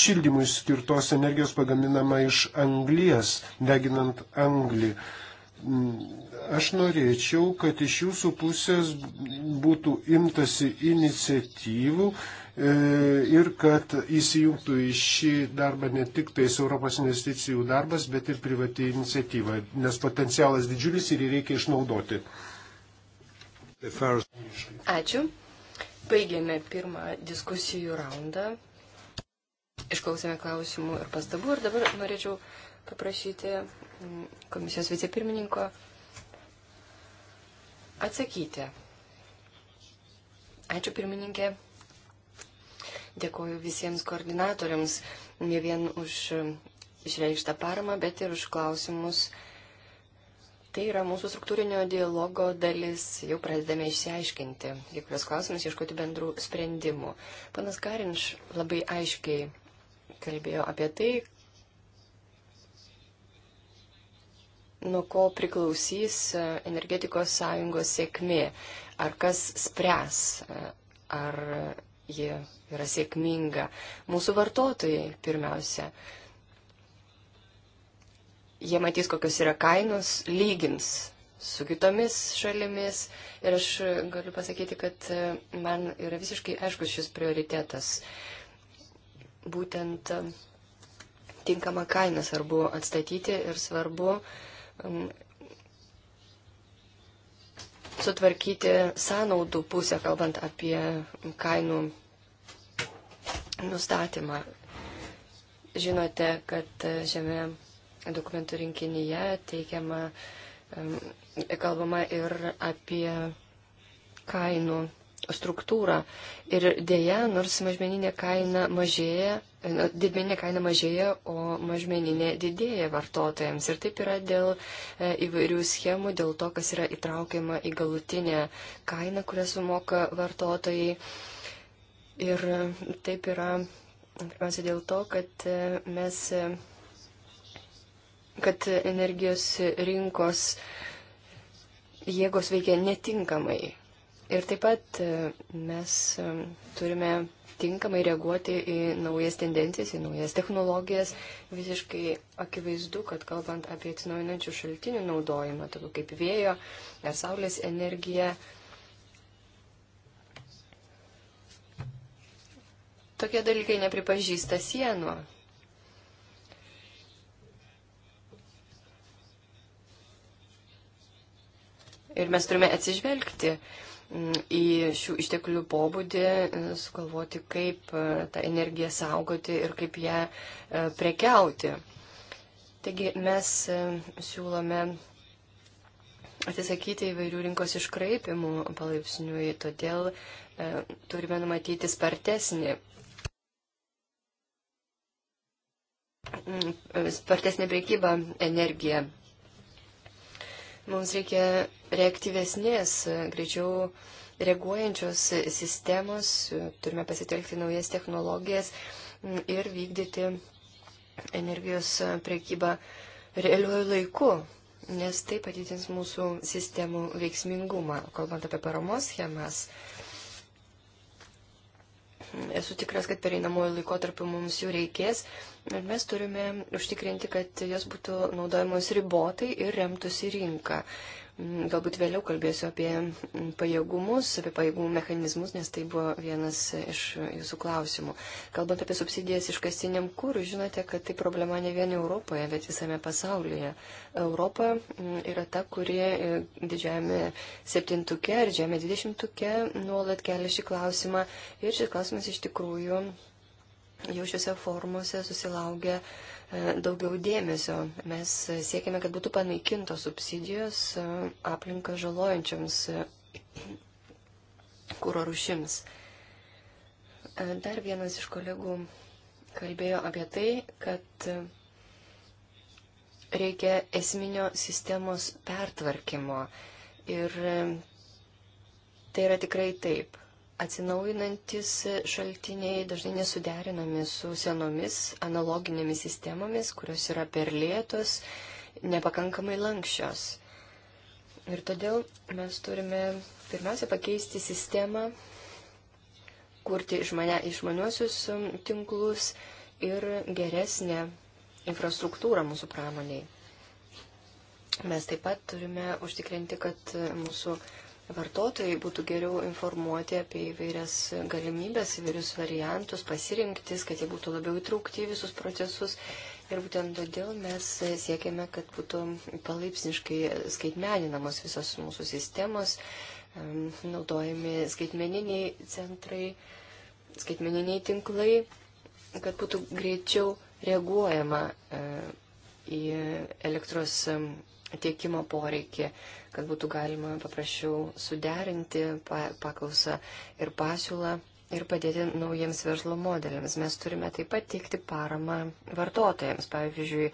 šildymui skirtos energijos pagaminama iš anglies, deginant anglį mm, Aš norėčiau, kad iš jūsų pusės būtų imtasi iniciatyvų e, ir kad įsijungtų į šį darbą ne tik tais Europos investicijų darbas, bet ir privati iniciatyva, nes potencialas didžiulis ir jį reikia išnaudoti.
Ačiū. Baigėme pirmą diskusijų raundą. Išklausėme klausimų ir pastabų ir dabar norėčiau paprašyti mm, komisijos vicepirmininko atsakyti. Ačiū pirmininkė. Dėkuoju visiems koordinatoriams, ne vien už išreikštą paramą, bet ir už klausimus. Tai yra mūsų struktūrinio dialogo dalis. Jau pradedame išsiaiškinti kai kurios klausimus, ieškoti bendrų sprendimų. Panas Karinš labai aiškiai kalbėjo apie tai, nuo ko priklausys e, energetikos sąjungos sėkmė. Ar kas spręs, e, ar ji yra sėkminga. Mūsų vartotojai pirmiausia. Jie matys, kokios yra kainos, lygins su kitomis šalimis. Ir aš galiu pasakyti, kad e, man yra visiškai aiškus šis prioritetas. Būtent tinkama kaina svarbu atstatyti ir svarbu uh, Um, sutvarkyti sąnaudų pusę, kalbant apie kainų nustatymą. Žinote, kad šiame dokumentų rinkinyje teikiama, um, kalbama ir apie kainų struktūrą. Ir dėja, nors mažmeninė kaina mažėja, didmeninė kaina mažėja, o mažmeninė didėja vartotojams. Ir taip yra dėl e, įvairių schemų, dėl to, kas yra įtraukiama į galutinę kainą, kurią sumoka vartotojai. Ir taip yra, pirmiausia, dėl to, kad e, mes, e, kad energijos rinkos jėgos veikia netinkamai. Ir taip pat mes turime tinkamai reaguoti į naujas tendencijas, į naujas technologijas. Visiškai akivaizdu, kad kalbant apie atsinaujinančių šaltinių naudojimą, tokių kaip vėjo ar saulės energija, tokie dalykai nepripažįsta sienų. Ir mes turime atsižvelgti į šių išteklių pobūdį, e, sugalvoti, kaip e, tą energiją saugoti ir kaip ją e, prekiauti. Taigi mes siūlome atsisakyti įvairių rinkos iškraipimų palaipsniui, todėl turime numatyti spartesnį spartesnė priekyba energija Mums reikia reaktyvesnės, greičiau reaguojančios sistemos, turime pasitelkti naujas technologijas ir vykdyti energijos prekybą realiuoju laiku, nes tai padidins mūsų sistemų veiksmingumą. Kalbant apie paramos schemas, Esu tikras, kad pereinamojo laikotarpiu mums jų reikės ir mes turime užtikrinti, kad jos būtų naudojamos ribotai ir remtųsi rinką. Uh, Mm, galbūt vėliau kalbėsiu apie mm, pajėgumus, apie pajėgumų mechanizmus, nes tai buvo vienas iš jūsų klausimų. Kalbant apie subsidijas iškastiniam kūrui, žinote, kad tai problema ne vien Europoje, bet visame pasaulyje. Europa mm, yra ta, kuri e, didžiame septintuke ar didžiame dvidešimtuke nuolat kelia šį klausimą. Ir šis klausimas iš tikrųjų jau šiuose formuose susilaugia daugiau dėmesio. Mes siekiame, kad būtų panaikintos subsidijos e, aplinką žalojančiams e, kūro rušims. E, dar vienas iš kolegų kalbėjo apie tai, kad reikia esminio sistemos pertvarkymo. Ir tai yra tikrai taip. Atsinaujinantis šaltiniai dažnai nesuderinami su senomis analoginėmis sistemomis, kurios yra per lėtos, nepakankamai lankščios. Ir todėl mes turime pirmiausia pakeisti sistemą, kurti išmane, išmaniuosius tinklus ir geresnę infrastruktūrą mūsų pramoniai. Mes taip pat turime užtikrinti, kad mūsų vartotojai būtų geriau informuoti apie įvairias galimybės, įvairius variantus, pasirinktis, kad jie būtų labiau įtraukti į visus procesus. Ir būtent todėl mes siekiame, kad būtų palaipsniškai skaitmeninamos visos mūsų sistemos, naudojami skaitmeniniai centrai, skaitmeniniai tinklai, kad būtų greičiau reaguojama e, į elektros tiekimo poreikį kad būtų galima paprasčiau suderinti paklausą ir pasiūlą ir padėti naujiems verslo modeliams. Mes turime taip pat teikti paramą vartotojams, pavyzdžiui,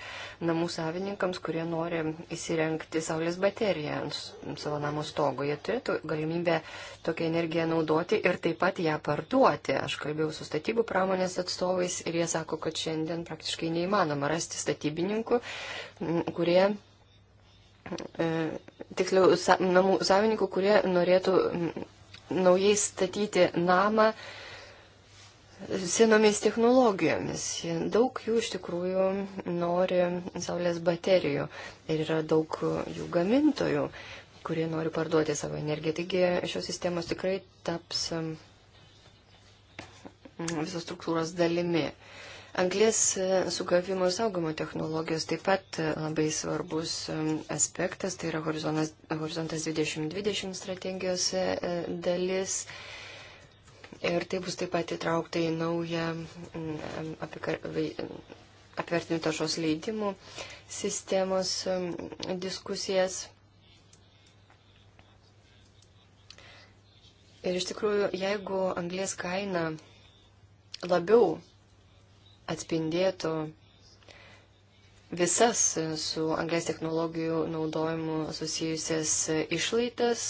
namų savininkams, kurie nori įsirenkti saulės bateriją ant savo namo stogo. Jie turėtų galimybę tokią energiją naudoti ir taip pat ją parduoti. Aš kalbėjau su statybų pramonės atstovais ir jie sako, kad šiandien praktiškai neįmanoma rasti statybininkų, kurie E, tiksliau, sa, namų savininkų, kurie norėtų naujai statyti namą senomis technologijomis. Daug jų iš tikrųjų nori saulės baterijų ir yra daug jų gamintojų, kurie nori parduoti savo energiją. Taigi šios sistemos tikrai taps visos struktūros dalimi. Uh, Anglės e, sugavimo ir saugimo technologijos taip pat e, labai svarbus e, aspektas, tai yra horizontas 2020 strategijos dalis. Ir tai bus taip pat įtraukta į naują apvertinių taršos leidimų sistemos diskusijas. Ir iš tikrųjų, jeigu anglės kaina labiau atspindėtų visas su anglės technologijų naudojimu susijusias išlaidas.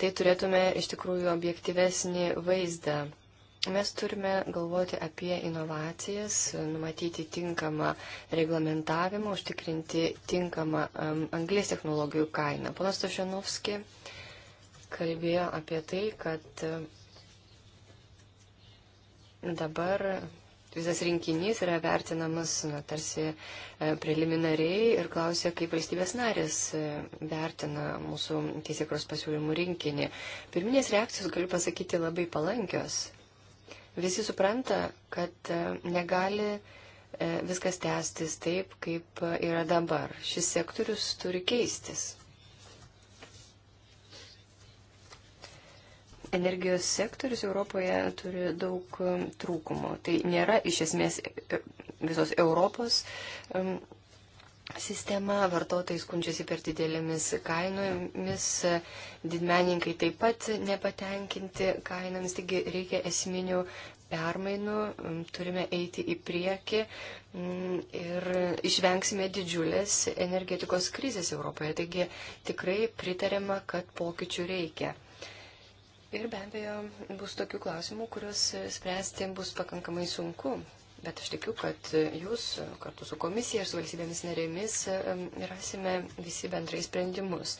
Tai turėtume iš tikrųjų objektyvesnį vaizdą. Mes turime galvoti apie inovacijas, numatyti tinkamą reglamentavimą, užtikrinti tinkamą um, anglės technologijų kainą. Ponas Tošenovski kalbėjo apie tai, kad um, dabar visas rinkinys yra vertinamas, na, tarsi e, preliminariai ir klausia, kaip valstybės narės e, vertina mūsų teisėkros pasiūlymų rinkinį. Pirminės reakcijos, galiu pasakyti, labai palankios. Visi supranta, kad e, negali viskas tęstis taip, kaip yra dabar. Šis sektorius turi keistis. energijos sektorius Europoje turi daug um, trūkumų. Tai nėra iš esmės e, visos Europos um, sistema, vartotojai skundžiasi per didelėmis kainomis, didmeninkai taip pat nepatenkinti kainomis, taigi reikia esminių permainų, um, turime eiti į priekį ir išvengsime didžiulės energetikos krizės Europoje. Taigi tikrai pritarėma, kad pokyčių reikia. Ir be abejo, bus tokių klausimų, kuriuos spręsti bus pakankamai sunku. Bet aš tikiu, kad jūs kartu su komisija ir su valstybėmis narėmis rasime visi bendrai sprendimus.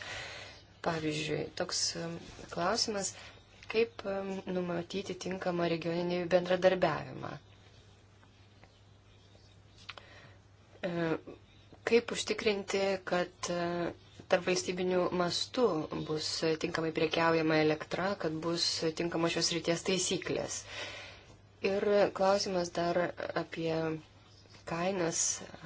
Pavyzdžiui, toks klausimas, kaip numatyti tinkamą regioninį bendradarbiavimą. E, kaip užtikrinti, kad tarp valstybinių mastų bus tinkamai priekiaujama elektra, kad bus tinkamos šios ryties taisyklės. Ir klausimas dar apie kainas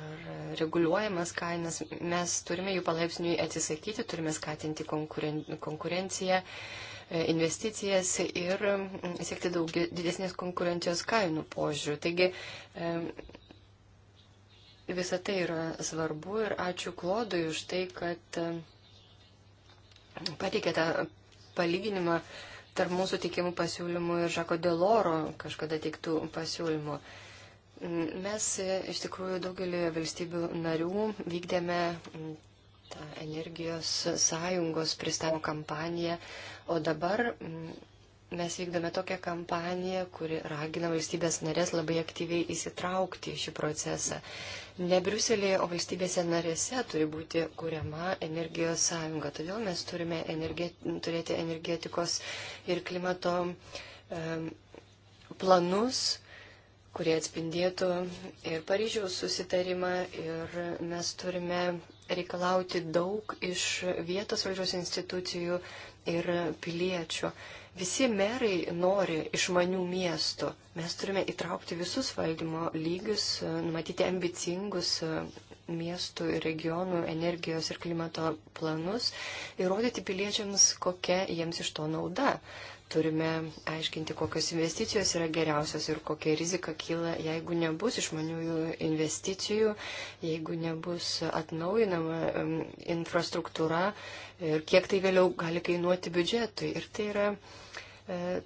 ar reguliuojamas kainas. Mes turime jų palaipsniui atsisakyti, turime skatinti konkuren konkurenciją, investicijas ir siekti daug didesnės konkurencijos kainų požiūrių. Taigi, Visą tai yra svarbu ir ačiū Klodui už tai, kad e, pateikė tą palyginimą tarp mūsų tikimų pasiūlymų ir Žako Deloro kažkada teiktų pasiūlymų. Mes e, iš tikrųjų daugelį valstybių narių vykdėme tą energijos sąjungos pristatymo kampaniją, o dabar mes vykdome tokią kampaniją, kuri ragina valstybės narės labai aktyviai įsitraukti į šį procesą. Ne Briuselėje, o valstybėse narėse turi būti kuriama energijos sąjunga. Todėl mes turime energe, turėti energetikos ir klimato um, planus kurie atspindėtų ir Paryžiaus susitarimą, ir mes turime reikalauti daug iš vietos valdžios institucijų ir piliečių. Visi merai nori išmanių miestų. Mes turime įtraukti visus valdymo lygius, e, numatyti ambicingus e, miestų ir regionų energijos ir klimato planus ir rodyti piliečiams, kokia jiems iš to nauda. Turime aiškinti, kokios investicijos yra geriausios ir kokia rizika kyla, jeigu nebus išmaniųjų investicijų, jeigu nebus atnaujinama infrastruktūra ir kiek tai vėliau gali kainuoti biudžetui. Ir tai yra E,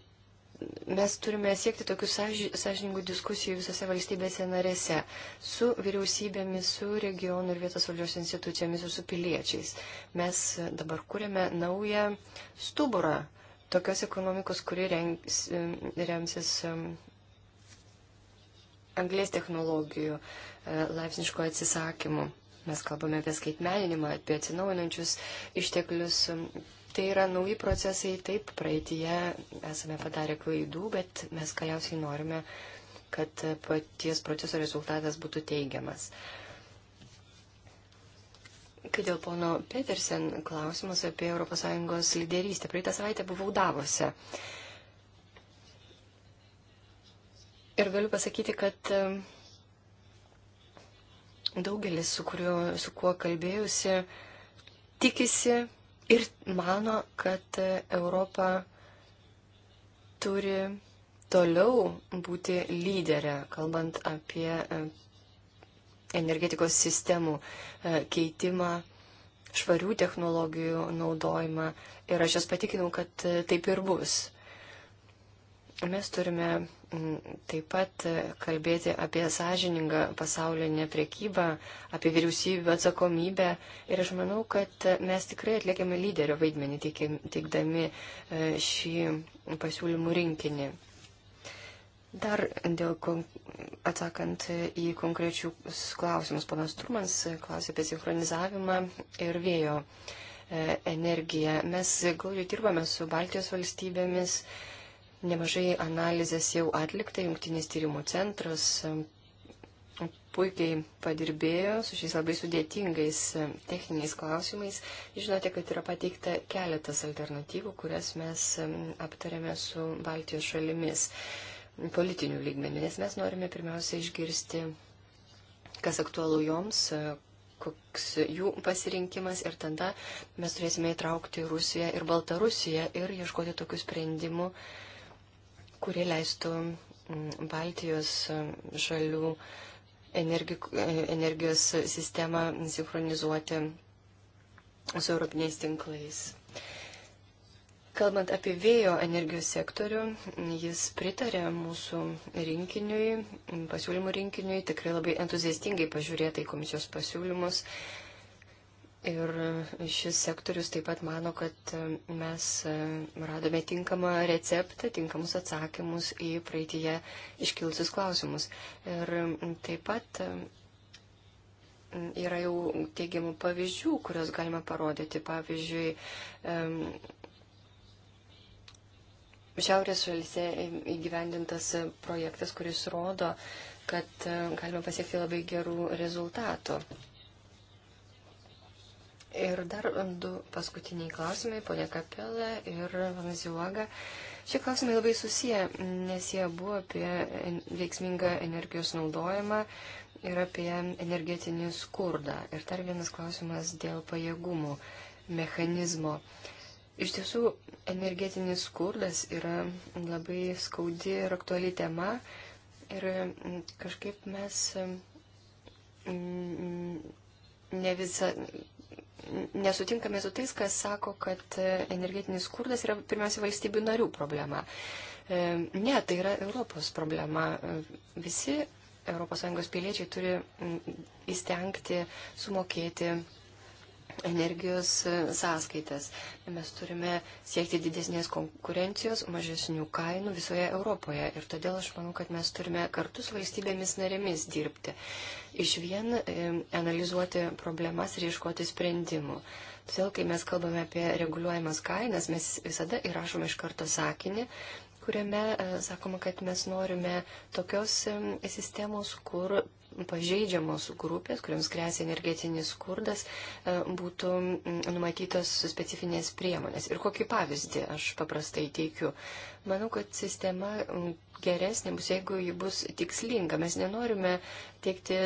mes turime siekti tokių sąžiningų diskusijų visose valstybėse narėse su vyriausybėmis, su regionu ir vietos valdžios institucijomis ir su piliečiais. Mes dabar kūrėme naują stuburą tokios ekonomikos, kuri rengs, remsis anglės technologijų e, laipsniško atsisakymu. Mes kalbame apie skaitmeninimą, apie atsinaujinančius išteklius, tai yra nauji procesai, taip, praeitie esame padarę klaidų, bet mes galiausiai norime, kad paties proceso rezultatas būtų teigiamas. Kai dėl pono Petersen klausimas apie ES lyderystę. Praeitą savaitę buvau Davose. Ir galiu pasakyti, kad e, daugelis, su, kuriuo, su kuo kalbėjusi, tikisi ir mano, kad Europa turi toliau būti lyderė, kalbant apie e, energetikos sistemų e, keitimą, švarių technologijų naudojimą. Ir aš jas patikinau, kad e, taip ir bus. Mes turime Taip pat e, kalbėti apie sąžiningą pasaulinę priekybą, apie vyriausybių atsakomybę. Ir aš manau, kad e, mes tikrai atliekame lyderio vaidmenį, teikdami e, šį pasiūlymų rinkinį. Dar dėl atsakant į konkrečius klausimus, panas Turmans klausė apie sinchronizavimą ir vėjo energiją. Mes glaudžiai dirbame su Baltijos valstybėmis Nemažai analizės jau atlikta, jungtinis tyrimų centras um, puikiai padirbėjo su šiais labai sudėtingais um, techniniais klausimais. Žinote, kad yra pateikta keletas alternatyvų, kurias mes um, aptarėme su Baltijos šalimis politinių lygmenių, nes mes norime pirmiausia išgirsti, kas aktualu joms, uh, koks jų pasirinkimas ir tada mes turėsime įtraukti Rusiją ir Baltarusiją ir ieškoti tokių sprendimų, uh, kurie leistų mm, Baltijos žalių mm, energijos sistemą sinchronizuoti su europiniais tinklais. Kalbant apie vėjo energijos sektorių, jis pritarė mūsų rinkiniui, pasiūlymų rinkiniui, tikrai labai entuziastingai pažiūrėta į komisijos pasiūlymus. Ir šis sektorius taip pat mano, kad mes radome tinkamą receptą, tinkamus atsakymus į praeitie iškilusius klausimus. Ir taip pat yra jau teigiamų pavyzdžių, kuriuos galima parodyti. Pavyzdžiui, Šiaurės šalyse įgyvendintas projektas, kuris rodo, kad galima pasiekti labai gerų rezultatų. Ir dar du paskutiniai klausimai, ponia Kapelė ir Vanas Juoga. Šie klausimai labai susiję, nes jie buvo apie veiksmingą energijos naudojimą ir apie energetinį skurdą. Ir dar vienas klausimas dėl pajėgumų mechanizmo. Iš tiesų, energetinis skurdas yra labai skaudi ir aktuali tema. Ir mm, kažkaip mes mm, mm, ne visą, nesutinkame su tais, kas sako, kad energetinis skurdas yra pirmiausia valstybių narių problema. E, ne, tai yra Europos problema. Visi ES piliečiai turi įstengti sumokėti energijos e, sąskaitas. Mes turime siekti didesnės konkurencijos, mažesnių kainų visoje Europoje. Ir todėl aš manau, kad mes turime kartu su valstybėmis narėmis dirbti. Iš vien e, analizuoti problemas ir ieškoti sprendimų. Todėl, kai mes kalbame apie reguliuojamas kainas, mes visada įrašome iš karto sakinį, kuriame e, sakoma, kad mes norime tokios sistemos, kur pažeidžiamos grupės, kuriams grėsia energetinis skurdas, e, būtų numatytos specifinės priemonės. Ir kokį pavyzdį aš paprastai teikiu. Manau, kad sistema geresnė bus, jeigu ji bus tikslinga. Mes nenorime teikti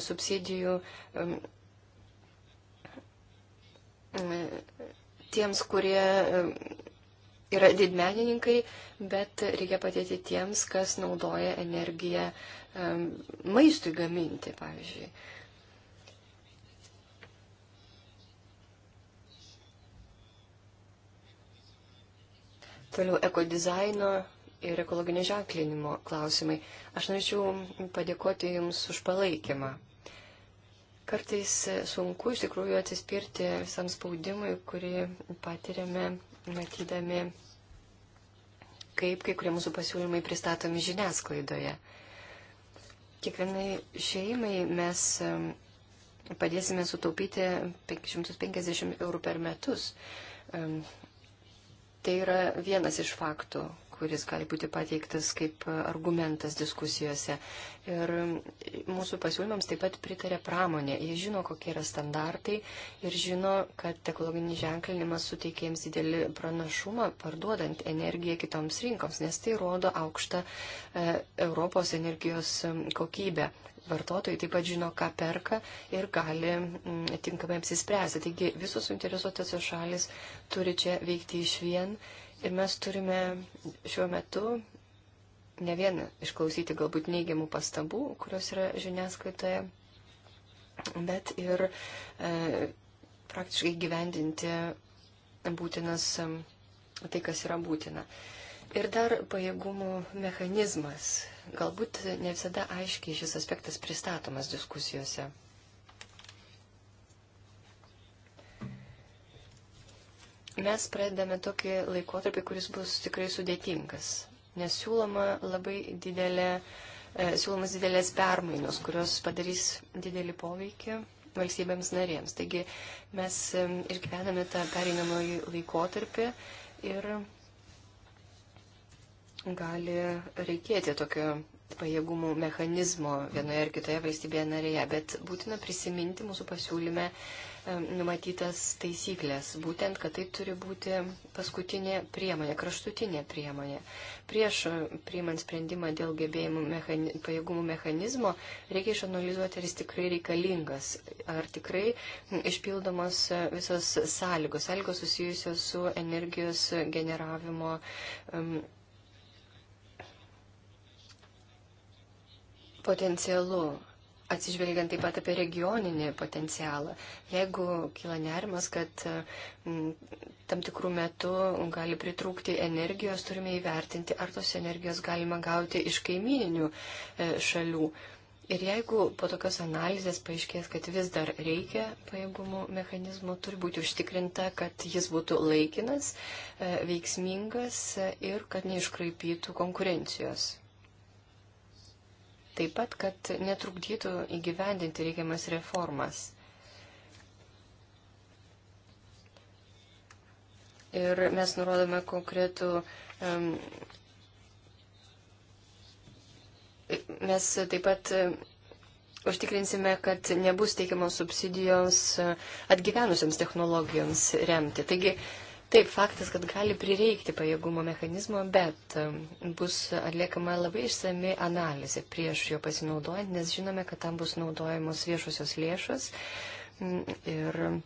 subsidijų tiems, kurie yra didmenininkai, bet reikia padėti tiems, kas naudoja energiją maistui gaminti, pavyzdžiui. Toliau ekodizaino ir ekologinio ženklinimo klausimai. Aš norėčiau padėkoti Jums už palaikymą. Kartais sunku iš tikrųjų atsispirti visam spaudimui, kurį patiriame matydami, kaip kai kurie mūsų pasiūlymai pristatomi žiniasklaidoje. Kiekvienai šeimai mes padėsime sutaupyti 550 eurų per metus. Tai yra vienas iš faktų, kuris gali būti pateiktas kaip argumentas diskusijose. Ir mūsų pasiūlymams taip pat pritarė pramonė. Jie žino, kokie yra standartai ir žino, kad ekologinis ženklinimas suteikia jiems didelį pranašumą parduodant energiją kitoms rinkoms, nes tai rodo aukštą e, Europos energijos kokybę vartotojai taip pat žino, ką perka ir gali tinkamai apsispręsti. Taigi visos suinteresuotosios šalis turi čia veikti iš vien Ir mes turime šiuo metu ne vien išklausyti galbūt neigiamų pastabų, kurios yra žiniasklaidoje, bet ir e, praktiškai gyvendinti būtinas e, tai, kas yra būtina. Ir dar pajėgumų mechanizmas. Galbūt ne visada aiškiai šis aspektas pristatomas diskusijose. mes pradedame tokį laikotarpį, kuris bus tikrai sudėtingas, nes siūloma labai didelė, e, siūlomas didelės permainos, kurios padarys didelį poveikį valstybėms narėms. Taigi mes e, ir gyvename tą pereinamąjį laikotarpį ir gali reikėti tokio pajėgumų mechanizmo vienoje ar kitoje valstybėje narėje, bet būtina prisiminti mūsų pasiūlyme numatytas taisyklės. Būtent, kad tai turi būti paskutinė priemonė, kraštutinė priemonė. Prieš priimant sprendimą dėl gebėjimų mechani pajėgumų mechanizmo, reikia išanalizuoti, ar jis tikrai reikalingas, ar tikrai išpildomos e, visos sąlygos, sąlygos susijusios su energijos generavimo. Um, potencialu atsižvelgiant taip pat apie regioninį potencialą. Jeigu kyla nerimas, kad mm, tam tikrų metų gali pritrūkti energijos, turime įvertinti, ar tos energijos galima gauti iš kaimininių e, šalių. Ir jeigu po tokios analizės paaiškės, kad vis dar reikia pajėgumų mechanizmo, turi būti užtikrinta, kad jis būtų laikinas, e, veiksmingas ir kad neiškraipytų konkurencijos. Taip pat, kad netrukdytų įgyvendinti reikiamas reformas. Ir mes nurodome konkretų. Um, mes taip pat užtikrinsime, kad nebus teikiamos subsidijos atgyvenusiems technologijoms remti. Taigi Taip, faktas, kad gali prireikti pajėgumo mechanizmo, bet um, bus atliekama labai išsami analizė prieš jo pasinaudojant, nes žinome, kad tam bus naudojamos viešosios lėšos. Mm, ir um,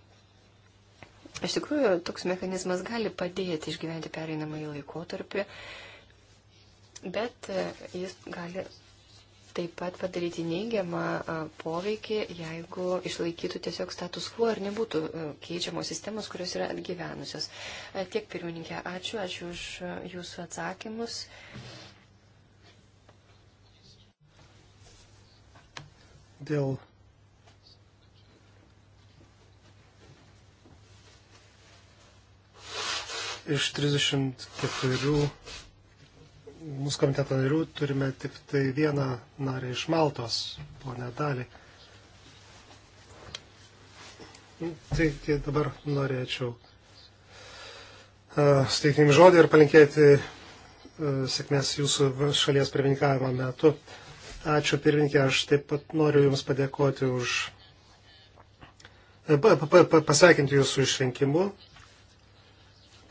iš tikrųjų toks mechanizmas gali padėti išgyventi pereinamąjį laikotarpį, bet uh, jis gali taip pat padaryti neigiamą poveikį, jeigu išlaikytų tiesiog status quo ir nebūtų keičiamos sistemos, kurios yra atgyvenusios. Tiek pirmininkė, ačiū, ačiū už jūsų atsakymus.
Dėl iš 34 mūsų komiteto narių turime tik tai vieną narį iš Maltos, ponę dalį. Taigi dabar norėčiau uh, suteikti jums žodį ir palinkėti uh, sėkmės jūsų šalies pirmininkavimo metu. Ačiū pirmininkė, aš taip pat noriu jums padėkoti už, e, pa, pa, pa, pasveikinti jūsų išrinkimu.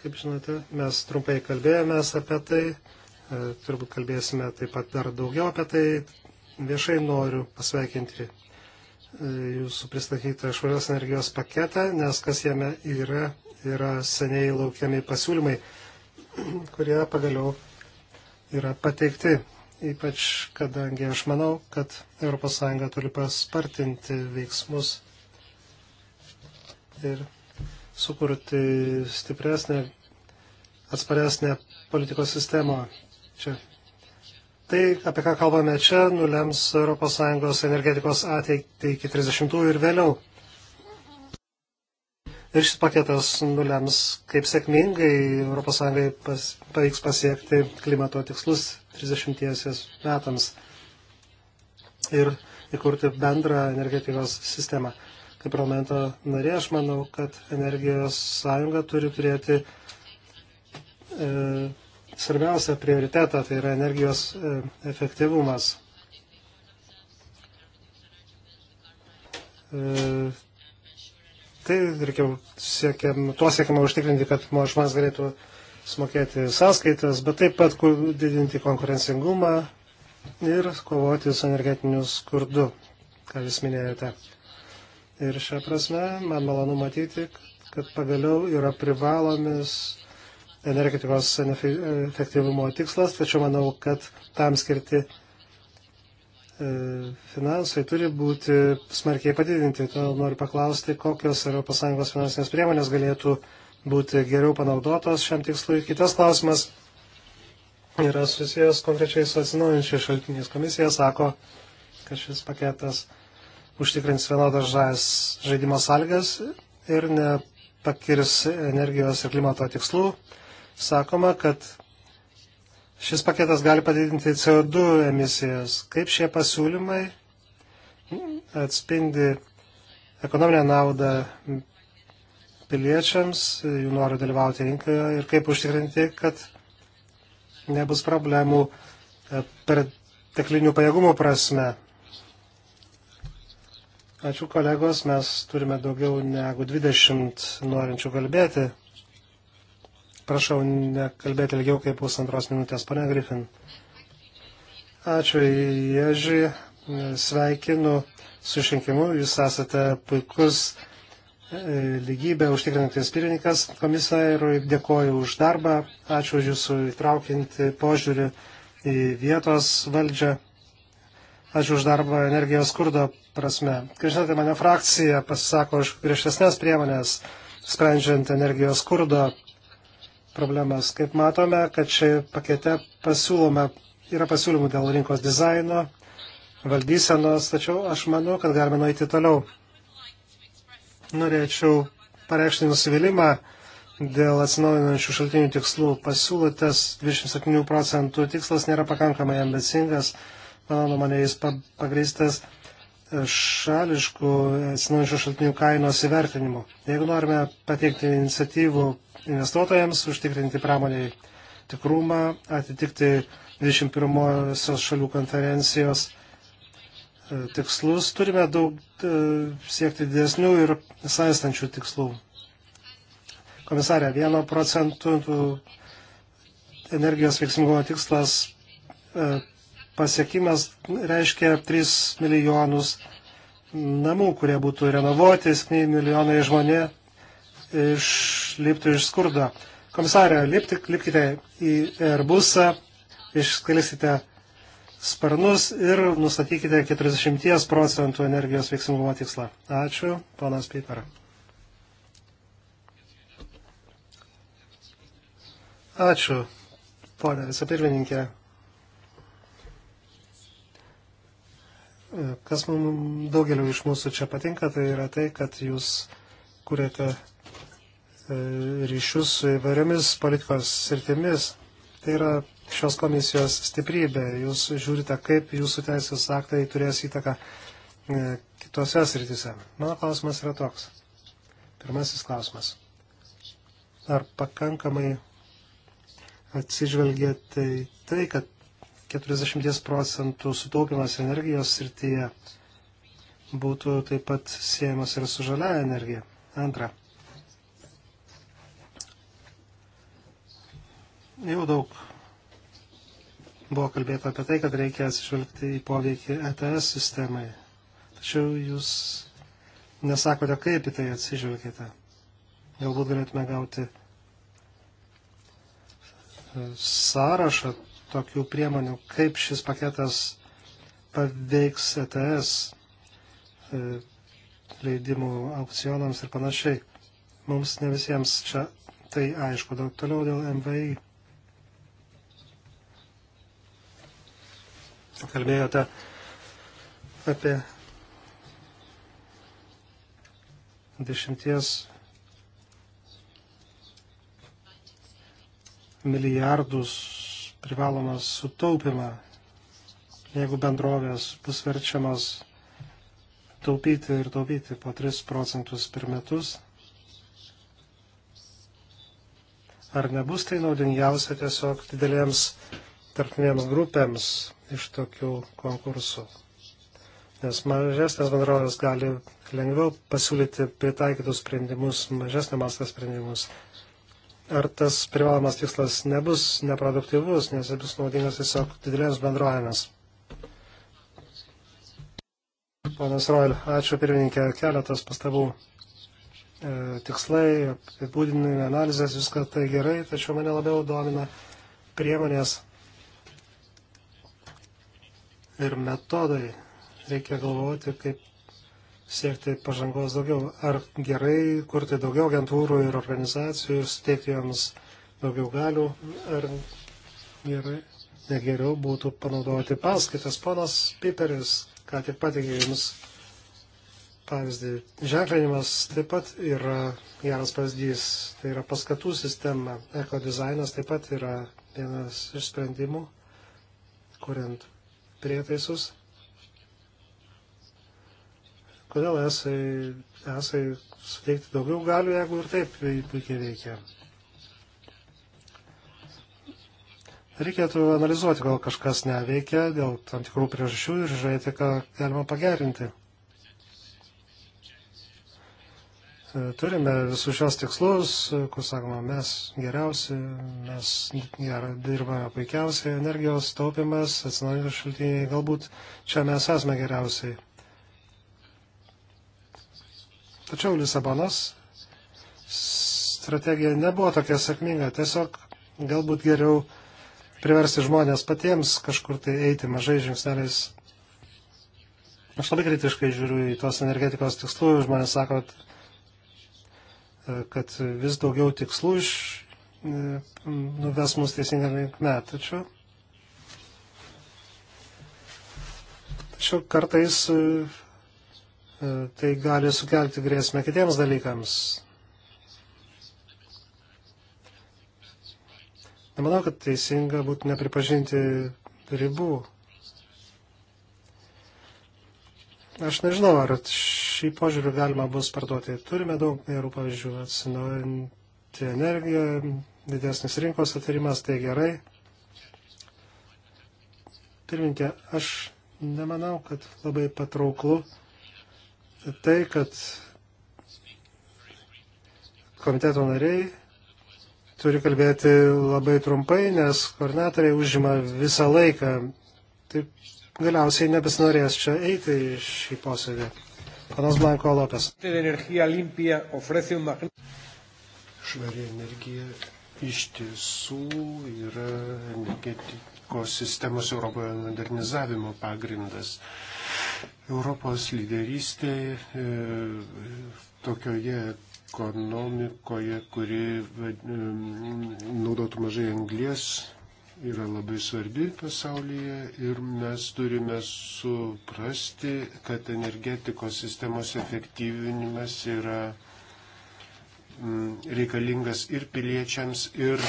Kaip žinote, mes trumpai kalbėjomės apie tai E, turbūt kalbėsime taip pat dar daugiau apie tai. Viešai noriu pasveikinti e, jūsų pristatytą švarios energijos paketą, nes kas jame yra, yra seniai laukiami pasiūlymai, kurie pagaliau yra pateikti. Ypač kadangi aš manau, kad ES turi paspartinti veiksmus ir sukurti stipresnę, atsparesnę politikos sistemą čia. Tai, apie ką kalbame čia, nulems ES energetikos ateitį iki 30-ųjų ir vėliau. Ir šis paketas nulems, kaip sėkmingai ES pas, pavyks pasiekti klimato tikslus 30 metams ir įkurti bendrą energetikos sistemą. Kaip parlamento narė, aš manau, kad energijos sąjunga turi turėti e, svarbiausią prioritetą, tai yra energijos e, efektyvumas. E, tai reikia siekiam, tuo siekiama užtikrinti, kad žmonės galėtų sumokėti sąskaitas, bet taip pat didinti konkurencingumą ir kovoti su energetiniu skurdu, ką jūs minėjote. Ir šią prasme man malonu matyti, kad pagaliau yra privalomis energetikos efektyvumo tikslas, tačiau manau, kad tam skirti e, finansai turi būti smarkiai padidinti. Todėl noriu paklausti, kokios ES finansinės priemonės galėtų būti geriau panaudotos šiam tikslui. Kitas klausimas yra susijęs konkrečiai su atsinaujančiais šaltiniais. Komisija sako, kad šis paketas užtikrins vienodas žaidimo sąlygas ir nepakirs energijos ir klimato tikslų sakoma, kad šis paketas gali padidinti CO2 emisijas. Kaip šie pasiūlymai atspindi ekonominę naudą piliečiams, jų noriu dalyvauti rinkoje ir kaip užtikrinti, kad nebus problemų e, per teklinių pajėgumų prasme. Ačiū kolegos, mes turime daugiau negu 20 norinčių kalbėti. Prašau nekalbėti ilgiau kaip pusantros minutės. Pane Grifin. Ačiū, Ježi. Sveikinu su išrinkimu. Jūs esate puikus e, lygybę užtikrinantis pirmininkas komisarui. Dėkoju už darbą. Ačiū už jūsų įtraukinti požiūrį į vietos valdžią. Ačiū už darbą energijos skurdo prasme. Kaip žinote, mano frakcija pasisako už griežtesnės priemonės, sprendžiant energijos skurdo problemas. Kaip matome, kad čia pakete pasiūlome, yra pasiūlymų dėl rinkos dizaino, valdysenos, tačiau aš manau, kad galime nueiti toliau. Norėčiau pareikšti nusivylimą dėl atsinaujinančių šaltinių tikslų. Pasiūlytas 27 procentų tikslas nėra pakankamai ambicingas, mano nuomonė jis pagristas šališkų atsinaujinančių šaltinių kainos įvertinimu. Jeigu norime pateikti iniciatyvų investuotojams, užtikrinti pramoniai tikrumą, atitikti 21-osios šalių konferencijos e, tikslus. Turime daug e, siekti didesnių ir saistančių tikslų. Komisarė, 1 procentų energijos veiksmingumo tikslas e, pasiekimas reiškia 3 milijonus namų, kurie būtų renovuoti, 7 milijonai žmonė, išlipti iš skurdo. Komisarė, lipti, lipkite į Airbusą, išskalisite sparnus ir nustatykite 40 procentų energijos veiksmingumo tikslą. Ačiū, panas Pipera. Ačiū, ponė visapirmininkė. Kas mums daugeliu iš mūsų čia patinka, tai yra tai, kad jūs kuriate E, ryšius su įvairiomis politikos sritimis. Tai yra šios komisijos stiprybė. Jūs žiūrite, kaip jūsų teisės aktai turės įtaką e, kitose sritise. Mano klausimas yra toks. Pirmasis klausimas. Ar pakankamai atsižvelgėte į tai, kad 40 procentų sutaupimas energijos srityje būtų taip pat siejamas ir su žalia energija? Antra. Jau daug buvo kalbėta apie tai, kad reikia atsižvelgti į poveikį ETS sistemai. Tačiau jūs nesakote, kaip į tai atsižvelgėte. Galbūt galėtume gauti e, sąrašą tokių priemonių, kaip šis paketas paveiks ETS e, leidimų aukcionams ir panašiai. Mums ne visiems čia tai aišku, daug toliau dėl MVI. kalbėjote apie dešimties milijardus privalomas sutaupimą, jeigu bendrovės bus verčiamas taupyti ir taupyti po 3 procentus per metus. Ar nebus tai naudingiausia tiesiog didelėms tarpinėms grupėms, iš tokių konkursų. Nes mažesnės bendrovės gali lengviau pasiūlyti pritaikytus sprendimus, mažesnė mastą sprendimus. Ar tas privalomas tikslas nebus neproduktyvus, nes jis bus naudingas tiesiog didelėms bendrovėms. Ponas Roil, ačiū pirmininkė, keletas pastabų e, tikslai, apibūdinimai, analizės, viskas tai gerai, tačiau mane labiau domina priemonės ir metodai. Reikia galvoti, kaip siekti pažangos daugiau. Ar gerai kurti daugiau agentūrų ir organizacijų ir suteikti joms daugiau galių, ar gerai, negeriau būtų panaudoti paskaitas. Ponas Piperis, ką tik patikė jums pavyzdį. Ženklinimas taip pat yra geras pavyzdys. Tai yra paskatų sistema. Ekodizainas taip pat yra vienas iš sprendimų, kuriant prietaisus. Kodėl esai, esai suteikti daugiau galių, jeigu ir taip puikiai veikia. Reikėtų analizuoti, gal kažkas neveikia dėl tam tikrų priežasčių ir žiūrėti, ką galima pagerinti. E, turime visus šios tikslus, e, kur sakoma, mes geriausi, mes gerą dirbame puikiausiai, energijos taupimas, atsinaujinti šaltiniai, galbūt čia mes esame geriausiai. Tačiau Lisabonos strategija nebuvo tokia sėkminga, tiesiog galbūt geriau priversti žmonės patiems kažkur tai eiti mažai žingsneliais. Aš labai kritiškai žiūriu į tos energetikos tikslus, žmonės sako, kad kad vis daugiau tikslų iš e, nuves mus teisinga linkme. Tačiau, tačiau kartais e, tai gali sukelti grėsmę kitiems dalykams. Nemanau, kad teisinga būtų nepripažinti ribų. Aš nežinau, ar šį požiūrį galima bus parduoti. Turime daug gerų pavyzdžių. Atsinaujanti energija, didesnis rinkos atvirimas, tai gerai. Pirminkė, aš nemanau, kad labai patrauklu tai, kad komiteto nariai turi kalbėti labai trumpai, nes koordinatoriai užima visą laiką galiausiai nebesinorės čia eiti į šį posėdį. Panas Blanko Lopes. Švari energija iš tiesų
yra energetikos sistemos Europoje modernizavimo pagrindas. Europos lyderystė e, tokioje ekonomikoje, kuri e, naudotų mažai anglies, yra labai svarbi pasaulyje ir mes turime suprasti, kad energetikos sistemos efektyvinimas yra mm, reikalingas ir piliečiams, ir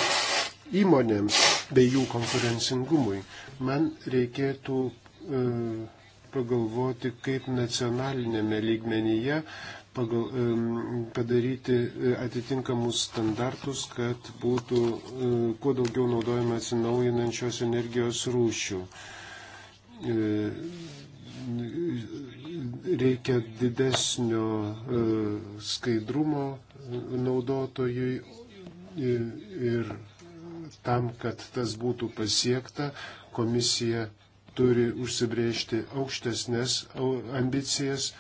įmonėms bei jų konkurencingumui. Man reikėtų e, pagalvoti, kaip nacionalinėme lygmenyje uh, pagal, padaryti e, atitinkamus standartus, kad būtų e, kuo daugiau naudojama atsinaujinančios energijos rūšių. E, reikia didesnio skaidrumo naudotojui ir tam, kad tas būtų pasiekta, komisija turi užsibriežti aukštesnės ambicijas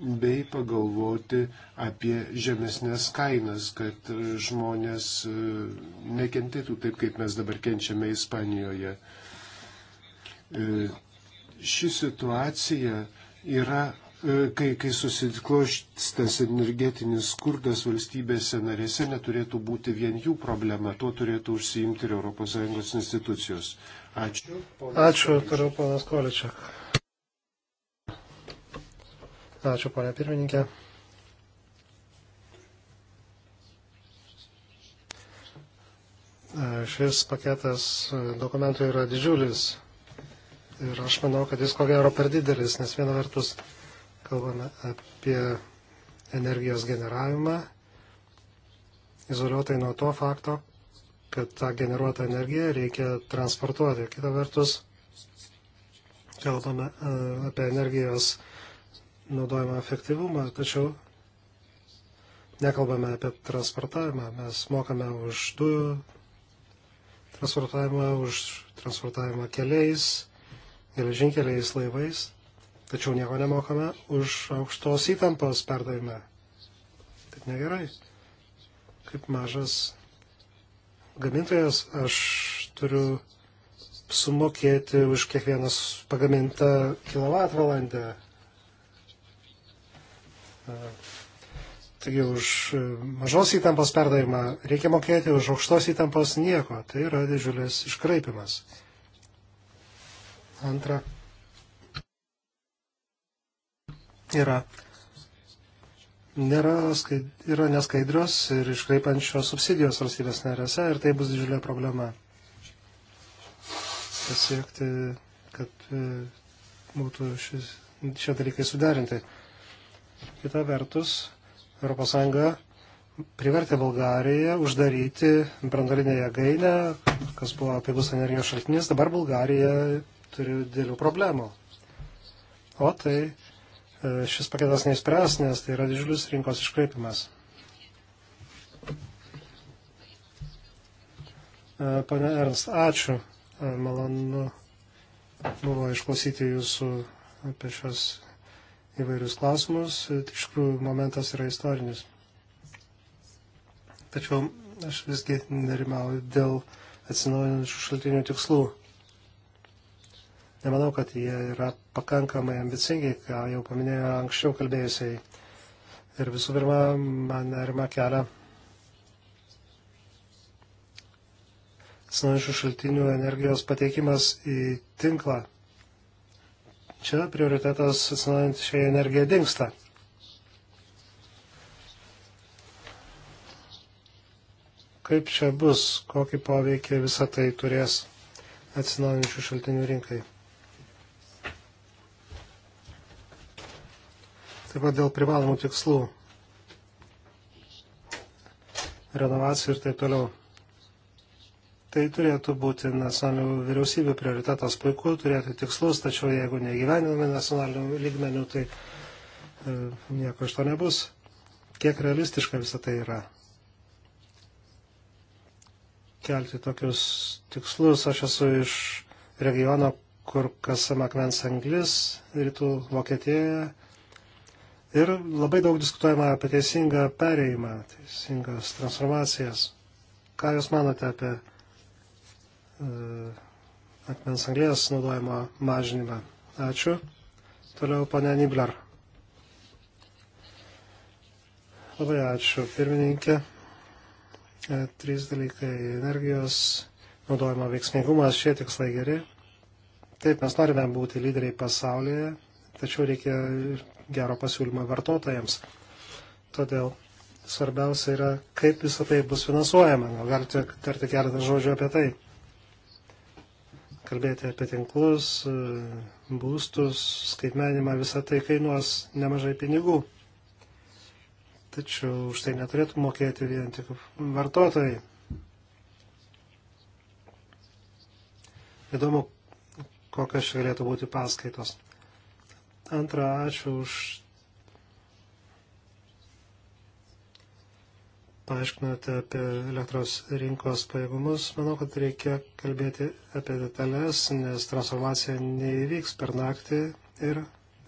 bei pagalvoti apie žemesnės kainas, kad žmonės e, nekentėtų taip, kaip mes dabar kenčiame Ispanijoje. E, ši situacija yra, e, kai, kai susiklostas energetinis skurdas valstybėse narėse, neturėtų būti vien jų problema, tuo turėtų užsiimti ir ES institucijos. Ačiū.
Ponas Ačiū, turiu ponas Količiak. Ačiū, ponė pirmininkė. E, šis paketas dokumentų yra didžiulis ir aš manau, kad jis ko gero per didelis, nes viena vertus kalbame apie energijos generavimą, izoliuotai nuo to fakto, kad tą generuotą energiją reikia transportuoti. Kita vertus, kalbame e, apie energijos naudojimo efektyvumą, tačiau nekalbame apie transportavimą. Mes mokame už dujų transportavimą, už transportavimą keliais, geležinkeliais, laivais, tačiau nieko nemokame už aukštos įtampos perdavimą. Taip negerai. Kaip mažas gamintojas aš turiu sumokėti už kiekvienas pagamintą kilovatvalandę. Taigi už e, mažos įtampos perdavimą reikia mokėti, už aukštos įtampos nieko. Tai yra didžiulis iškraipimas. Antra. Yra. Nėra, yra neskaidrios ir iškraipančios subsidijos valstybės narėse ir tai bus didžiulė problema. Pasiekti, kad e, būtų šis, šie dalykai suderinti. Kita vertus, ES privertė Bulgariją uždaryti brandolinę jėgainę, kas buvo pigus energijos šaltinis, dabar Bulgarija turi didelių problemų. O tai e, šis paketas neįspręs, nes tai yra didžiulis rinkos iškreipimas. E, pane Ernst, ačiū. E, malonu buvo išklausyti jūsų apie šios įvairius klausimus. Iš tikrųjų, momentas yra istorinis. Tačiau aš visgi nerimauju dėl atsinaujinančių šaltinių tikslų. Nemanau, kad jie yra pakankamai ambicingi, ką jau paminėjo anksčiau kalbėjusiai. Ir visų pirma, man nerima kelia atsinaujinančių šaltinių energijos pateikimas į tinklą Čia prioritetas atsinaujančiai energijai dinksta. Kaip čia bus, kokį poveikį visą tai turės atsinaujančių šaltinių rinkai. Taip pat dėl privalomų tikslų, renovacijų ir taip toliau. Tai turėtų būti nacionalinių vyriausybių prioritetas puiku, turėti tikslus, tačiau jeigu negyvenime nacionalinių lygmenių, tai e, nieko iš to nebus. Kiek realistiška visą tai yra? Kelti tokius tikslus, aš esu iš regiono, kur kasama akmens anglis, rytų Vokietijoje. Ir labai daug diskutuojama apie teisingą pereimą, teisingas transformacijas. Ką Jūs manote apie E, akmens anglės naudojimo mažinimą. Ačiū. Toliau pane Nibler. Labai ačiū, pirmininkė. E, trys dalykai - energijos naudojimo veiksmingumas, šie tikslai geri. Taip, mes norime būti lyderiai pasaulyje, tačiau reikia gero pasiūlymo vartotojams. Todėl svarbiausia yra, kaip visą tai bus finansuojama. Gal galite tarti keletą žodžių apie tai kalbėti apie tinklus, būstus, skaitmenimą, visą tai kainuos nemažai pinigų. Tačiau už tai neturėtų mokėti vien tik vartotojai. Įdomu, kokios čia galėtų būti paskaitos. Antra, ačiū už paaiškinote apie elektros rinkos pajėgumus. Manau, kad reikia kalbėti apie detalės, nes transformacija neįvyks per naktį ir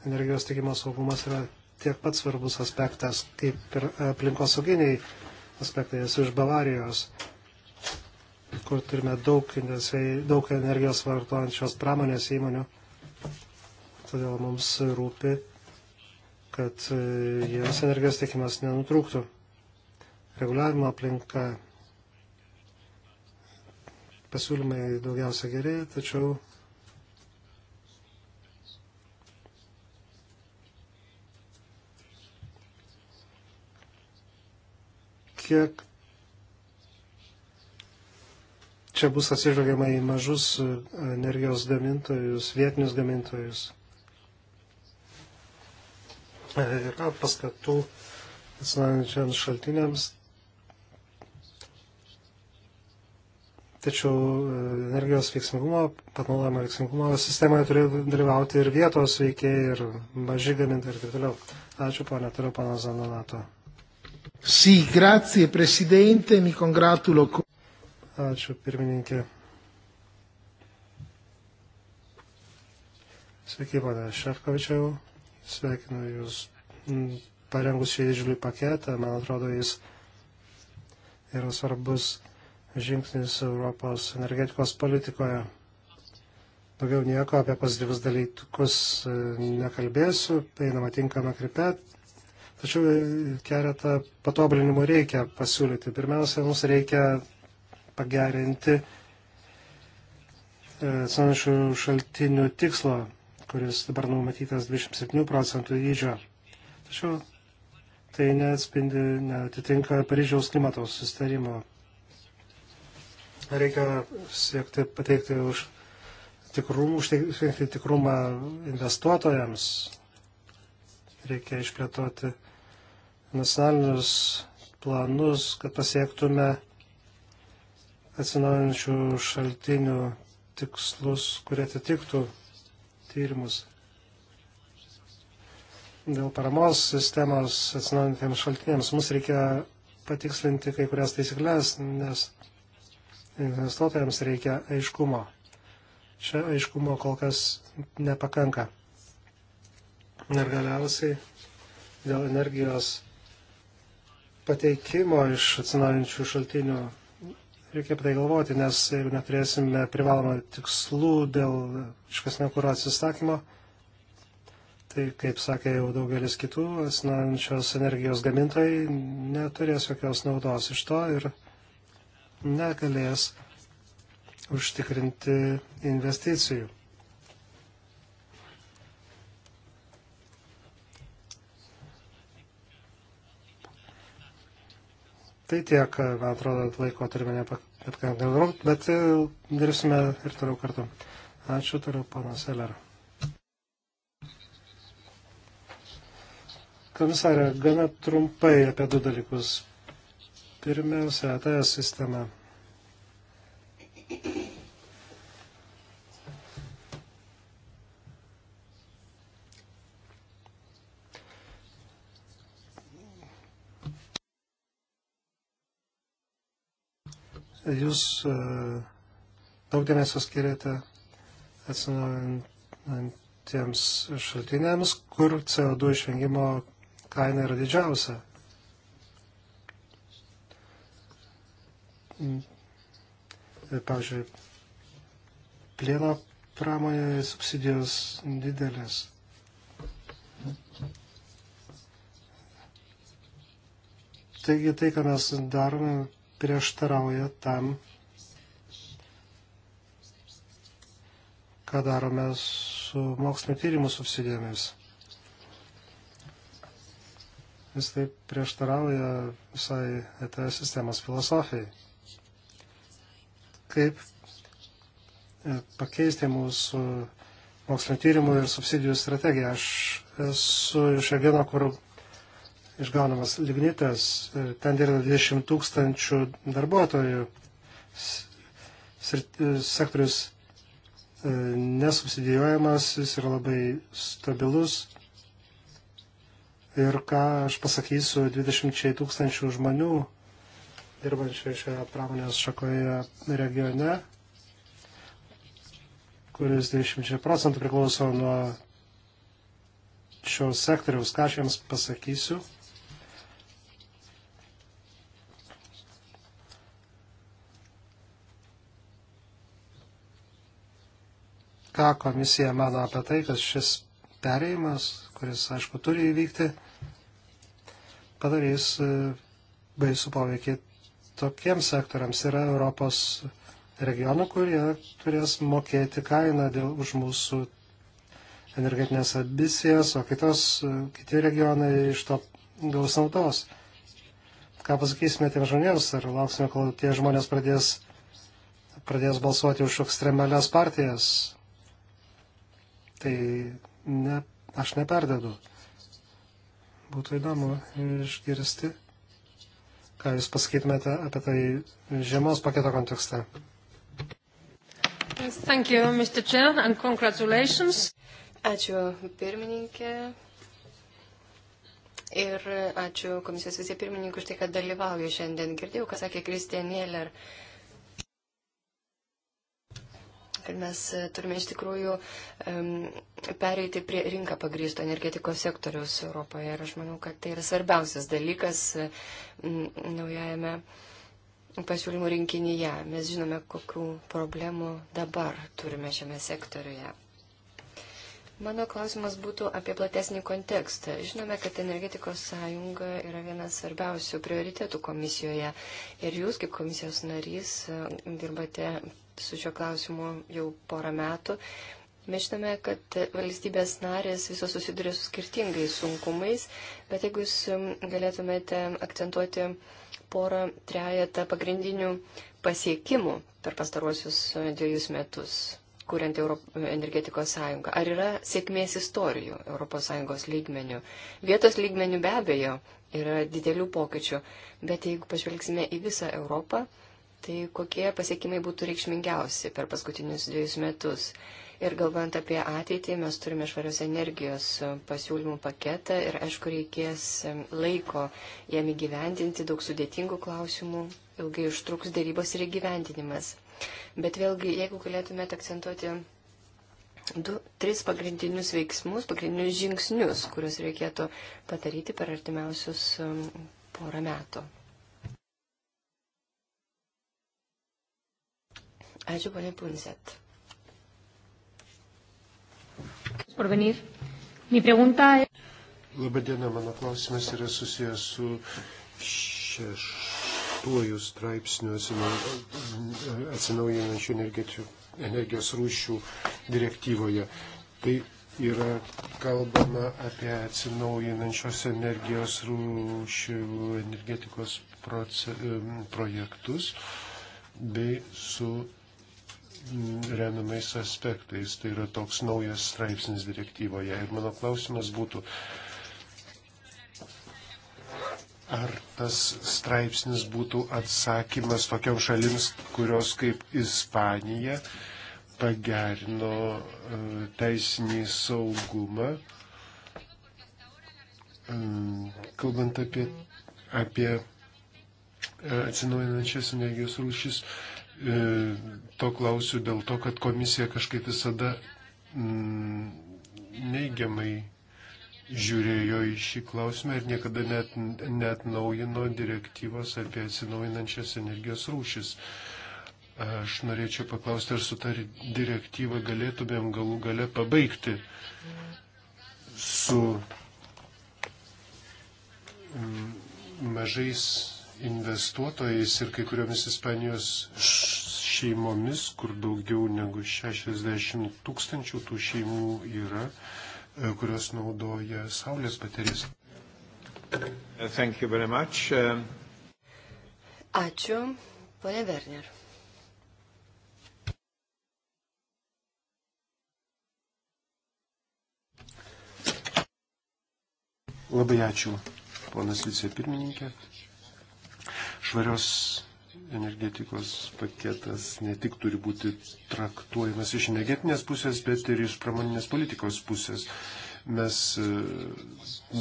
energijos tikimo saugumas yra tiek pat svarbus aspektas, kaip ir aplinkosauginiai aspektai. Esu iš Bavarijos, kur turime daug, daug energijos vartojančios pramonės įmonių. Todėl mums rūpi, kad e, jiems energijos tikimas nenutrūktų reguliavimo aplinka pasiūlymai daugiausia geri, tačiau kiek čia bus atsižvelgiama į mažus e, energijos gamintojus, vietinius gamintojus. E, yra paskatų atsinaujinančiams šaltiniams, Tačiau e, energijos veiksmingumo, panaudojimo veiksmingumo sistemoje turi dalyvauti ir vietos veikiai, ir maži gamintai ir taip toliau. Ačiū, ponė, turiu pana Zanonato. Sì, si, grazie Presidente, mi congratulo. Ačiū, pirmininkė. Sveiki, pane Šefkovičiau. Sveikinu Jūs parengus šį didžiulį paketą. Man atrodo, jis yra svarbus žingsnis Europos energetikos politikoje. Daugiau nieko apie pozityvus dalykus e, nekalbėsiu, tai einama tinkama kripe, tačiau keletą patobulinimų reikia pasiūlyti. Pirmiausia, mums reikia pagerinti e, atsinaujančių šaltinių tikslo, kuris dabar numatytas 27 procentų dydžio. Tačiau tai neatspindi, netitinka Paryžiaus klimato sustarimo. Reikia siekti pateikti už tikrumą, užteikti tikrumą investuotojams. Reikia išplėtoti nacionalinius planus, kad pasiektume atsinaujančių šaltinių tikslus, kurie atitiktų tyrimus. Dėl paramos sistemos atsinaujantiems šaltiniams mums reikia patikslinti kai kurias taisyklės, nes investuotojams reikia aiškumo. Čia aiškumo kol kas nepakanka. Ir galiausiai dėl energijos pateikimo iš atsinaujinčių šaltinių reikia apie tai galvoti, nes jeigu neturėsime privalomą tikslų dėl iškasnio kūro atsistatymo, tai, kaip sakė jau daugelis kitų, atsinaujinčios energijos gamintojai neturės jokios naudos iš to ir negalės užtikrinti investicijų. Tai tiek, man atrodo, laiko turime nepakankamai, bet e, dirbsime ir toliau kartu. Ačiū, turiu panas Eller. Komisarė, gana trumpai apie du dalykus. Pirmiausia, ETS sistema. Jūs e, daug dėmesio skiriate atsinaujantiems šaltiniams, kur CO2 išvengimo kaina yra didžiausia. Mm. pavyzdžiui, plieno pramonėje subsidijos didelės. Taigi tai, ką mes darome, prieštarauja tam, ką darome su mokslinio tyrimų subsidijomis. Jis taip prieštarauja visai ETS sistemos filosofijai kaip e, pakeisti mūsų mokslinio tyrimų ir subsidijų strategiją. Aš esu iš Ageno, kur išgaunamas lignitas, e, ten dirba 20 tūkstančių darbuotojų, e, sektorius nesubsidijuojamas, jis yra labai stabilus. Ir ką aš pasakysiu 20 tūkstančių žmonių dirbančiai šioje pramonės šakoje regione, kuris 20 procentų priklauso nuo šios sektoriaus, ką aš jiems pasakysiu. Ką komisija mano apie tai, kad šis perėjimas, kuris, aišku, turi įvykti, padarys e, baisų poveikį tokiems sektoriams yra Europos regionų, kurie turės mokėti kainą dėl už mūsų energetinės ambicijas, o kitos, kiti regionai iš to gaus naudos. Ką pasakysime tiem žmonėms, ar lauksime, kol tie žmonės pradės, pradės balsuoti už ekstremalias partijas. Tai ne, aš neperdedu. Būtų įdomu išgirsti ką Jūs pasakytumėte apie tai žiemos paketo kontekste.
Yes, thank you, Mr. Chair, and congratulations. Ačiū pirmininkė ir ačiū komisijos vicepirmininkui už tai, kad dalyvauju šiandien. Girdėjau, ką sakė Kristė Nieler. Uh, Ir mes e, turime iš tikrųjų um, pereiti prie rinką pagrįsto energetikos sektoriaus Europoje. Ir aš manau, kad tai yra svarbiausias dalykas um, naujajame pasiūlymų rinkinyje. Mes žinome, kokių problemų dabar turime šiame sektoriuje. Mano klausimas būtų apie platesnį kontekstą. Žinome, kad energetikos sąjunga yra vienas svarbiausių prioritetų komisijoje ir jūs kaip komisijos narys e, dirbate su šiuo klausimu jau porą metų. Mes žinome, kad valstybės narės visos susiduria su skirtingais sunkumais, bet jeigu jūs um, galėtumėte akcentuoti porą, trejatą pagrindinių pasiekimų per pastaruosius uh, dviejus metus, kuriant Europ... energetikos sąjungą, ar yra sėkmės istorijų ES lygmenių? Vietos lygmenių be abejo yra didelių pokyčių, bet jeigu pažvelgsime į visą Europą, Tai kokie pasiekimai būtų reikšmingiausi per paskutinius dviejus metus? Ir galvojant apie ateitį, mes turime švarios energijos pasiūlymų paketą ir aišku reikės laiko jam įgyvendinti, daug sudėtingų klausimų, ilgai užtruks dėrybos ir įgyvendinimas. Bet vėlgi, jeigu galėtumėte akcentuoti du, tris pagrindinius veiksmus, pagrindinius žingsnius, kuriuos reikėtų padaryti per artimiausius um, porą metų. Ačiū, ponė Punset.
Labadiena, mano klausimas yra susijęs su šeštuoju straipsniu atsinaujinančių energijos rūšių direktyvoje. Tai yra kalbama apie atsinaujinančios energijos rūšių energetikos proce, projektus bei su remiamais aspektais. Tai yra toks naujas straipsnis direktyvoje. Ir mano klausimas būtų, Ar tas straipsnis būtų atsakymas tokiam šalims, kurios kaip Ispanija pagerino e, teisinį saugumą, e, kalbant apie, apie e, atsinaujinančias energijos rūšis, E, to klausiu dėl to, kad komisija kažkaip visada mm, neigiamai žiūrėjo į šį klausimą ir niekada net, net naujino direktyvos apie atsinaujinančias energijos rūšis. Aš norėčiau paklausti, ar su ta direktyva galėtumėm galų gale pabaigti su mm, mažais investuotojais ir kai kuriomis Ispanijos šeimomis, kur daugiau negu 60 tūkstančių tų šeimų yra, e, kurios naudoja saulės baterijas. Um,
ačiū, ponė Werner.
Labai ačiū, ponas vicepirmininkė. Švarios energetikos paketas ne tik turi būti traktuojamas iš energetinės pusės, bet ir iš pramoninės politikos pusės. Mes e,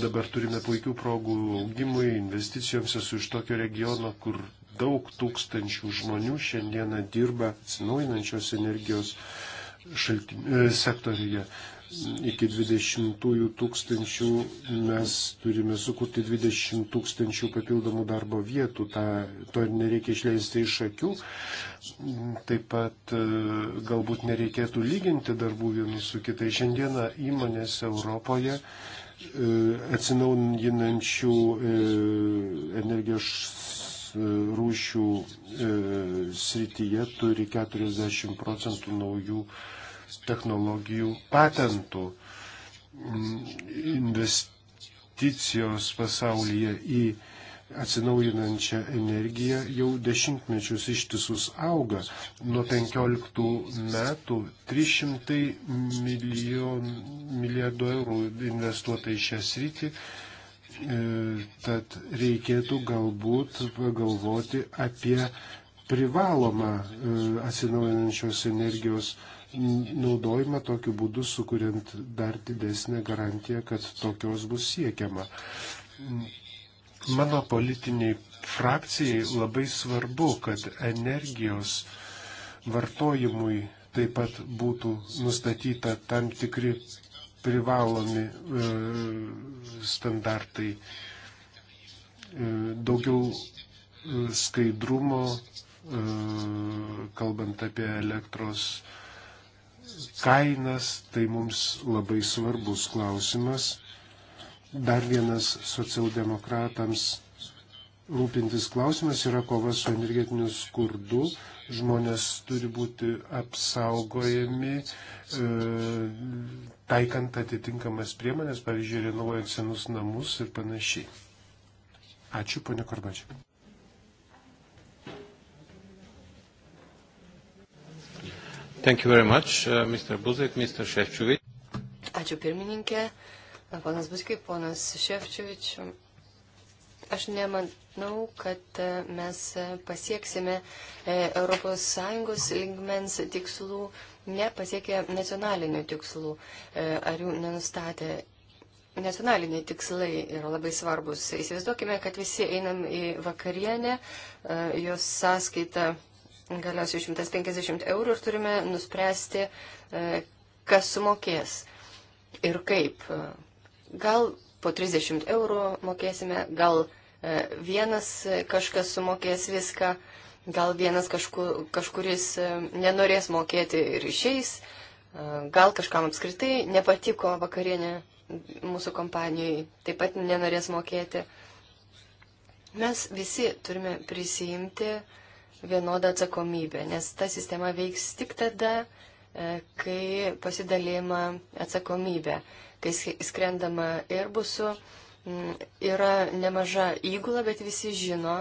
dabar turime puikių progų augimui, investicijoms esu iš tokio regiono, kur daug tūkstančių žmonių šiandieną dirba atsinaujinančios energijos šaltin, e, sektoriuje iki 20 tūkstančių mes turime sukurti 20 tūkstančių papildomų darbo vietų, Ta, to ir nereikia išleisti iš akių. Taip pat e, galbūt nereikėtų lyginti darbų vieni su kitais. Šiandieną įmonės Europoje e, atsinaujinančių e, energijos rūšių srityje turi 40 procentų naujų technologijų patentų. Mm, investicijos pasaulyje į atsinaujinančią energiją jau dešimtmečius ištisus auga. Nuo 15 metų 300 milijon, milijardų eurų investuota į šią sritį. E, tad reikėtų galbūt pagalvoti apie privalomą e, atsinaujinančios energijos naudojimą tokiu būdu, sukuriant dar didesnę garantiją, kad tokios bus siekiama. Mano politiniai frakcijai labai svarbu, kad energijos vartojimui taip pat būtų nustatyta tam tikri privalomi e, standartai, e, daugiau e, skaidrumo, e, kalbant apie elektros e, kainas, tai mums labai svarbus klausimas. Dar vienas socialdemokratams rūpintis klausimas yra kova su energetiniu skurdu. Žmonės turi būti apsaugojami, e, taikant atitinkamas priemonės, pavyzdžiui, renovuojant senus namus ir panašiai. Ačiū, ponė Korbačiai. Thank you very much, uh, Mr. Buzek, Mr. Šefčovič.
Ačiū pirmininkė, ponas Buskai, ponas Šefčovič. Aš nemanau, kad e, mes pasieksime ES lygmens tikslų, nepasiekę nacionalinių tikslų, e, ar jų nenustatė. Nacionaliniai tikslai yra labai svarbus. Įsivaizduokime, kad visi einam į vakarienę, e, jos sąskaitą galiausiai 150 eurų ir turime nuspręsti, e, kas sumokės ir kaip. E, gal po 30 eurų mokėsime, gal e, vienas kažkas sumokės viską, gal vienas kažku, kažkuris nenorės mokėti ir išeis, gal kažkam apskritai nepatiko vakarienė mūsų kompanijai, taip pat nenorės mokėti. Mes visi turime prisijimti uh, vienodą atsakomybę, nes ta sistema veiks tik tada, e, kai pasidalėjama atsakomybė, kai skrendama Airbusu, yra nemaža įgula, bet visi žino,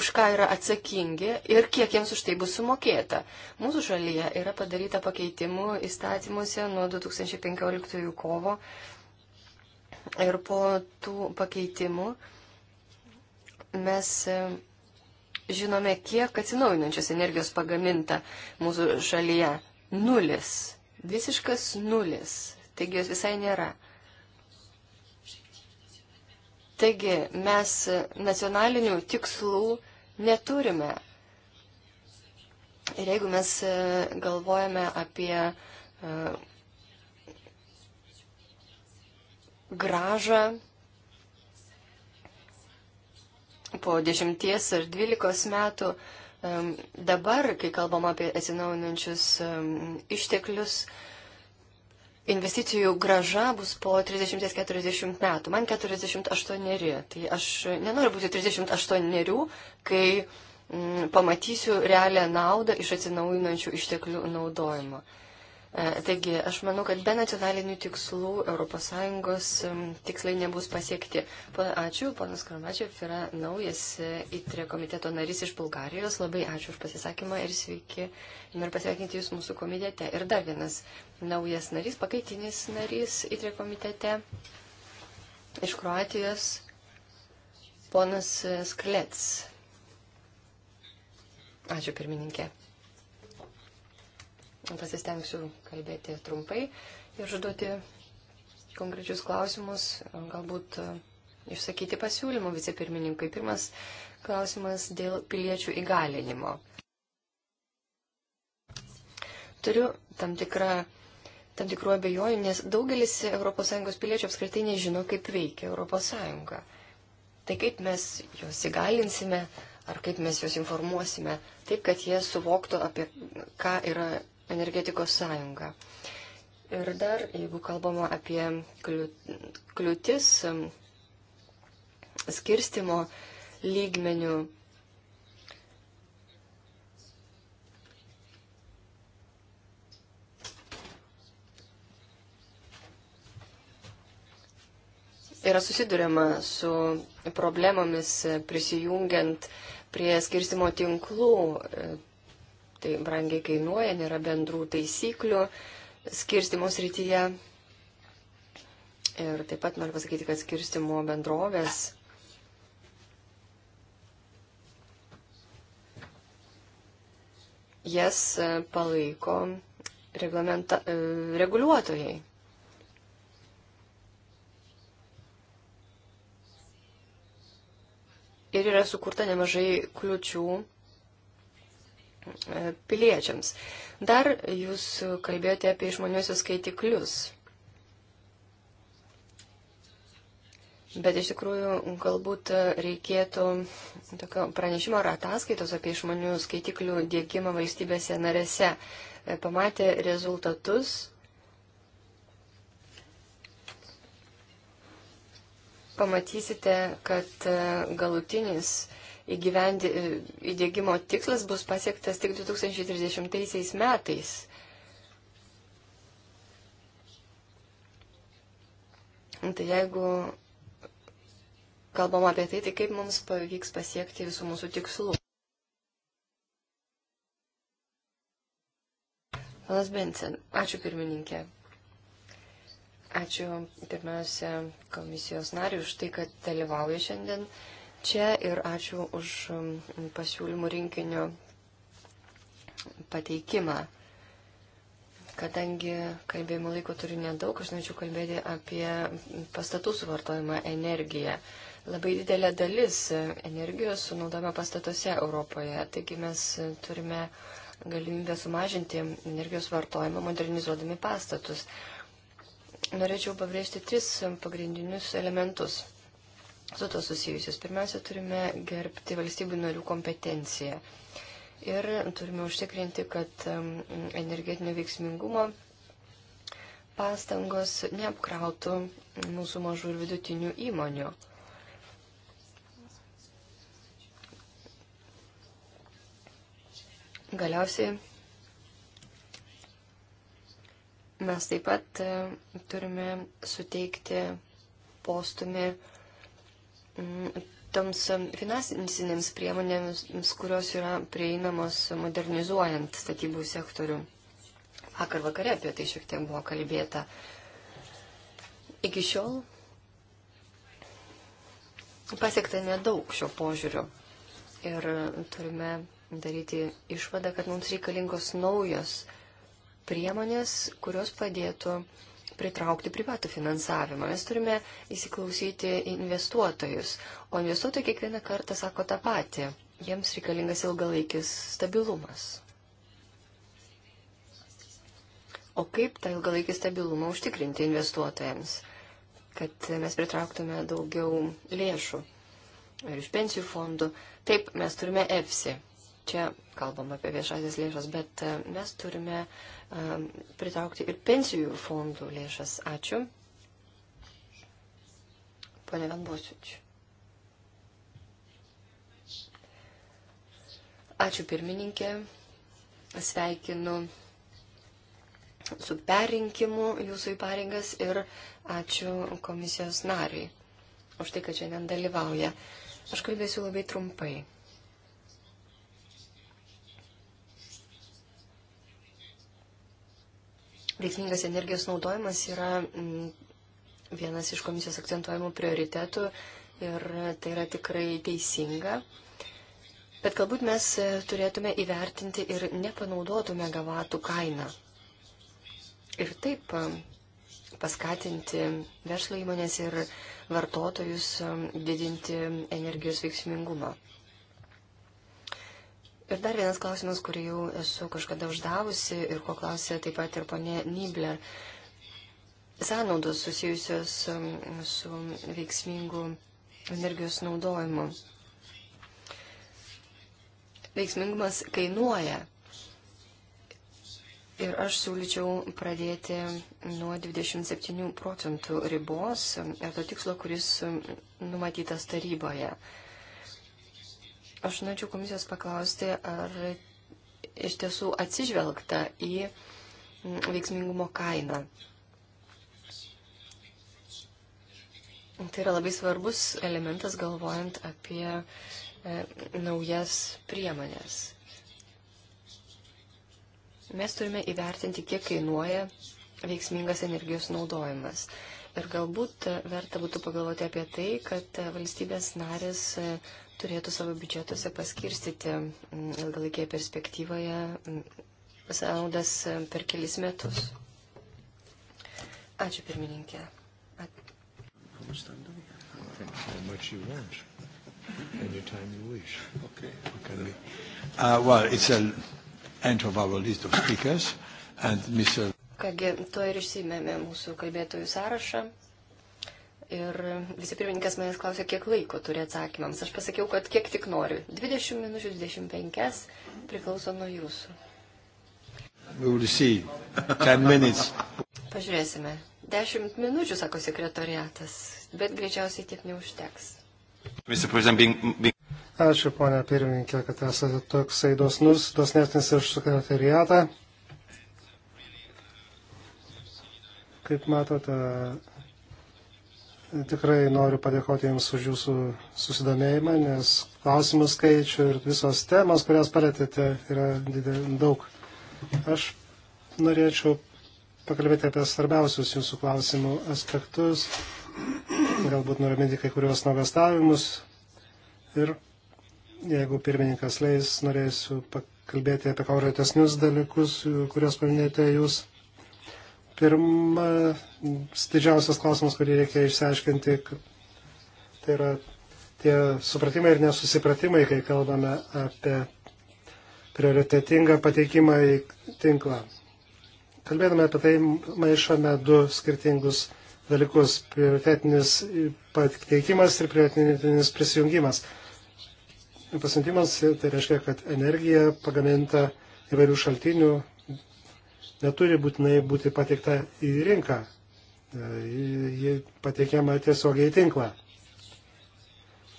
už ką yra atsakingi ir kiek jiems už tai bus sumokėta. Mūsų šalyje yra padaryta pakeitimų įstatymuose nuo 2015 kovo ir po tų pakeitimų mes žinome, kiek atsinaujinančios energijos pagaminta mūsų šalyje. Nulis. Visiškas nulis. Taigi jos visai nėra. Taigi mes nacionalinių tikslų neturime. Ir jeigu mes e, galvojame apie e, gražą po 10 ar 12 metų. Dabar, kai kalbam apie atsinaujinančius išteklius, investicijų graža bus po 30-40 metų. Man 48, tai aš nenoriu būti 38, kai pamatysiu realią naudą iš atsinaujinančių išteklių naudojimo. E, taigi, aš manau, kad be nacionalinių tikslų ES tikslai nebus pasiekti. Ačiū, panas Karmačiev yra naujas ITRE e komiteto narys iš Bulgarijos. Labai ačiū už pasisakymą ir sveiki. Noriu pasveikinti Jūs mūsų komitete. Ir dar vienas naujas narys, pakaitinis narys ITRE komitete iš Kroatijos, ponas e, Sklets. Ačiū pirmininkė pasistengsiu kalbėti trumpai ir užduoti konkrečius klausimus, galbūt e, išsakyti pasiūlymų vicepirmininkui. Pirmas klausimas dėl piliečių įgalinimo. Turiu tam, tikrą, tam tikrų abejojų, nes daugelis ES piliečių apskritai nežino, kaip veikia ES. Tai kaip mes juos įgalinsime, ar kaip mes juos informuosime, taip, kad jie suvoktų, apie ką yra energetikos sąjungą. Ir dar, jeigu kalbama apie kliūtis um, skirstimo lygmenių, yra susidurima su problemomis prisijungiant prie skirstimo tinklų tai brangiai kainuoja, nėra bendrų taisyklių skirstimo srityje. Ir taip pat noriu pasakyti, kad skirstimo bendrovės jas palaiko e, reguliuotojai. Ir yra sukurta nemažai kliučių piliečiams. Dar jūs kalbėjote apie išmaniosius skaitiklius. Bet iš tikrųjų galbūt reikėtų tokio pranešimo ar ataskaitos apie išmanių skaitiklių dėkimą valstybėse narėse. Pamatė rezultatus. Pamatysite, kad galutinis uh, įgyvendi, įdėgymo tikslas bus pasiektas tik 2030 metais. Tai jeigu kalbam apie tai, tai kaip mums pavyks pasiekti visų mūsų tikslų. Panas Bensen, ačiū pirmininkė. Ačiū pirmiausia komisijos nariu už tai, kad dalyvauja šiandien. Uh, čia ir ačiū už um, pasiūlymų rinkinio pateikimą. Kadangi kalbėjimo laiko turiu nedaug, aš norėčiau kalbėti apie pastatų suvartojimą energiją. Labai didelė dalis energijos sunaudojama pastatuose Europoje, taigi mes turime galimybę sumažinti energijos vartojimą, modernizuodami pastatus. Norėčiau pabrėžti tris pagrindinius elementus su to susijusios. Pirmiausia, turime gerbti valstybių narių kompetenciją ir turime užtikrinti, kad energetinio veiksmingumo pastangos neapkrautų mūsų mažų ir vidutinių įmonių. Galiausiai mes taip pat turime suteikti postumį toms finansinėms priemonėms, kurios yra prieinamos modernizuojant statybų sektorių. Vakar vakare apie tai šiek tiek buvo kalbėta. Iki šiol pasiekta nedaug šio požiūrio ir turime daryti išvadą, kad mums reikalingos naujos priemonės, kurios padėtų uh, pritraukti privatų finansavimą. Mes turime įsiklausyti investuotojus, o investuotojai kiekvieną kartą sako tą patį. Jiems reikalingas ilgalaikis stabilumas. O kaip tą ilgalaikį stabilumą užtikrinti investuotojams, kad mes pritrauktume daugiau lėšų ir iš pensijų fondų? Taip, mes turime EFSI, Čia kalbam apie viešasis lėšas, bet e, mes turime e, pritraukti ir pensijų fondų lėšas. Ačiū. Pane Vanbosiučiu. Ačiū pirmininkė. Sveikinu su perinkimu jūsų į pareigas ir ačiū komisijos nariui už tai, kad šiandien dalyvauja. Aš kalbėsiu labai trumpai. Veiksmingas energijos naudojimas yra mm, vienas iš komisijos akcentuojamų prioritetų ir tai yra tikrai teisinga. Bet galbūt mes e, turėtume įvertinti ir nepanaudotų megavatų kainą. Ir taip e, paskatinti verslo įmonės ir vartotojus e, didinti energijos veiksmingumą. Ir dar vienas klausimas, kurį jau esu kažkada uždavusi ir ko klausė taip pat ir ponė Nibler. Sąnaudos susijusios um, su veiksmingu energijos naudojimu. Veiksmingumas kainuoja. Ir aš siūlyčiau pradėti nuo 27 procentų ribos, um, to tikslo, kuris um, numatytas taryboje. Aš norėčiau komisijos paklausti, ar iš tiesų atsižvelgta į veiksmingumo kainą. Tai yra labai svarbus elementas galvojant apie e, naujas priemonės. Mes turime įvertinti, kiek kainuoja veiksmingas energijos naudojimas. Ir galbūt e, verta būtų pagalvoti apie tai, kad e, valstybės narės e, turėtų savo biudžetuose paskirstyti mm, ilgalaikėje perspektyvoje pasaudas mm, e, per kelis metus. Ačiū pirmininkė. At...
Okay. Okay. Uh, well, it's the end of our list of speakers and Mr.
Kągi, tuo ir išsimėmė mūsų kalbėtojų sąrašą. Ir visi pirmininkas manęs klausė, kiek laiko turi atsakymams. Aš pasakiau, kad kiek tik noriu. 20 minučių, 25 priklauso nuo jūsų. Pažiūrėsime. 10 minučių, sako sekretoriatas, bet greičiausiai tiek neužteks.
Ačiū, ponia pirmininkė, kad esate toksai dosnus, dosnesnis už sekretoriatą. Kaip matote, tikrai noriu padėkoti Jums už Jūsų susidomėjimą, nes klausimų skaičių ir visos temos, kurias palėtėte, yra didel, daug. Aš norėčiau pakalbėti apie svarbiausius Jūsų klausimų aspektus, galbūt nuraminti kai kuriuos nuogastavimus ir jeigu pirmininkas leis, norėsiu pakalbėti apie kauratesnius dalykus, kuriuos paminėjote Jūs Pirmas didžiausias klausimas, kurį reikia išsiaiškinti, tai yra tie supratimai ir nesusipratimai, kai kalbame apie prioritetingą pateikimą į tinklą. Kalbėdami apie tai, maišome du skirtingus dalykus - prioritetinis pateikimas ir prioritetinis prisijungimas. Pasiuntimas tai reiškia, kad energija pagaminta įvairių šaltinių neturi būtinai būti pateikta į rinką. E, ji pateikiama tiesiogiai į tinklą.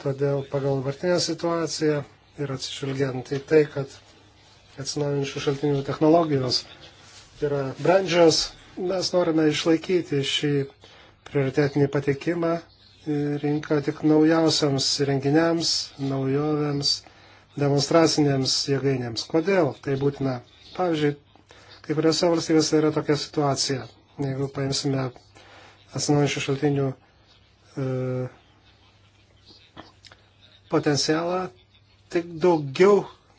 Todėl pagal vartinę situaciją ir atsižvelgiant į tai, kad atsinaujinčių šaltinių technologijos yra brandžios, mes norime išlaikyti šį prioritetinį patekimą rinką tik naujausiams renginiams, naujovėms, demonstracinėms jėgainėms. Kodėl tai būtina? Pavyzdžiui, Kai kuriuose valstybėse yra tokia situacija. Jeigu paimsime atsinaujančių šaltinių e, potencialą, tik daugiau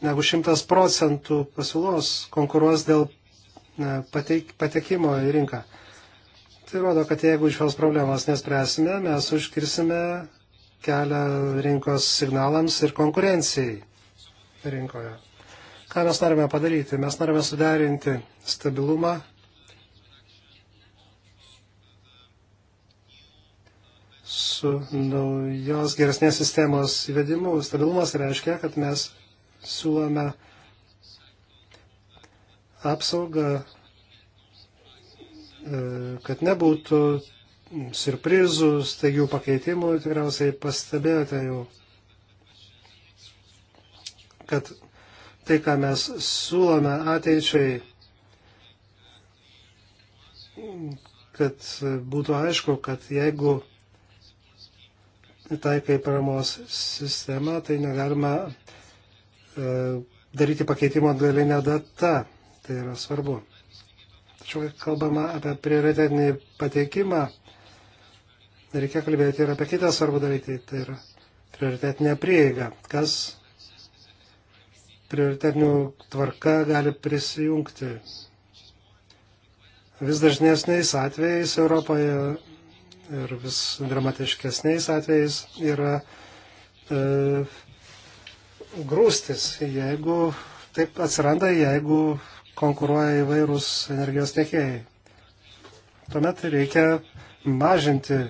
negu 100 procentų pasiūlos konkuruos dėl e, pateik, patekimo į rinką. Tai rodo, kad jeigu šios problemos nespręsime, mes užkirsime kelią rinkos signalams ir konkurencijai rinkoje. Ką mes norime padaryti? Mes norime suderinti stabilumą su naujos geresnės sistemos įvedimu. Stabilumas reiškia, kad mes siūlome apsaugą, e, kad nebūtų surprizų, staigių pakeitimų, tikriausiai pastebėjote jau, kad tai, ką mes siūlome ateičiai, kad būtų aišku, kad jeigu taikai paramos sistemą, tai negalima e, daryti pakeitimo atgalinę datą. Tai yra svarbu. Tačiau, kai kalbama apie prioritetinį pateikimą, reikia kalbėti ir apie kitą svarbų daryti, tai yra prioritetinė prieiga. Kas prioritetinių tvarka gali prisijungti. Vis dažnesniais atvejais Europoje ir vis dramatiškesniais atvejais yra e, grūstis, jeigu taip atsiranda, jeigu konkuruoja įvairūs energijos tiekėjai. Tuomet reikia mažinti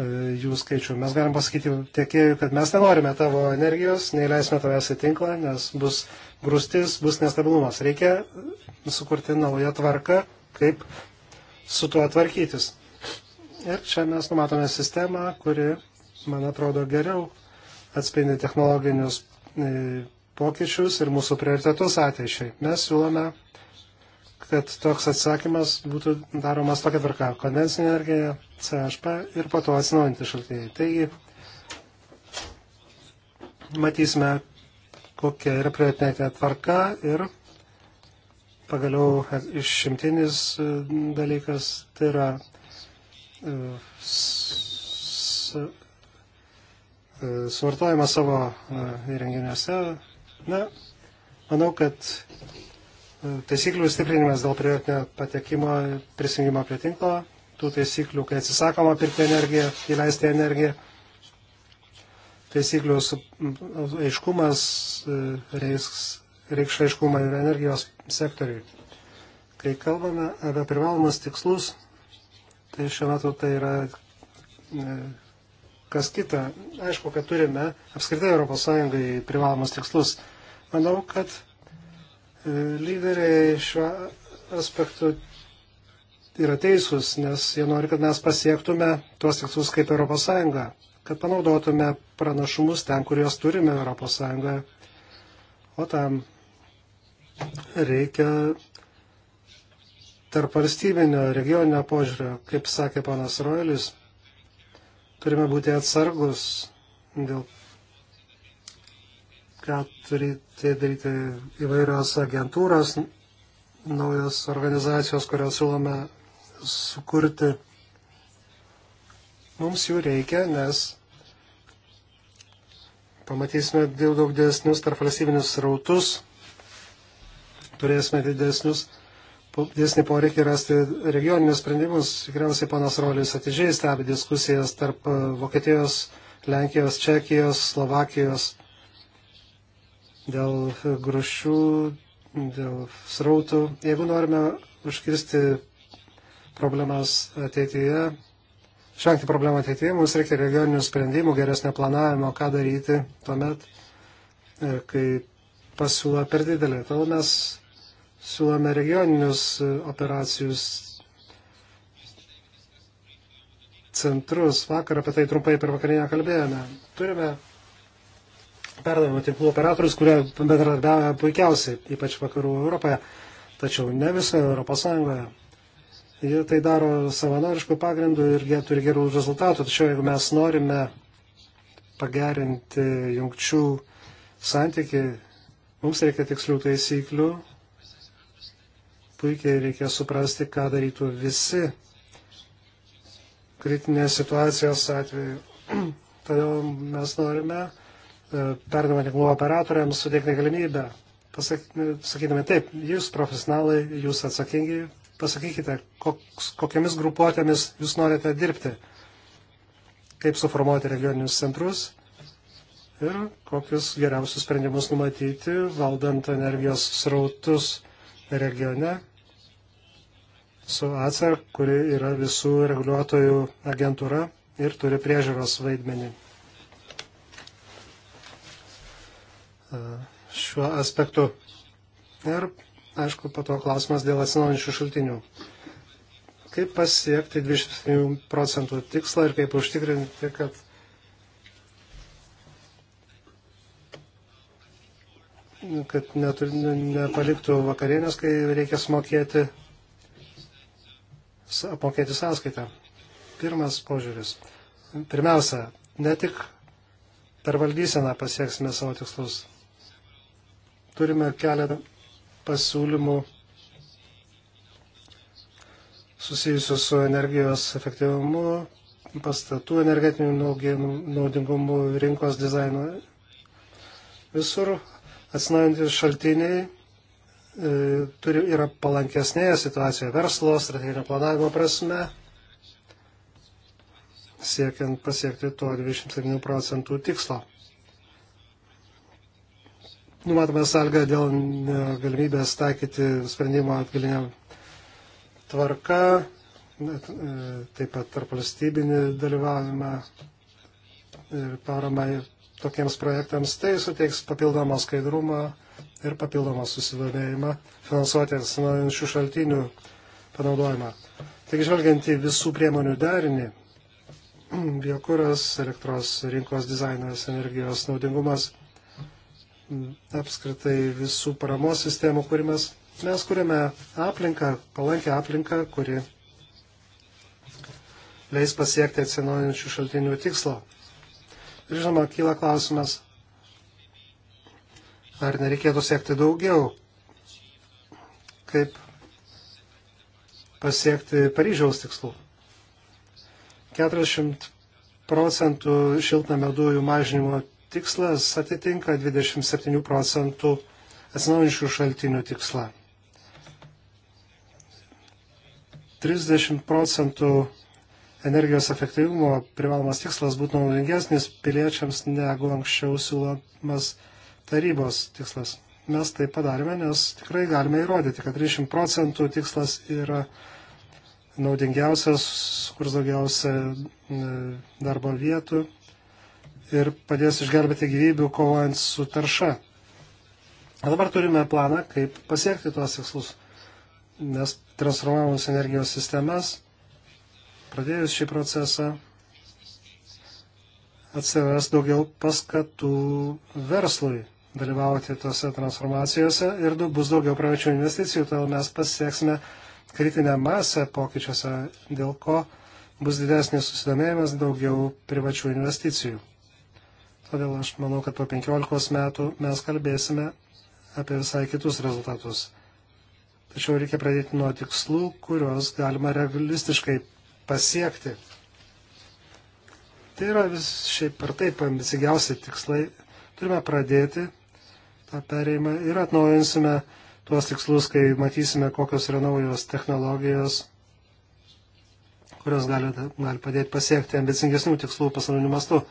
E, jų skaičių. Mes galim pasakyti tiekėjui, kad mes nenorime tavo energijos, neįleisime tavęs į tinklą, nes bus grūstis, bus nestabilumas. Reikia sukurti naują tvarką, kaip su tuo tvarkytis. Ir čia mes numatome sistemą, kuri, man atrodo, geriau atspindi technologinius e, pokyčius ir mūsų prioritetus ateičiai. Mes siūlome kad toks atsakymas būtų daromas tokia tvarka - kondensinė energija, CHP ir po to atsinaujinti šaltiniai. Taigi matysime, kokia yra prioritetinė tvarka ir pagaliau išimtinis e, dalykas tai yra e, e, suvartojimas savo įrenginiuose. Na, manau, kad taisyklių stiprinimas dėl prioritetinio patekimo prisijungimo prie tinklo, tų taisyklių, kai atsisakoma pirkti energiją, įleisti energiją, taisyklių aiškumas e, reikš aiškumą ir energijos sektoriui. Kai kalbame apie privalomus tikslus, tai šiuo metu tai yra e, kas kita. Aišku, kad turime apskritai ES privalomus tikslus. Manau, kad E, lyderiai šiuo aspektu yra teisūs, nes jie nori, kad mes pasiektume tuos tikslus kaip ES, kad panaudotume pranašumus ten, kur juos turime ES. O tam reikia tarp valstybinio regioninio požiūrio, kaip sakė panas Roilis, turime būti atsargus dėl ką turite tai daryti įvairios agentūros, naujos organizacijos, kurios siūlome sukurti. Mums jų reikia, nes pamatysime daug didesnius tarp valstybinius rautus, turėsime didesnius, didesnį poreikį rasti regioninius sprendimus. Tikriausiai panas Rolis atidžiai stebi diskusijas tarp Vokietijos, Lenkijos, Čekijos, Slovakijos dėl grušių, dėl srautų. Jeigu norime užkirsti problemas ateityje, išvengti problemų ateityje, mums reikia regioninių sprendimų, geresnio planavimo, ką daryti tuomet, e, kai pasiūla per didelė. Todėl mes siūlome regioninius e, operacijus centrus. Vakar apie tai trumpai per vakarinę kalbėjome. Turime perdavimo tinklų operatorius, kurie bendradarbiavę puikiausiai, ypač vakarų Europoje, tačiau ne visoje Europos Sąjungoje. Jie tai daro savanoriškų pagrindų ir jie turi gerų rezultatų, tačiau jeigu mes norime pagerinti jungčių santyki, mums reikia tikslių taisyklių, puikiai reikia suprasti, ką darytų visi kritinės situacijos atveju. Todėl mes norime perdavimo tinklų operatoriams suteikti galimybę, pasak, sakydami taip, jūs profesionalai, jūs atsakingi, pasakykite, koks, kokiamis grupuotėmis jūs norite dirbti, kaip suformuoti regioninius centrus ir kokius geriausius sprendimus numatyti, valdant energijos srautus regione su ACER, kuri yra visų reguliuotojų agentūra ir turi priežiūros vaidmenį. šiuo aspektu. Ir, aišku, po to klausimas dėl atsinaujančių šaltinių. Kaip pasiekti 27 procentų tikslą ir kaip užtikrinti, kad kad neturi, nepaliktų vakarienės, kai reikia smokėti, apmokėti sąskaitą. Pirmas požiūris. Pirmiausia, ne tik per valdyseną pasieksime savo tikslus, turime keletą pasiūlymų susijusių su energijos efektyvumu, pastatų energetinių naudingumų, rinkos dizaino. Visur atsinaujantis šaltiniai e, turi, yra palankesnėje situacijoje verslo, strateginio planavimo prasme, siekiant pasiekti to 27 procentų tikslo numatoma sąlyga dėl galimybės taikyti sprendimą atgalinę tvarką, e, taip pat tarp valstybinį dalyvavimą ir paramą tokiems projektams. Tai suteiks papildomą skaidrumą ir papildomą susidomėjimą finansuoti atsinaujančių šaltinių panaudojimą. Taigi, žvelgiant į visų priemonių derinį, biokuras, elektros rinkos dizainas, energijos naudingumas apskritai visų paramos sistemų kūrimas. Mes kūrėme aplinką, palankę aplinką, kuri leis pasiekti atsinaujinčių šaltinių tikslo. Ir žinoma, kyla klausimas, ar nereikėtų siekti daugiau, kaip pasiekti Paryžiaus tikslų. 40 procentų šiltnamio dujų mažinimo tikslas atitinka 27 procentų atsinaujančių šaltinių tikslą. 30 procentų energijos efektyvumo privalomas tikslas būtų naudingesnis piliečiams negu anksčiau siūlomas tarybos tikslas. Mes tai padarėme, nes tikrai galime įrodyti, kad 30 procentų tikslas yra naudingiausias, kurs daugiausia darbo vietų ir padės išgelbėti gyvybių kovojant su tarša. O dabar turime planą, kaip pasiekti tuos tikslus, nes transformavus energijos sistemas, pradėjus šį procesą, atsiras daugiau paskatų verslui dalyvauti tose transformacijose ir bus daugiau pravečių investicijų, todėl mes pasieksime kritinę masę pokyčiuose, dėl ko bus didesnis susidomėjimas, daugiau privačių investicijų. Todėl aš manau, kad po 15 metų mes kalbėsime apie visai kitus rezultatus. Tačiau reikia pradėti nuo tikslų, kuriuos galima realistiškai pasiekti. Tai yra vis šiaip ar taip ambicingiausi tikslai. Turime pradėti tą pereimą ir atnaujinsime tuos tikslus, kai matysime, kokios yra naujos technologijos, kurios gali, gali padėti pasiekti ambicingesnių tikslų pasauliniu mastu.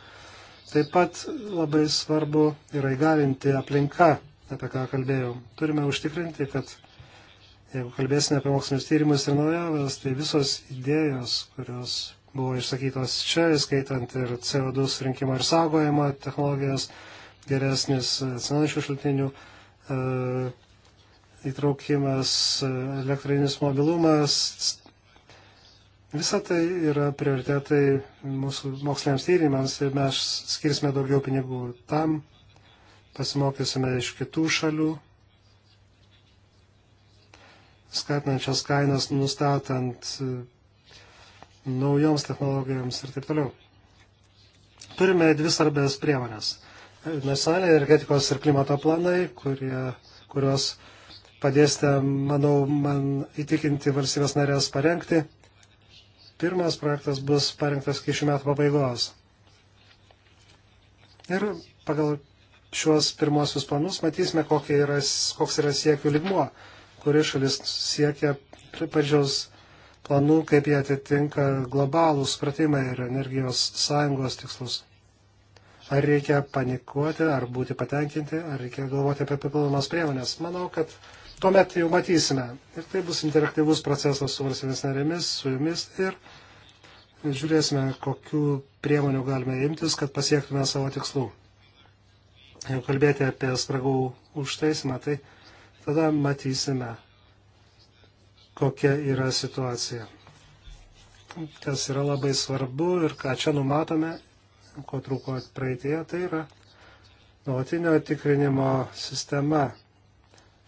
Taip pat labai svarbu yra įgalinti aplinką, apie ką kalbėjau. Turime užtikrinti, kad jeigu kalbėsime apie mokslinius tyrimus ir naujoves, tai visos idėjos, kurios buvo išsakytos čia, skaitant ir CO2 surinkimą ir saugojimą, technologijas, geresnis atsinaujančių šaltinių e, įtraukimas, e, elektrinis mobilumas, Visa tai yra prioritetai mūsų moksliniams tyrimams ir mes skirsime daugiau pinigų tam, pasimokysime iš kitų šalių, skatinančias kainas nustatant e, naujoms technologijoms ir taip toliau. Turime dvi svarbės priemonės. Nacionaliniai energetikos ir klimato planai, kurie, kurios padėsite, manau, man įtikinti valstybės narės parengti Pirmas projektas bus parinktas iki šių metų pabaigos. Ir pagal šiuos pirmosius planus matysime, yra, koks yra siekių ligmuo, kuri šalis siekia pripažiaus planų, kaip jie atitinka globalų supratimą ir energijos sąjungos tikslus. Ar reikia panikuoti, ar būti patenkinti, ar reikia galvoti apie papildomas priemonės. Manau, kad Tuomet jau matysime. Ir tai bus interaktyvus procesas su valstybės narėmis, su jumis ir žiūrėsime, kokiu priemonių galime imtis, kad pasiektume savo tikslų. Jau kalbėti apie spragų užtaisimą, tai tada matysime, kokia yra situacija. Kas yra labai svarbu ir ką čia numatome, ko trūko praeitėje, tai yra nuolatinio tikrinimo sistema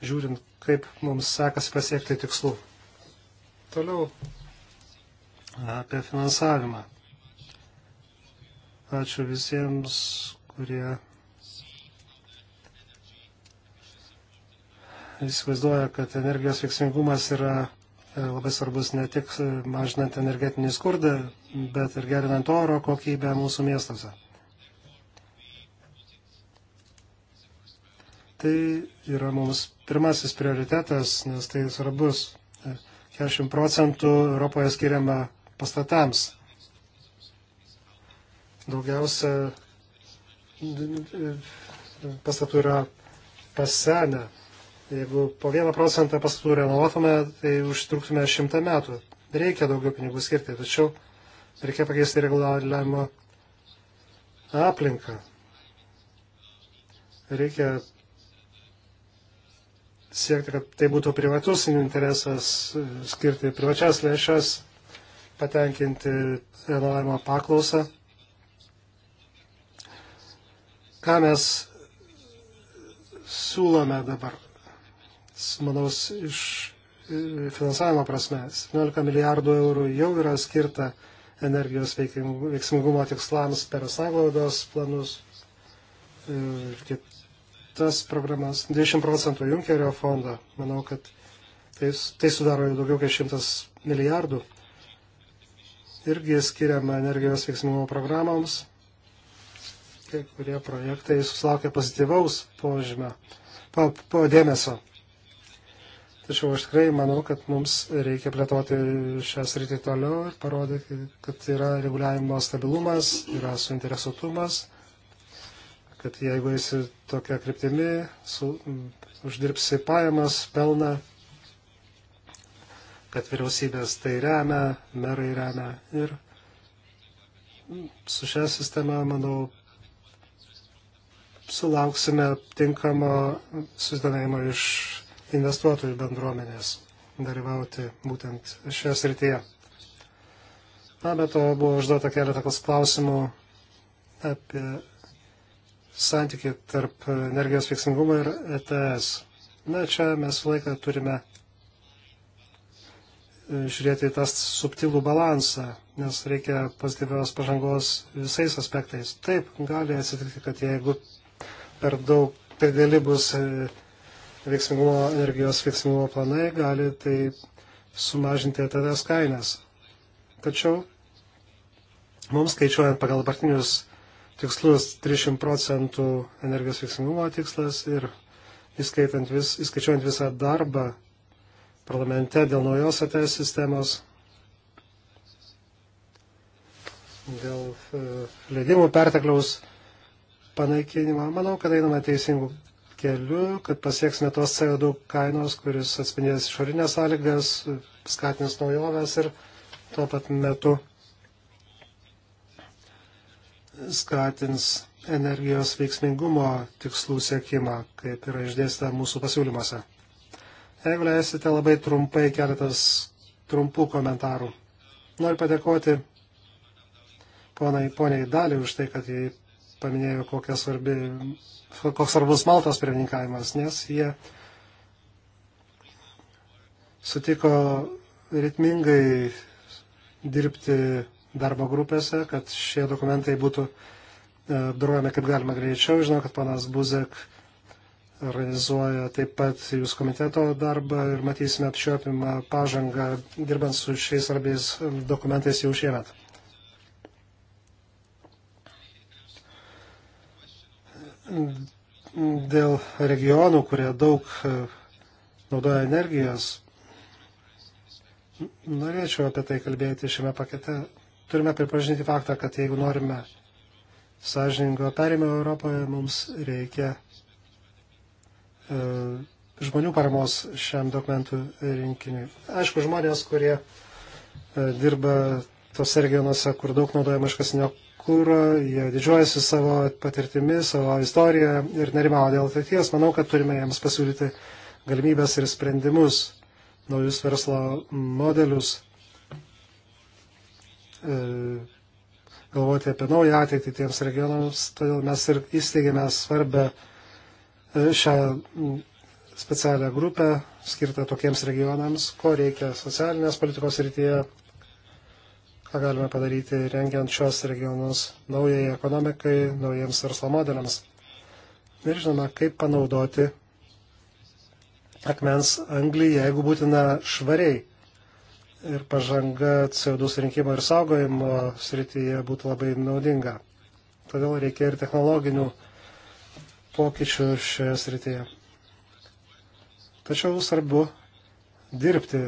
žiūrint, kaip mums sekasi pasiekti tikslų. Toliau apie finansavimą. Ačiū visiems, kurie įsivaizduoja, kad energijos veiksmingumas yra e, labai svarbus ne tik e, mažinant energetinį skurdą, bet ir gerinant oro kokybę mūsų miestuose. Tai yra mums pirmasis prioritetas, nes tai svarbus. 40 procentų Europoje skiriama pastatams. Daugiausia pastatų yra pasenę. Jeigu po vieną procentą pastatų renovuotume, tai užtruktume šimtą metų. Reikia daugiau pinigų skirti, tačiau reikia pakeisti reguliavimo aplinką. Reikia siekti, kad tai būtų privatus interesas e, skirti privačias lėšas, patenkinti renovavimo paklausą. Ką mes siūlome dabar, manau, iš e, finansavimo prasme, 17 milijardų eurų jau yra skirta energijos veiksmingumo tikslams per sąglaudos planus e, ir kitus tas programas, 20 procentų Junkerio fondą, manau, kad tai, tai sudaro jau daugiau kaip 100 milijardų, irgi skiriama energijos veiksmingumo programoms, kai kurie projektai susilaukia pozityvaus požymio, po, po dėmesio. Tačiau aš tikrai manau, kad mums reikia plėtoti šią sritį toliau ir parodyti, kad yra reguliavimo stabilumas, yra suinteresuotumas kad jeigu esi tokia kryptimi, su, uždirbsi pajamas, pelną, kad vyriausybės tai remia, merai remia. Ir su šią sistemą, manau, sulauksime tinkamo susidomėjimo iš investuotojų bendruomenės dalyvauti būtent šioje srityje. Na, bet to buvo užduota keletas klausimų apie santyki tarp energijos veiksmingumo ir ETS. Na, čia mes laiką turime e, žiūrėti į tą subtilų balansą, nes reikia pozityvios pažangos visais aspektais. Taip, gali atsitikti, kad jeigu per daug, per dėlį bus e, veiksmingumo, energijos veiksmingumo planai, gali tai sumažinti ETS kainas. Tačiau mums skaičiuojant pagal partinius tikslus 300 procentų energijos veiksmingumo tikslas ir įskaitant vis, įskaičiuojant visą darbą parlamente dėl naujos ATS sistemos, dėl e, leidimų pertekliaus panaikinimą. Manau, kad einame teisingų keliu, kad pasieksime tos CO2 kainos, kuris atspindės išorinės sąlygas, skatins naujoves ir tuo pat metu skatins energijos veiksmingumo tikslų siekimą, kaip yra išdėsta mūsų pasiūlymuose. Jeigu leisite labai trumpai keletas trumpų komentarų. Noriu padėkoti ponai, poniai Daliai už tai, kad jie paminėjo, svarbi, koks svarbus Maltos pirmininkavimas, nes jie sutiko ritmingai dirbti darbo grupėse, kad šie dokumentai būtų e, apdorojami kaip galima greičiau. Žinau, kad panas Buzek organizuoja taip pat jūsų komiteto darbą ir matysime apčiuopimą pažangą dirbant su šiais svarbiais dokumentais jau šiemet. Dėl regionų, kurie daug e, naudoja energijos, norėčiau apie tai kalbėti šiame pakete turime pripažinti faktą, kad jeigu norime sąžiningo perėmio Europoje, mums reikia e, žmonių paramos šiam dokumentų rinkiniui. Aišku, žmonės, kurie e, dirba tose regionuose, kur daug naudojama iškasinio kūro, jie didžiuojasi savo patirtimi, savo istoriją ir nerimavo dėl ateities. Manau, kad turime jiems pasiūlyti galimybės ir sprendimus, naujus verslo modelius E, galvoti apie naują ateitį tiems regionams, todėl mes ir įsteigėme svarbę e, šią specialią grupę skirtą tokiems regionams, ko reikia socialinės politikos rytyje, ką galime padaryti rengiant šios regionus naujai ekonomikai, naujiems verslo modeliams. Ir žinoma, kaip panaudoti akmens anglį, jeigu būtina švariai ir pažanga CO2 surinkimo ir saugojimo srityje būtų labai naudinga. Todėl reikia ir technologinių pokyčių šioje srityje. Tačiau svarbu dirbti,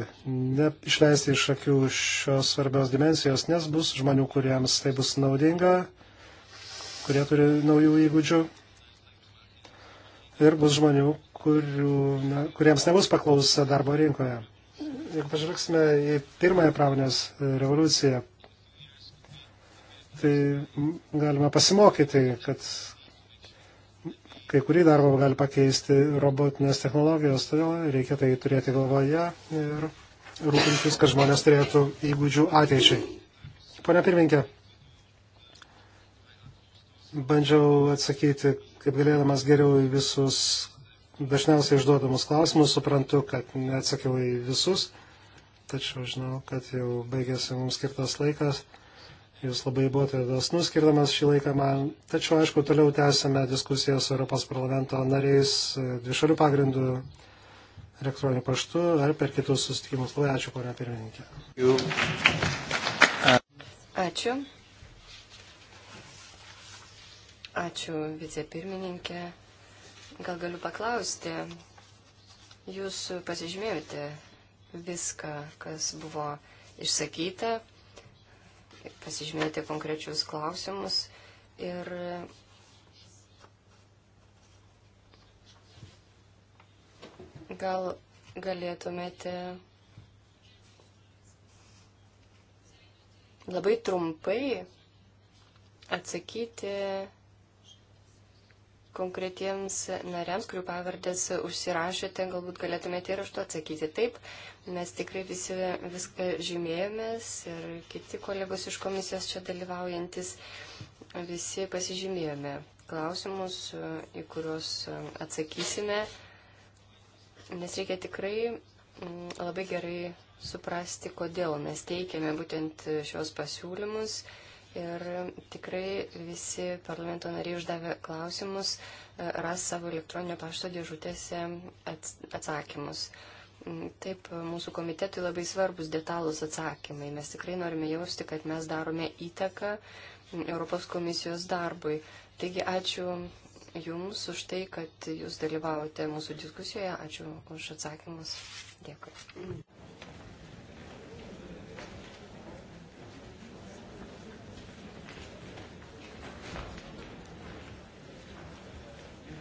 neišleisti iš akių šios svarbios dimensijos, nes bus žmonių, kuriems tai bus naudinga, kurie turi naujų įgūdžių. Ir bus žmonių, kurių, ne, kuriems nebus paklausa darbo rinkoje jeigu pažvelgsime į pirmąją pramonės e, revoliuciją, tai galima pasimokyti, kad kai kurį darbą gali pakeisti robotinės technologijos, todėl reikia tai turėti galvoje ir rūpintis, kad žmonės turėtų įgūdžių ateičiai. Pone pirminkė, bandžiau atsakyti, kaip galėdamas geriau į visus dažniausiai išduodamus klausimus, suprantu, kad neatsakiau į visus tačiau žinau, kad jau baigėsi mums skirtas laikas. Jūs labai buvote dosnus skirdamas šį laiką man. Tačiau, aišku, toliau tęsime diskusiją su Europos parlamento nariais dvišalių pagrindų elektroniniu paštu ar per kitus susitikimus. Labai ačiū, ponia pirmininkė.
Ačiū. Ačiū, vicepirmininkė. Gal galiu paklausti, jūs pasižymėjote viską, kas buvo išsakyta, pasižymėjote konkrečius klausimus ir gal galėtumėte labai trumpai atsakyti konkretiems nariams, kurių pavardės užsirašėte, galbūt galėtumėte ir aš to atsakyti. Taip, mes tikrai visi viską žymėjomės ir kiti kolegos iš komisijos čia dalyvaujantis visi pasižymėjome klausimus, į kuriuos atsakysime, nes reikia tikrai mm, labai gerai suprasti, kodėl mes teikiame būtent šios pasiūlymus Ir tikrai visi parlamento nariai uždavė klausimus, e, ras savo elektroninio pašto dėžutėse atsakymus. Mm, taip, mūsų komitetui labai svarbus detalus atsakymai. Mes tikrai norime jausti, kad mes darome įtaką mm, Europos komisijos darbui. Taigi ačiū Jums už tai, kad Jūs dalyvavote mūsų diskusijoje. Ačiū už atsakymus. Dėkui.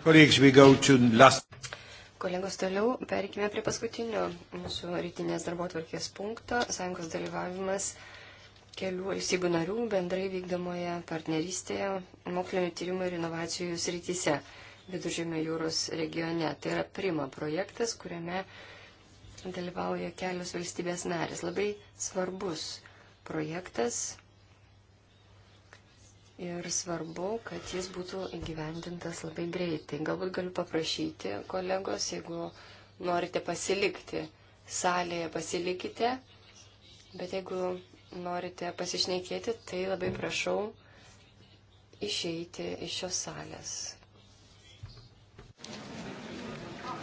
Kolegos,
toliau perikime prie paskutinio mūsų rytinės darbo tvarkės punkto - sąjungos dalyvavimas kelių valstybių narių bendrai vykdomoje partnerystėje mokslinio tyrimo ir inovacijų srityse Viduržėmio jūros regione. Tai yra prima projektas, kuriame dalyvauja kelios valstybės narės. Labai svarbus projektas, ir svarbu, kad jis būtų įgyvendintas labai greitai. Galbūt galiu paprašyti kolegos, jeigu norite pasilikti salėje, pasilikite, bet jeigu norite pasišnekėti, tai labai prašau išeiti iš šios salės.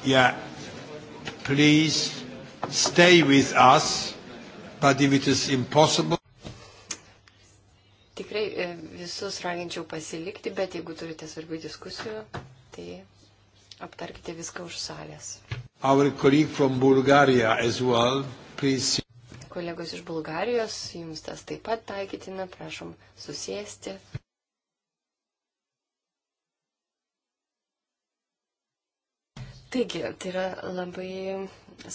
Yeah. Please stay with us, but if it is impossible.
E, visus raginčiau pasilikti, bet jeigu turite svarbių diskusijų, tai aptarkite viską už salės. Well, please. Kolegos iš Bulgarijos, jums tas taip pat taikytina, prašom susėsti. Taigi, tai yra labai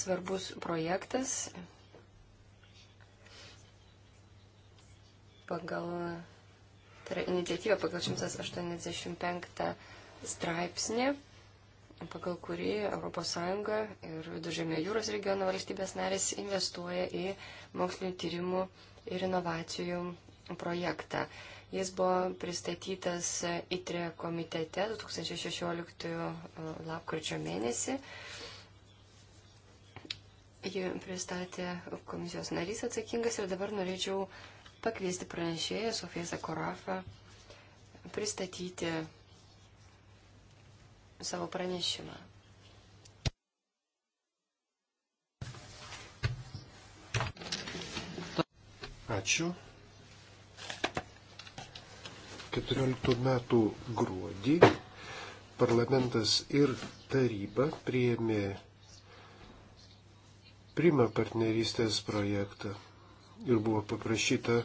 svarbus projektas pagal Tai yra iniciatyva pagal 185 straipsnį, pagal kurį ES ir Viduržėmio jūros regiono valstybės narės investuoja į mokslinio tyrimų ir inovacijų projektą. Jis buvo pristatytas ITRE komitete 2016 e, lapkričio mėnesį. Jį pristatė komisijos narys atsakingas ir dabar norėčiau uh, pakviesti pranešėją Sofiją Zakorafą pristatyti savo pranešimą.
Ačiū. 14 metų gruodį parlamentas ir taryba priėmė primą partnerystės projektą ir buvo paprašyta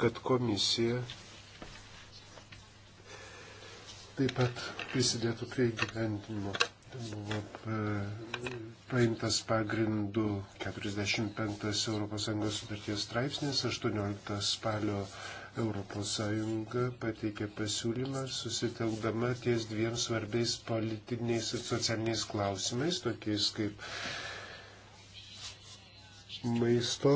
kad komisija taip pat prisidėtų prie gyventinimo. Buvo e, paimtas pagrindų 45 ES sutarties straipsnis, 18 spalio ES pateikė pasiūlymą susitelkdama ties dviem svarbiais politiniais ir socialiniais klausimais, tokiais kaip maisto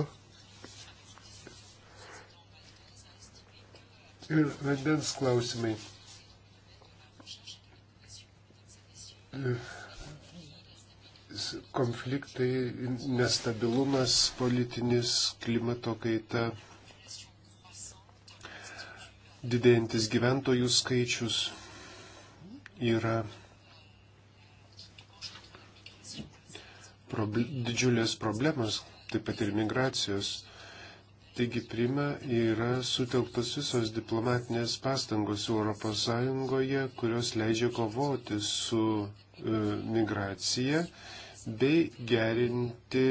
ir vandens klausimai. Konfliktai, nestabilumas politinis, klimato kaita, didėjantis gyventojų skaičius yra proble didžiulės problemos, taip pat ir migracijos Taigi prima yra sutelktos visos diplomatinės pastangos ES, kurios leidžia kovoti su e, migracija bei gerinti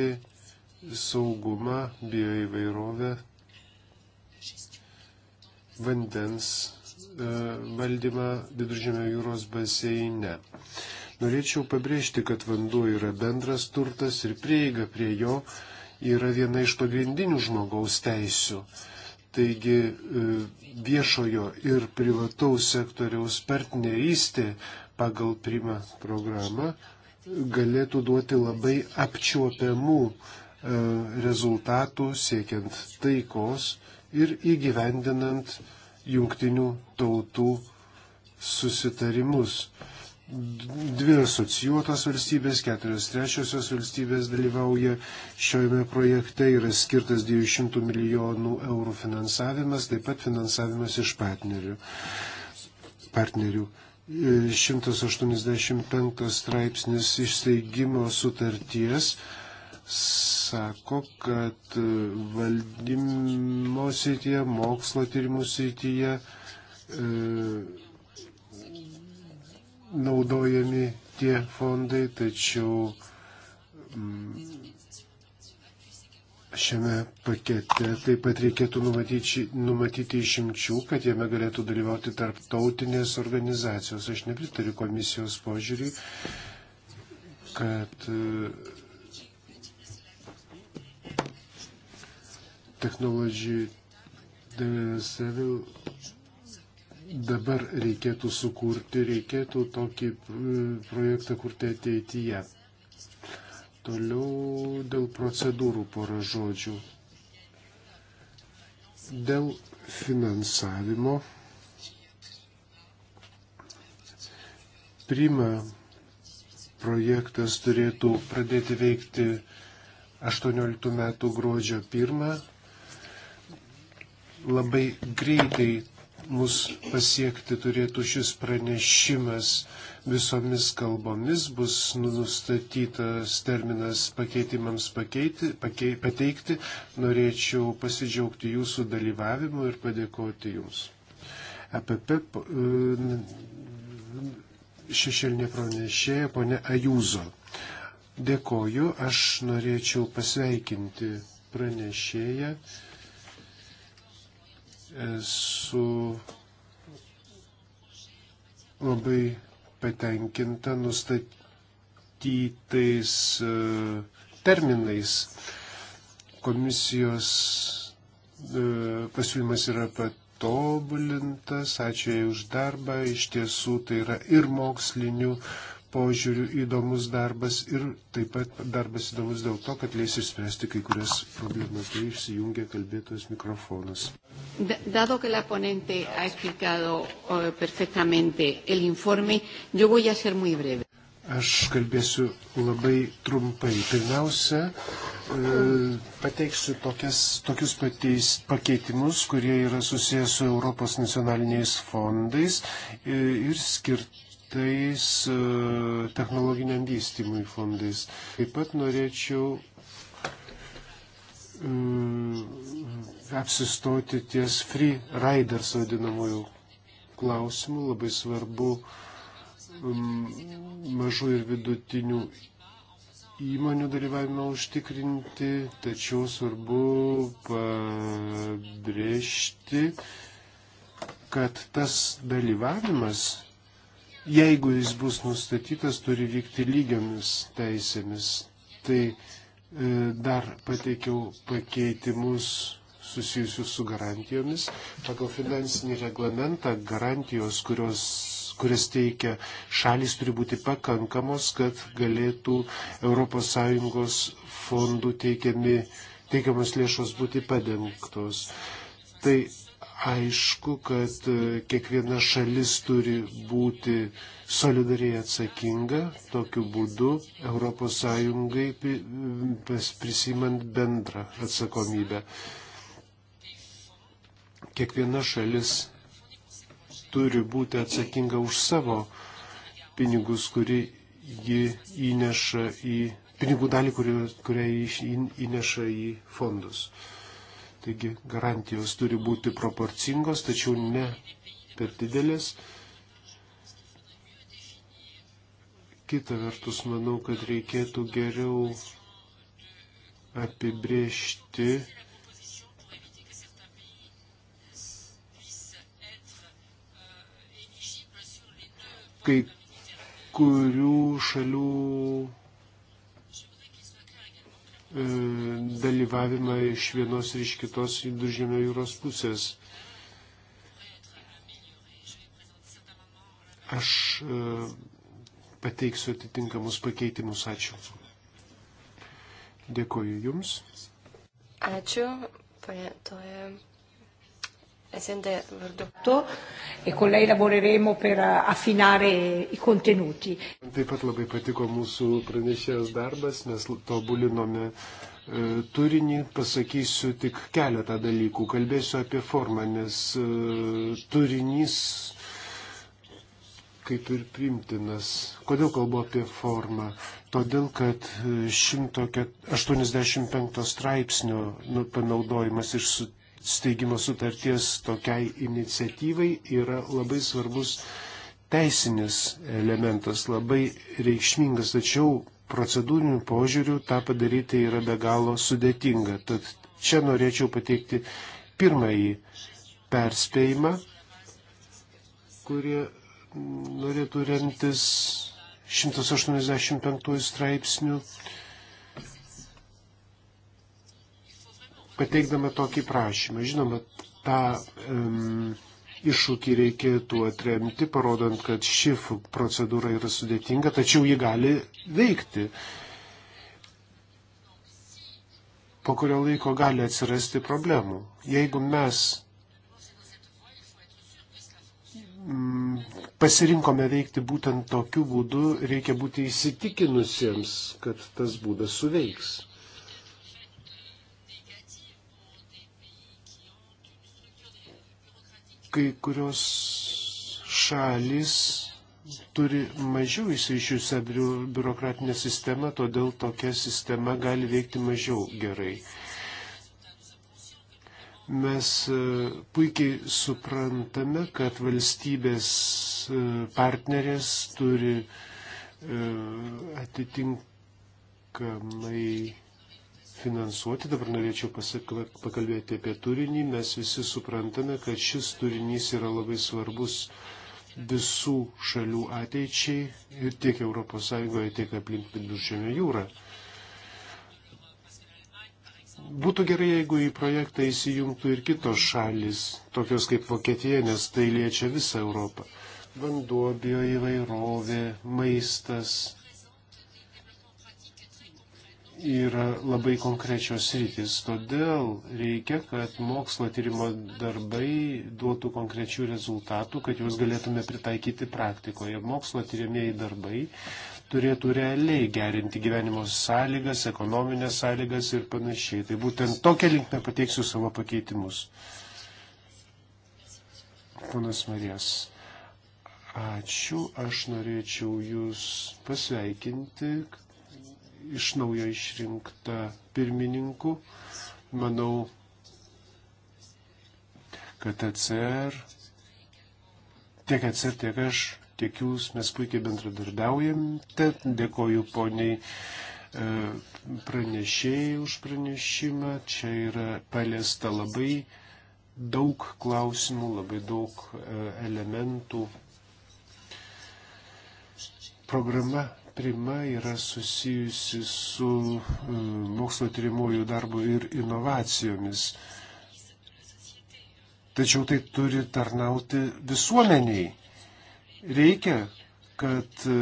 saugumą, bioįvairovę, vandens e, valdymą viduržėmio jūros baseine. Norėčiau pabrėžti, kad vanduo yra bendras turtas ir prieiga prie jo yra viena iš pagrindinių žmogaus teisių. Taigi e, viešojo ir privataus sektoriaus partnerystė pagal primą programą galėtų duoti labai apčiuopiamų e, rezultatų siekiant taikos ir įgyvendinant jungtinių tautų susitarimus. Dvi asocijuotos valstybės, keturios trečiosios valstybės dalyvauja šiame projekte, yra skirtas 200 milijonų eurų finansavimas, taip pat finansavimas iš partnerių. partnerių. 185 e, straipsnis išsteigimo sutarties sako, kad e, valdymo srityje, mokslo tyrimų srityje e, naudojami tie fondai, tačiau mm, šiame pakete taip pat reikėtų numatyti, numatyti išimčių, kad jame galėtų dalyvauti tarptautinės organizacijos. Aš nepritariu komisijos požiūriui, kad e, technologijų Devil dabar reikėtų sukurti, reikėtų tokį e, projektą kurti ateityje. Toliau dėl procedūrų porą žodžių. Dėl finansavimo prima projektas turėtų pradėti veikti 18 metų gruodžio 1. Labai greitai mus pasiekti turėtų šis pranešimas visomis kalbomis, bus nustatytas terminas pakeitimams pakeiti, pakei, pateikti. Norėčiau pasidžiaugti jūsų dalyvavimu ir padėkoti jums. EPP e, šešėlinė pranešėja ponė Ajūzo. Dėkoju, aš norėčiau pasveikinti pranešėją Esu labai patenkinta nustatytais e, terminais. Komisijos e, pasiūlymas yra patobulintas, ačiū jai už darbą, iš tiesų tai yra ir mokslinių požiūrių įdomus darbas ir taip pat darbas įdomus dėl to, kad leis išspręsti kai kurias problemas, tai išsijungia kalbėtojas mikrofonas.
Dado que la ponente ha explicado eh, perfectamente el informe, yo voy a ser muy breve.
Aš kalbėsiu labai trumpai. Pirmiausia, e, pateiksiu tokias, tokius pateis, pakeitimus, kurie yra susijęs su Europos nacionaliniais fondais e, ir skirtais e, technologiniam vystymui fondais. Taip pat norėčiau apsistoti ties free riders vadinamųjų klausimų. Labai svarbu um, mažų ir vidutinių įmonių dalyvavimą užtikrinti, tačiau svarbu pabrėžti, kad tas dalyvavimas, jeigu jis bus nustatytas, turi vykti lygiamis teisėmis. Tai e, dar pateikiau pakeitimus susijusius su garantijomis. Pagal finansinį reglamentą garantijos, kurios, kurias teikia šalis, turi būti pakankamos, kad galėtų ES fondų teikiami, teikiamas lėšos būti padengtos. Tai aišku, kad e, kiekviena šalis turi būti solidariai atsakinga, tokiu būdu ES prisimant bendrą atsakomybę kiekviena šalis turi būti atsakinga už savo pinigus, kurį ji įneša į pinigų dalį, kurią įneša į fondus. Taigi garantijos turi būti proporcingos, tačiau ne per didelės. Kita vertus, manau, kad reikėtų geriau apibriežti kai kurių šalių e, dalyvavimą iš vienos ir iš kitos viduržėmio jūros pusės. Aš e, pateiksiu atitinkamus pakeitimus. Ačiū. Dėkoju
Jums. Ačiū, panė Toja. SND vardu. Tu e con lei lavoreremo per eh, affinare i contenuti.
Taip pat labai patiko mūsų pranešėjas darbas, mes tobulinome e, turinį pasakysiu tik keletą dalykų. Kalbėsiu apie formą, nes e, turinys kaip ir primtinas. Kodėl kalbu apie formą? Todėl, kad 185 e, straipsnio nu, panaudojimas iš steigimo sutarties tokiai iniciatyvai yra labai svarbus teisinis elementas, labai reikšmingas, tačiau procedūrinių požiūrių tą padaryti yra be galo sudėtinga. Tad čia norėčiau pateikti pirmąjį perspėjimą, kurie norėtų remtis 185 straipsnių pateikdama tokį prašymą. Žinoma, tą um, iššūkį reikėtų atremti, parodant, kad ši procedūra yra sudėtinga, tačiau ji gali veikti. Po kurio laiko gali atsirasti problemų. Jeigu mes mm, pasirinkome veikti būtent tokiu būdu, reikia būti įsitikinusiems, kad tas būdas suveiks. kai kurios šalis turi mažiau įsiaišiusią biurokratinę sistemą, todėl tokia sistema gali veikti mažiau gerai. Mes e, puikiai suprantame, kad valstybės e, partnerės turi e, atitinkamai finansuoti. Dabar norėčiau pakalbėti apie turinį. Mes visi suprantame, kad šis turinys yra labai svarbus visų šalių ateičiai ir tiek ES, tiek aplink viduržėmio jūrą. Būtų gerai, jeigu į projektą įsijungtų ir kitos šalis, tokios kaip Vokietija, nes tai liečia visą Europą. Vanduo, bioįvairovė, maistas, yra labai konkrečios rytis. Todėl reikia, kad mokslo tyrimo darbai duotų konkrečių rezultatų, kad juos galėtume pritaikyti praktikoje. Mokslo tyrimieji darbai turėtų realiai gerinti gyvenimo sąlygas, ekonominės sąlygas ir panašiai. Tai būtent tokia linkme pateiksiu savo pakeitimus. Ponas Marijas, ačiū, aš norėčiau Jūs pasveikinti, iš naujo išrinktą pirmininku. Manau, kad atsir, tiek atsir, tiek aš, tiek jūs, mes puikiai bendradarbiaujam. Tad dėkoju poniai e, pranešėjai už pranešimą. Čia yra paliesta labai daug klausimų, labai daug e, elementų. Programa prima yra susijusi su e, mokslo tyrimųjų darbu ir inovacijomis. Tačiau tai turi tarnauti visuomeniai. Reikia, kad e,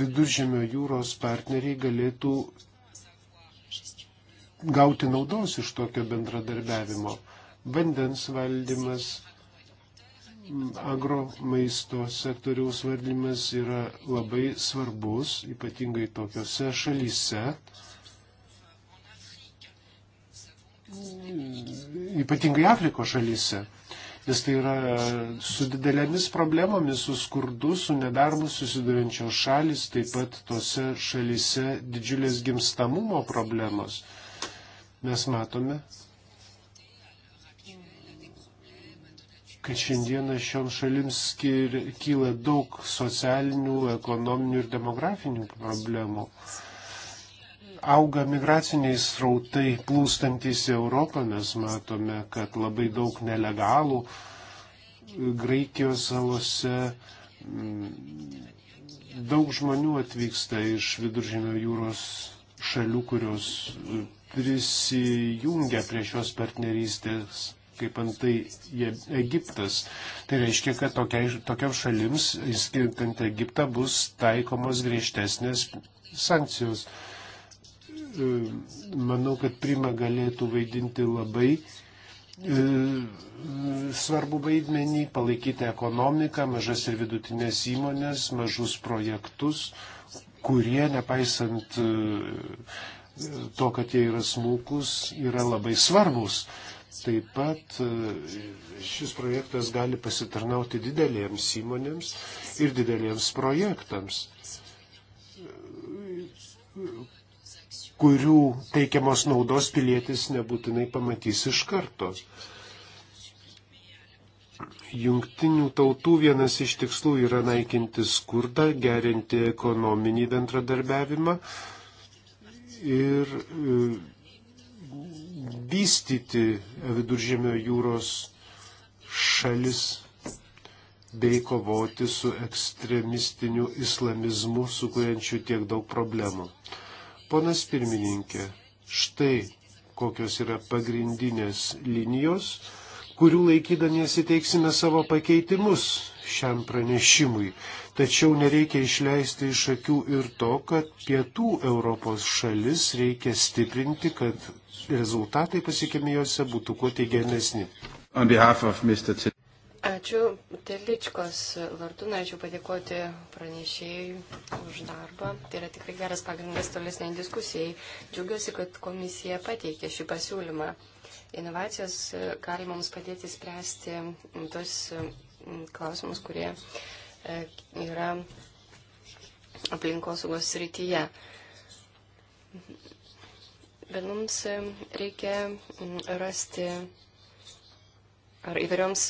viduržėmio jūros partneriai galėtų gauti naudos iš tokio bendradarbiavimo. Vandens valdymas, Mm, agro maisto sektoriaus valdymas yra labai svarbus, ypatingai tokiose šalyse, mm, ypatingai Afrikos šalyse, nes tai yra su didelėmis problemomis, su skurdu, su nedarbu susidurinčios šalis, taip pat tose šalyse didžiulės gimstamumo problemos. Mes matome, kad šiandieną šioms šalims kyla daug socialinių, ekonominių ir demografinių problemų. Auga migraciniai srautai plūstantis į Europą, mes matome, kad labai daug nelegalų Graikijos salose. Mm, daug žmonių atvyksta iš viduržėmio jūros šalių, kurios prisijungia prie šios partnerystės kaip antai Egiptas. Tai reiškia, kad tokiam šalims, įskirtant Egiptą, bus taikomos griežtesnės sankcijos. E, manau, kad Prima galėtų vaidinti labai e, svarbu vaidmenį palaikyti ekonomiką, mažas ir vidutinės įmonės, mažus projektus, kurie, nepaisant e, to, kad jie yra smulkus, yra labai svarbus. Taip pat e, šis projektas gali pasitarnauti didelėms įmonėms ir didelėms projektams, kurių teikiamos naudos pilietis nebūtinai pamatys iš karto. Jungtinių tautų vienas iš tikslų yra naikinti skurdą, gerinti ekonominį bendradarbiavimą ir e, vystyti viduržėmio jūros šalis bei kovoti su ekstremistiniu islamizmu, sukuriančiu tiek daug problemų. Ponas pirmininkė, štai kokios yra pagrindinės linijos, kurių laikydamiesi teiksime savo pakeitimus šiam pranešimui. Tačiau nereikia išleisti iš akių ir to, kad pietų Europos šalis reikia stiprinti, kad rezultatai pasiekimi juose būtų kuo teigiamesni.
Ačiū Teličkos vardu, norėčiau padėkoti pranešėjui už darbą. Tai yra tikrai geras pagrindas tolesniai diskusijai. Džiaugiuosi, kad komisija pateikė šį pasiūlymą. Inovacijos e, gali mums padėti spręsti tos e, klausimus, kurie e, yra aplinkosaugos srityje. Bet mums reikia mm, rasti, ar įvairioms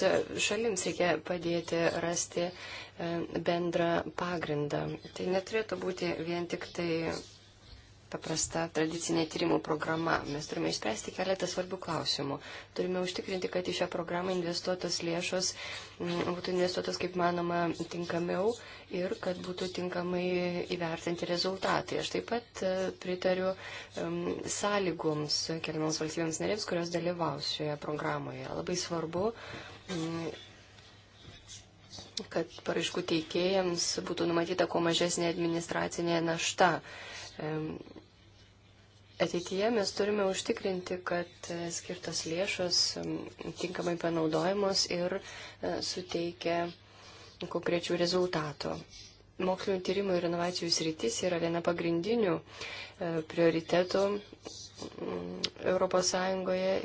šalims reikia padėti rasti e, bendrą pagrindą. Tai neturėtų būti vien tik tai paprasta tradicinė tyrimų programa. Mes turime išspręsti keletą svarbių klausimų. Turime užtikrinti, kad į šią programą investuotos lėšos mm, būtų investuotos kaip manoma tinkamiau ir kad būtų tinkamai įvertinti rezultatai. Aš taip pat e, pritariu um, sąlygoms kelioms valstybėms narėms, kurios dalyvaus šioje programoje. Labai svarbu. Um, kad paraiškų teikėjams būtų numatyta kuo mažesnė administracinė našta. Uh, Ateityje mes turime užtikrinti, kad e, skirtos lėšos tinkamai panaudojamos ir e, suteikia konkrečių rezultatų. Mokslinio tyrimų ir inovacijų sritis yra viena pagrindinių e, prioritetų mm, ES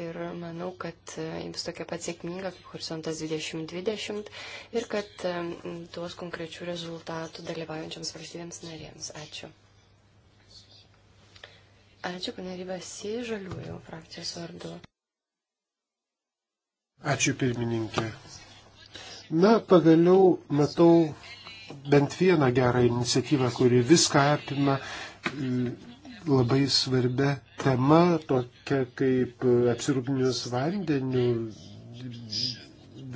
ir manau, kad jums tokia pat sėkminga kaip Horizontas 2020 ir kad duos konkrečių rezultatų dalyvaujančiams valstybėms narėms. Ačiū. Ačiū, ponė Rybasi, žaliųjų frakcijos vardu.
Ačiū, pirmininkė. Na, pagaliau matau bent vieną gerą iniciatyvą, kuri viską apima mm, labai svarbia tema, tokia kaip apsirūpinius vandeniu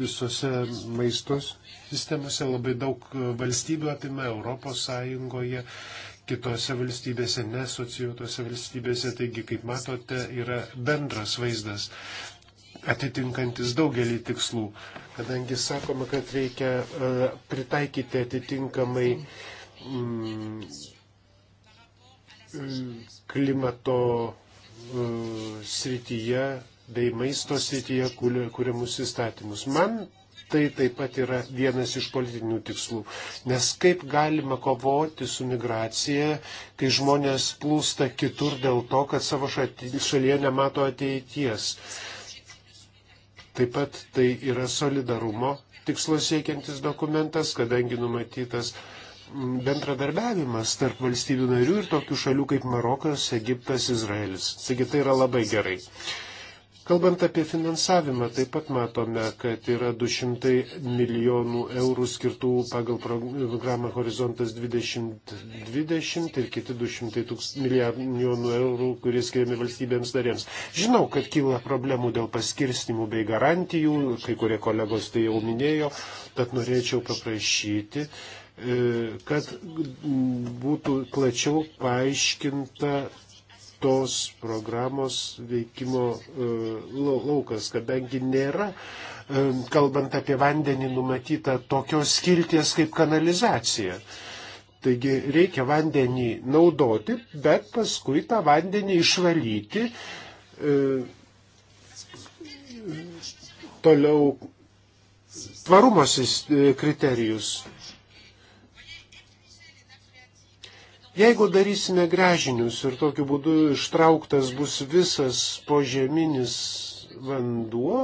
visose maistos sistemose labai daug valstybių apima Europos Sąjungoje kitose valstybėse, nesocijuotose valstybėse. Taigi, kaip matote, yra bendras vaizdas atitinkantis daugelį tikslų, kadangi sakoma, kad reikia e, pritaikyti atitinkamai mm, e, klimato e, srityje bei maisto srityje kūriamus įstatymus. Man tai taip pat yra vienas iš politinių tikslų. Nes kaip galima kovoti su migracija, kai žmonės plūsta kitur dėl to, kad savo šalyje nemato ateities. Taip pat tai yra solidarumo tikslo siekiantis dokumentas, kadangi numatytas mm, bendradarbiavimas tarp valstybių narių ir tokių šalių kaip Marokas, Egiptas, Izraelis. Taigi tai yra labai gerai. Kalbant apie finansavimą, taip pat matome, kad yra 200 milijonų eurų skirtų pagal programą Horizontas 2020 ir kiti 200 milijonų eurų, kurie skiriami valstybėms darėms. Žinau, kad kyla problemų dėl paskirstimų bei garantijų, kai kurie kolegos tai jau minėjo, tad norėčiau paprašyti e, kad būtų plačiau paaiškinta tos programos veikimo e, laukas, kadangi nėra, e, kalbant apie vandenį, numatyta tokios skilties kaip kanalizacija. Taigi reikia vandenį naudoti, bet paskui tą vandenį išvalyti, e, toliau tvarumo e, kriterijus Jeigu darysime grežinius ir tokiu būdu ištrauktas bus visas požeminis vanduo,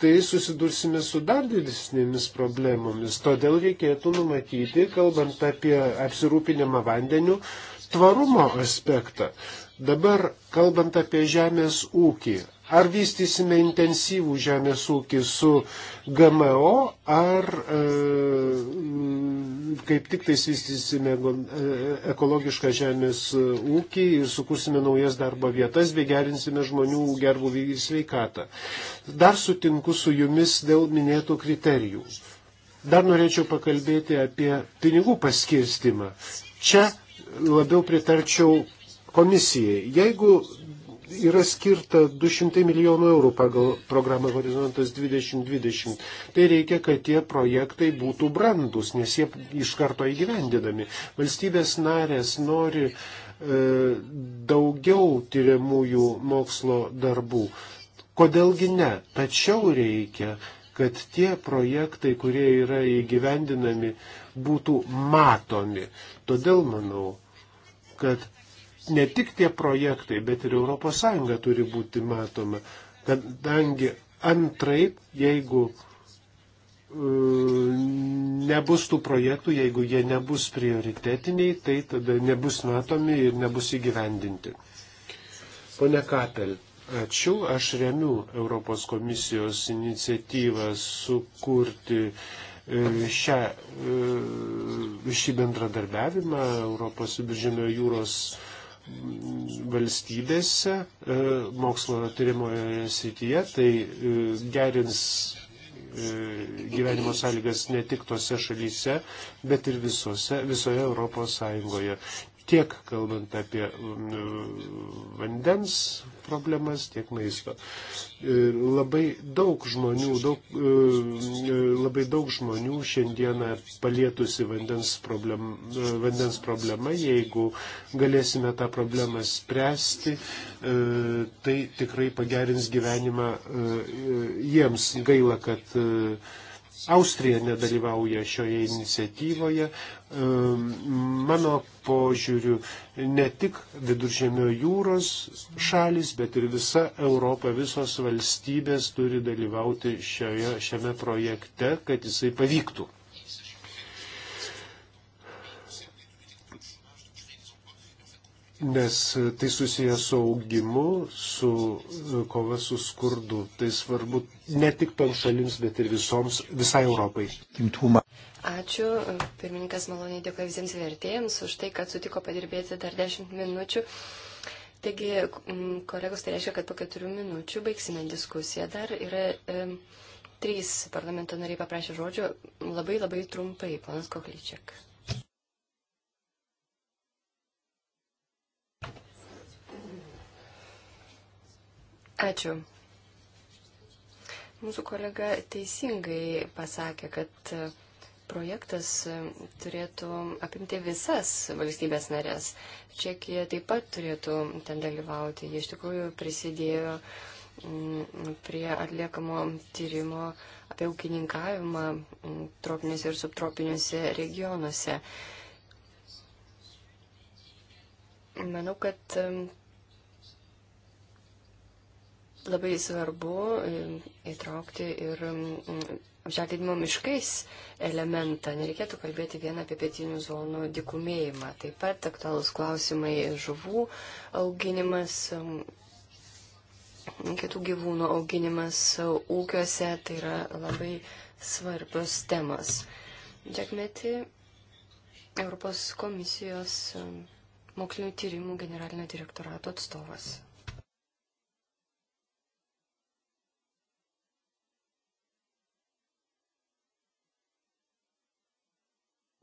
tai susidursime su dar didesnėmis problemomis. Todėl reikėtų numatyti, kalbant apie apsirūpinimą vandeniu, tvarumo aspektą. Dabar, kalbant apie žemės ūkį, ar vystysime intensyvų žemės ūkį su GMO ar e, kaip tik tai vystysime e, e, ekologišką žemės e, ūkį ir sukursime naujas darbo vietas bei gerinsime žmonių gerbuvį ir sveikatą. Dar sutinku su jumis dėl minėtų kriterijų. Dar norėčiau pakalbėti apie pinigų paskirstimą. Čia labiau pritarčiau komisijai. Jeigu yra skirta 200 milijonų eurų pagal programą Horizontas 2020. Tai reikia, kad tie projektai būtų brandus, nes jie iš karto įgyvendinami. Valstybės narės nori e, daugiau tyriamųjų mokslo darbų. Kodėlgi ne? Tačiau reikia, kad tie projektai, kurie yra įgyvendinami, būtų matomi. Todėl manau, kad ne tik tie projektai, bet ir ES turi būti matoma, kadangi antraip, jeigu uh, nebus tų projektų, jeigu jie nebus prioritetiniai, tai tada nebus matomi ir nebus įgyvendinti. Pone Kapel, ačiū, aš remiu Europos komisijos iniciatyvą sukurti uh, šią, uh, šį bendradarbiavimą Europos viduržėmio jūros valstybėse e, mokslo tyrimoje srityje, tai e, gerins e, gyvenimo sąlygas ne tik tose šalyse, bet ir visose, visoje Europos Sąjungoje. Tiek kalbant apie mm, vandens problemas, tiek maisto. E, labai daug žmonių, daug, e, e, labai daug žmonių šiandieną palietusi vandens, problem, vandens problema, jeigu galėsime tą problemą spręsti, tai tikrai pagerins gyvenimą jiems. Gaila, kad Austrija nedalyvauja šioje iniciatyvoje. Mano požiūriu, ne tik viduržėmio jūros šalis, bet ir visa Europa, visos valstybės turi dalyvauti šioje, šiame projekte, kad jisai pavyktų. nes tai susijęs su augimu, su kova su skurdu. Tai svarbu ne tik toms šalims, bet ir visoms, visai Europai.
Ačiū. Pirmininkas maloniai dėkoja visiems vertėjams už tai, kad sutiko padirbėti dar 10 minučių. Taigi, kolegos, tai reiškia, kad po keturių minučių baigsime diskusiją. Dar yra e, trys parlamento nariai paprašė žodžio. Labai labai trumpai, ponas Koklyčiak. Ačiū. Mūsų kolega teisingai pasakė, kad projektas turėtų apimti visas valstybės narės. Čekija taip pat turėtų ten dalyvauti. Jie iš tikrųjų prisidėjo mm, prie atliekamo tyrimo apie ūkininkavimą mm, tropiniuose ir subtropiniuose regionuose. Manau, kad mm, labai svarbu e, įtraukti ir apželdinimo miškais elementą. Nereikėtų kalbėti vien apie pietinių zonų dikumėjimą. Taip pat aktualūs klausimai žuvų auginimas, kitų gyvūnų auginimas ūkiuose. Tai yra labai svarbios temos. Džekmeti Europos komisijos mokslinio tyrimų generalinio direktorato atstovas.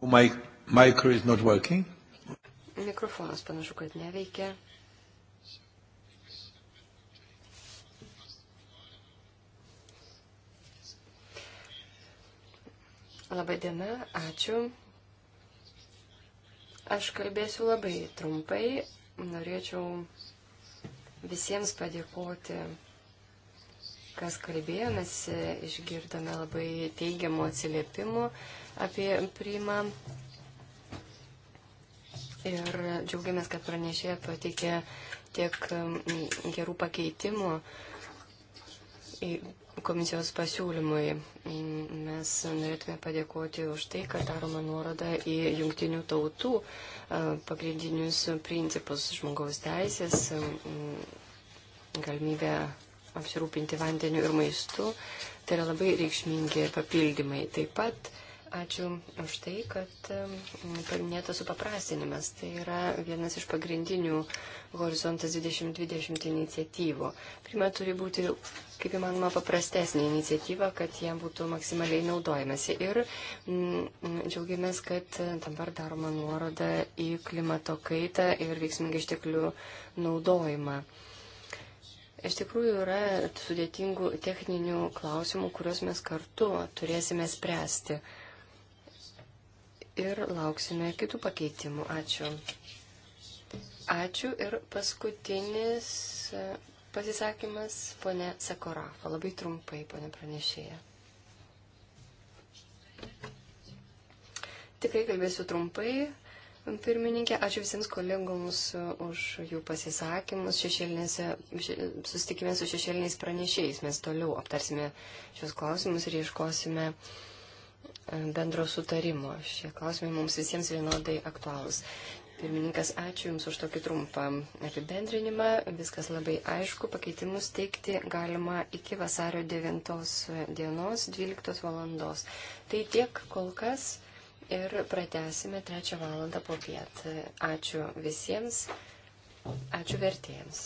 Oh, my micro is not working.
Mikrofonas panašu, kad neveikia. Labai diena, ačiū. Aš kalbėsiu labai trumpai. Norėčiau visiems padėkoti kas kalbėjo, mes išgirdome labai teigiamų atsiliepimų apie priimą. Ir džiaugiamės, kad pranešėja pateikė tiek gerų pakeitimų komisijos pasiūlymui. Mes norėtume padėkoti už tai, kad daroma nuoroda į jungtinių tautų pagrindinius principus žmogaus teisės, galimybę apsirūpinti vandeniu ir maistu. Tai yra labai reikšmingi papildymai. Taip pat ačiū už tai, kad paminėtas supaprastinimas. Tai yra vienas iš pagrindinių Horizontas 2020 iniciatyvų. Pirma, turi būti kaip įmanoma paprastesnė iniciatyva, kad jie būtų maksimaliai naudojamasi. Ir mm, džiaugiamės, kad dabar daroma nuoroda į klimato kaitą ir veiksmingą išteklių naudojimą. Mm, Iš tikrųjų yra sudėtingų techninių klausimų, kuriuos mes kartu turėsime spręsti. Ir lauksime kitų pakeitimų. Ačiū. Ačiū ir paskutinis e, pasisakymas, ponė Sakorafa. Labai trumpai, ponė pranešėja. Tikrai kalbėsiu trumpai pirmininkė. Ačiū visiems kolegoms už jų pasisakymus. Susitikime su šešėliniais pranešėjais. Mes toliau aptarsime šios klausimus ir ieškosime e, bendro sutarimo. Šie klausimai mums visiems vienodai aktualūs. Pirmininkas, ačiū Jums už tokį trumpą apibendrinimą. Viskas labai aišku. Pakeitimus teikti galima iki vasario 9 dienos 12 valandos. Tai tiek kol kas ir pratesime trečią valandą po pietą. Ačiū visiems, ačiū vertėjams.